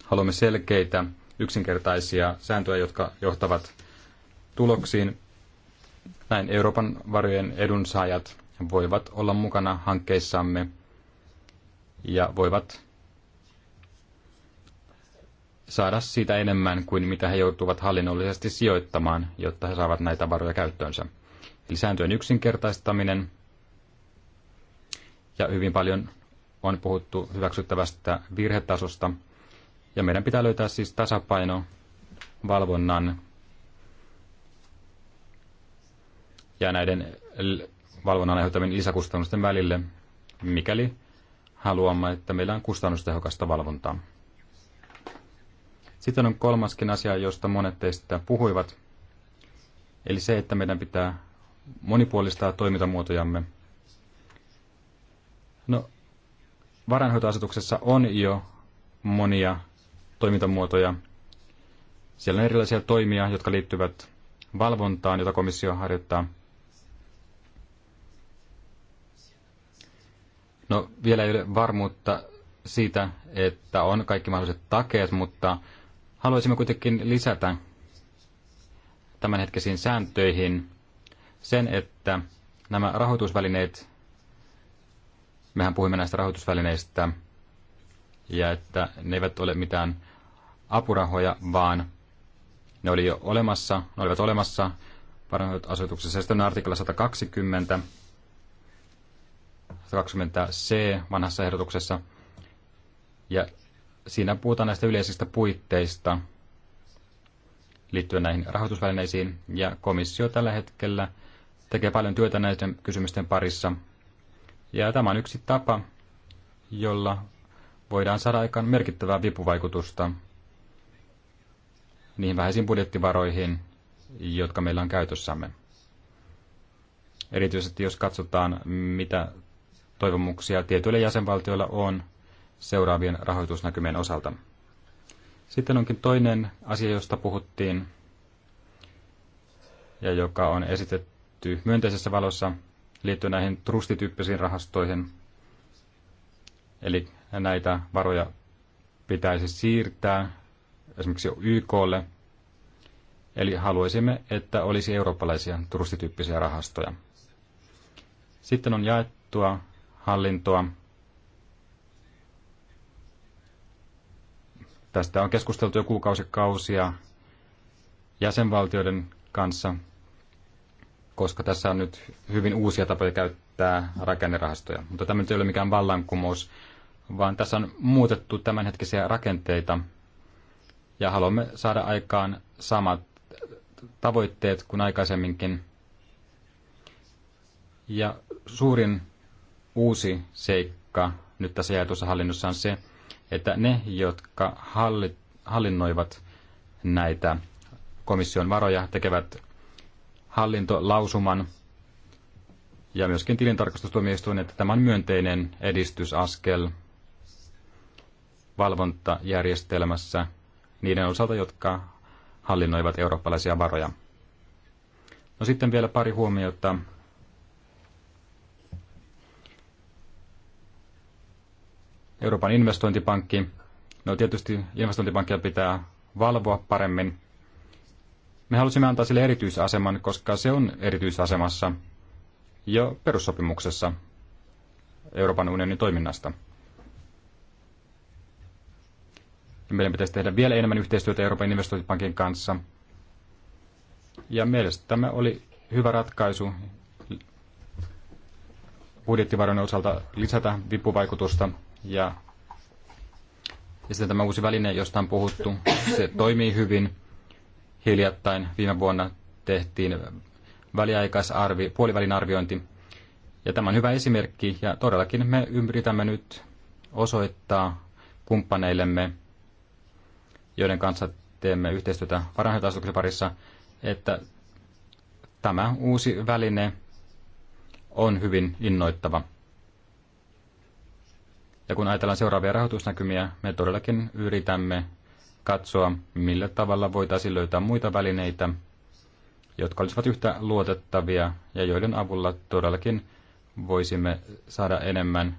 haluamme selkeitä, yksinkertaisia sääntöjä, jotka johtavat tuloksiin. Näin Euroopan varojen edunsaajat voivat olla mukana hankkeissamme ja voivat saada siitä enemmän kuin mitä he joutuvat hallinnollisesti sijoittamaan, jotta he saavat näitä varoja käyttöönsä. Eli sääntöjen yksinkertaistaminen ja hyvin paljon on puhuttu hyväksyttävästä virhetasosta. Ja meidän pitää löytää siis tasapaino valvonnan ja näiden valvonnan aiheuttamien lisäkustannusten välille, mikäli haluamme, että meillä on kustannustehokasta valvontaa. Sitten on kolmaskin asia, josta monet teistä puhuivat, eli se, että meidän pitää monipuolistaa toimintamuotojamme. No, varainhoitoasetuksessa on jo monia toimintamuotoja. Siellä on erilaisia toimia, jotka liittyvät valvontaan, jota komissio harjoittaa – No vielä ei ole varmuutta siitä, että on kaikki mahdolliset takeet, mutta haluaisimme kuitenkin lisätä tämänhetkisiin sääntöihin sen, että nämä rahoitusvälineet, mehän puhuimme näistä rahoitusvälineistä, ja että ne eivät ole mitään apurahoja, vaan ne oli jo olemassa, ne olivat olemassa parannut asetuksessa. Sitten on artikla 120, 120c vanhassa ehdotuksessa. Ja siinä puhutaan näistä yleisistä puitteista liittyen näihin rahoitusvälineisiin. Ja komissio tällä hetkellä tekee paljon työtä näiden kysymysten parissa. Ja tämä on yksi tapa, jolla voidaan saada aikaan merkittävää vipuvaikutusta niihin vähäisiin budjettivaroihin, jotka meillä on käytössämme. Erityisesti jos katsotaan, mitä toivomuksia tietyillä jäsenvaltioilla on seuraavien rahoitusnäkymien osalta. Sitten onkin toinen asia, josta puhuttiin ja joka on esitetty myönteisessä valossa liittyen näihin trustityyppisiin rahastoihin. Eli näitä varoja pitäisi siirtää esimerkiksi YKlle. Eli haluaisimme, että olisi eurooppalaisia trustityyppisiä rahastoja. Sitten on jaettua hallintoa. Tästä on keskusteltu jo kuukausikausia jäsenvaltioiden kanssa, koska tässä on nyt hyvin uusia tapoja käyttää rakennerahastoja. Mutta tämä nyt ei ole mikään vallankumous, vaan tässä on muutettu tämänhetkisiä rakenteita ja haluamme saada aikaan samat tavoitteet kuin aikaisemminkin. Ja suurin uusi seikka nyt tässä jaetussa hallinnossa on se, että ne, jotka halli, hallinnoivat näitä komission varoja, tekevät hallintolausuman ja myöskin tilintarkastustuomioistuin, että tämä on myönteinen edistysaskel valvontajärjestelmässä niiden osalta, jotka hallinnoivat eurooppalaisia varoja. No sitten vielä pari huomiota Euroopan investointipankki. No tietysti investointipankkia pitää valvoa paremmin. Me halusimme antaa sille erityisaseman, koska se on erityisasemassa jo perussopimuksessa Euroopan unionin toiminnasta. Meidän pitäisi tehdä vielä enemmän yhteistyötä Euroopan investointipankin kanssa. Ja mielestämme oli hyvä ratkaisu budjettivarojen osalta lisätä vipuvaikutusta ja, ja sitten tämä uusi väline, josta on puhuttu, se toimii hyvin. Hiljattain viime vuonna tehtiin väliaikaisarvi, puolivälin arviointi. Ja tämä on hyvä esimerkki ja todellakin me yritämme nyt osoittaa kumppaneillemme, joiden kanssa teemme yhteistyötä varainhoitoasetuksen parissa, että tämä uusi väline on hyvin innoittava. Ja kun ajatellaan seuraavia rahoitusnäkymiä, me todellakin yritämme katsoa, millä tavalla voitaisiin löytää muita välineitä, jotka olisivat yhtä luotettavia ja joiden avulla todellakin voisimme saada enemmän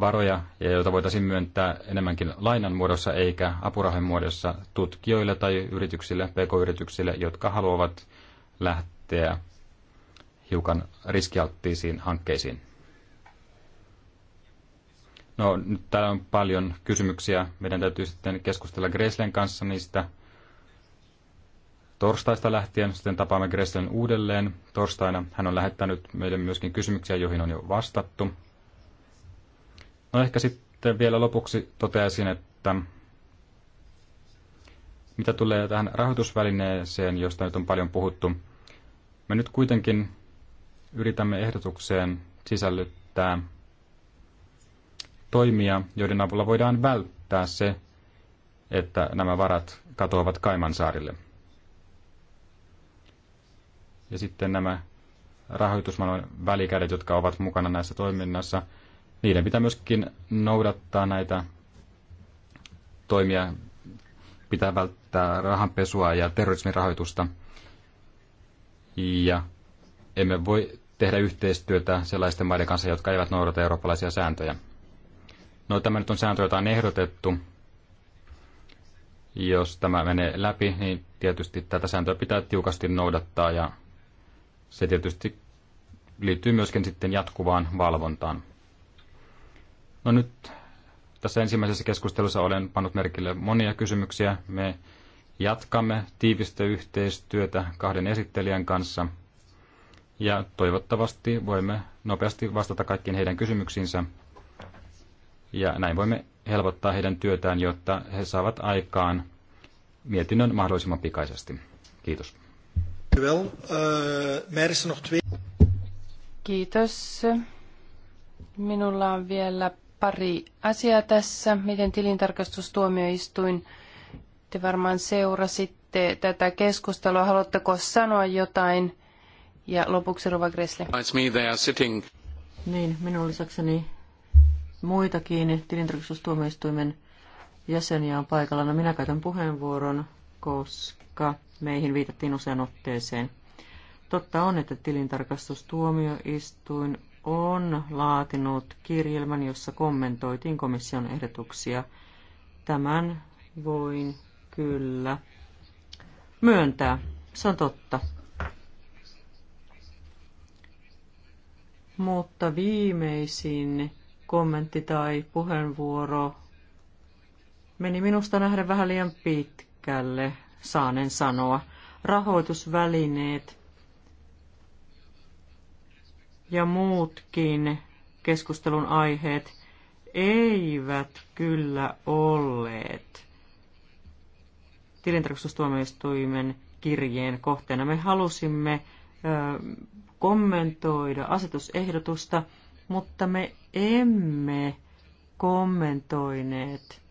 varoja ja joita voitaisiin myöntää enemmänkin lainan muodossa eikä apurahojen muodossa tutkijoille tai yrityksille, pk-yrityksille, jotka haluavat lähteä hiukan riskialttiisiin hankkeisiin. No, nyt täällä on paljon kysymyksiä. Meidän täytyy sitten keskustella Greslen kanssa niistä torstaista lähtien. Sitten tapaamme Greslen uudelleen torstaina. Hän on lähettänyt meille myöskin kysymyksiä, joihin on jo vastattu. No ehkä sitten vielä lopuksi toteaisin, että mitä tulee tähän rahoitusvälineeseen, josta nyt on paljon puhuttu, me nyt kuitenkin yritämme ehdotukseen sisällyttää toimia, joiden avulla voidaan välttää se, että nämä varat katoavat Kaimansaarille. Ja sitten nämä rahoitusmanon välikädet, jotka ovat mukana näissä toiminnassa, niiden pitää myöskin noudattaa näitä toimia, pitää välttää rahanpesua ja terrorismin rahoitusta. Ja emme voi tehdä yhteistyötä sellaisten maiden kanssa, jotka eivät noudata eurooppalaisia sääntöjä. No tämä nyt on sääntö, jota on ehdotettu. Jos tämä menee läpi, niin tietysti tätä sääntöä pitää tiukasti noudattaa ja se tietysti liittyy myöskin sitten jatkuvaan valvontaan. No nyt tässä ensimmäisessä keskustelussa olen pannut merkille monia kysymyksiä. Me jatkamme tiivistä yhteistyötä kahden esittelijän kanssa ja toivottavasti voimme nopeasti vastata kaikkiin heidän kysymyksiinsä ja näin voimme helpottaa heidän työtään, jotta he saavat aikaan mietinnön mahdollisimman pikaisesti. Kiitos. Eh, er Kiitos. Minulla on vielä pari asiaa tässä, miten tilintarkastustuomioistuin te varmaan seurasitte tätä keskustelua. Haluatteko sanoa jotain? Ja lopuksi Rova Gressle. Niin, minun lisäkseni muitakin tilintarkastustuomioistuimen jäseniä on paikalla. No minä käytän puheenvuoron, koska meihin viitattiin usean otteeseen. Totta on, että tilintarkastustuomioistuin on laatinut kirjelmän, jossa kommentoitiin komission ehdotuksia. Tämän voin kyllä myöntää. Se on totta. Mutta viimeisin kommentti tai puheenvuoro meni minusta nähden vähän liian pitkälle, saanen sanoa. Rahoitusvälineet ja muutkin keskustelun aiheet eivät kyllä olleet tilintarkastustuomioistuimen kirjeen kohteena. Me halusimme kommentoida asetusehdotusta – mutta me emme kommentoineet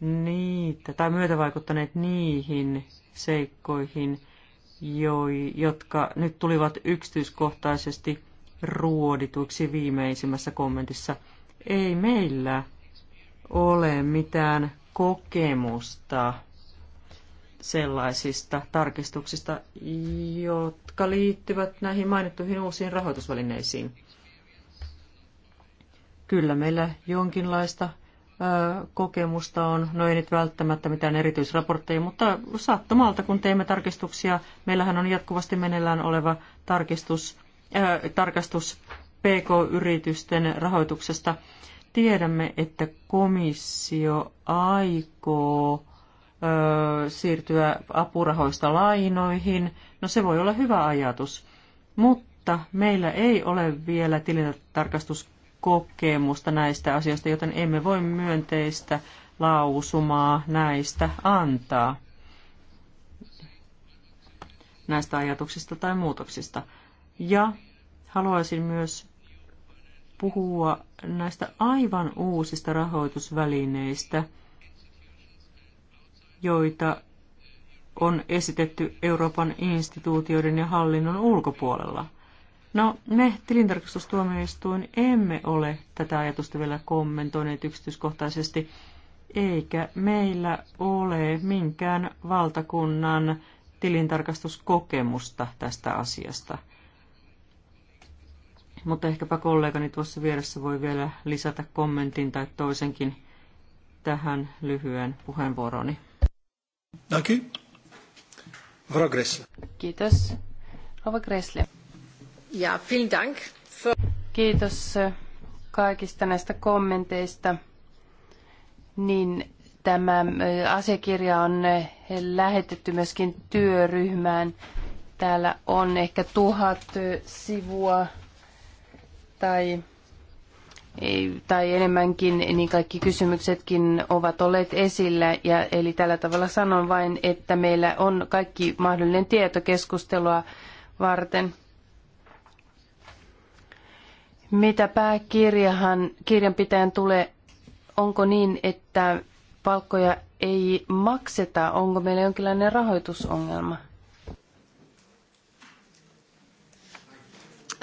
niitä tai myötävaikuttaneet niihin seikkoihin, joi, jotka nyt tulivat yksityiskohtaisesti ruodituiksi viimeisimmässä kommentissa. Ei meillä ole mitään kokemusta sellaisista tarkistuksista, jotka liittyvät näihin mainittuihin uusiin rahoitusvälineisiin kyllä meillä jonkinlaista kokemusta on, no ei nyt välttämättä mitään erityisraportteja, mutta sattumalta kun teemme tarkistuksia, meillähän on jatkuvasti meneillään oleva tarkistus, ää, tarkastus PK-yritysten rahoituksesta. Tiedämme, että komissio aikoo ää, siirtyä apurahoista lainoihin. No se voi olla hyvä ajatus, mutta meillä ei ole vielä tilintarkastus kokemusta näistä asioista, joten emme voi myönteistä lausumaa näistä antaa, näistä ajatuksista tai muutoksista. Ja haluaisin myös puhua näistä aivan uusista rahoitusvälineistä, joita on esitetty Euroopan instituutioiden ja hallinnon ulkopuolella – No, me tilintarkastustuomioistuin emme ole tätä ajatusta vielä kommentoineet yksityiskohtaisesti, eikä meillä ole minkään valtakunnan tilintarkastuskokemusta tästä asiasta. Mutta ehkäpä kollegani tuossa vieressä voi vielä lisätä kommentin tai toisenkin tähän lyhyen puheenvuoroni. Kiitos. Frau Kiitos. Rova Gressle. Ja, vielen Dank. Für... Kiitos kaikista näistä kommenteista. Niin tämä äh, asiakirja on äh, lähetetty myöskin työryhmään. Täällä on ehkä tuhat äh, sivua tai, tai enemmänkin, niin kaikki kysymyksetkin ovat olleet esillä. Ja, eli tällä tavalla sanon vain, että meillä on kaikki mahdollinen tieto keskustelua varten. Mitä pääkirjahan kirjanpitäjän tulee, onko niin, että palkkoja ei makseta? Onko meillä jonkinlainen rahoitusongelma?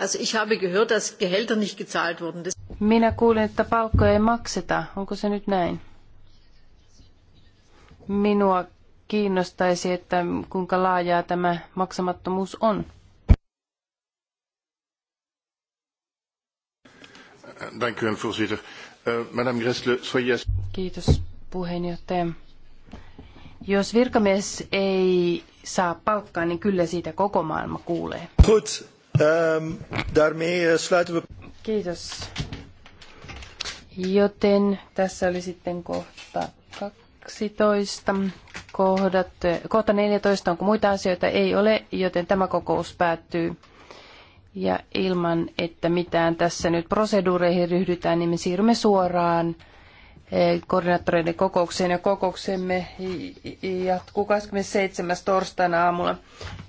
Also ich habe gehört, dass Gehälter nicht gezahlt wurden. Minä kuulin, että palkkoja ei makseta. Onko se nyt näin? Minua kiinnostaisi, että kuinka laajaa tämä maksamattomuus on. Eh, Kiitos, puheenjohtaja. Jos virkamies ei saa palkkaa, niin kyllä siitä koko maailma kuulee. Goed, ähm, daarmee eh, sluiten we... Kiitos. Joten tässä oli sitten kohta 12. Kohdat, kohta 14, onko muita asioita? Ei ole, joten tämä kokous päättyy. Ja ilman, että mitään tässä nyt proseduureihin ryhdytään, niin me siirrymme suoraan eh, koordinaattoreiden kokoukseen ja kokouksemme jatkuu 27. torstaina aamulla.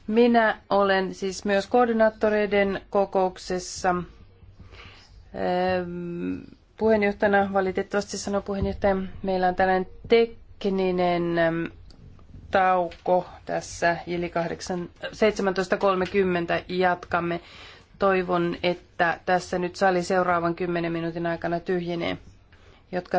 Minä olen siis myös koordinaattoreiden kokouksessa eh, puheenjohtajana, valitettavasti sanoo puheenjohtaja, meillä on tällainen tekninen tauko tässä, eli 17.30 jatkamme. Toivon, että tässä nyt sali seuraavan 10 minuutin aikana tyhjenee, jotka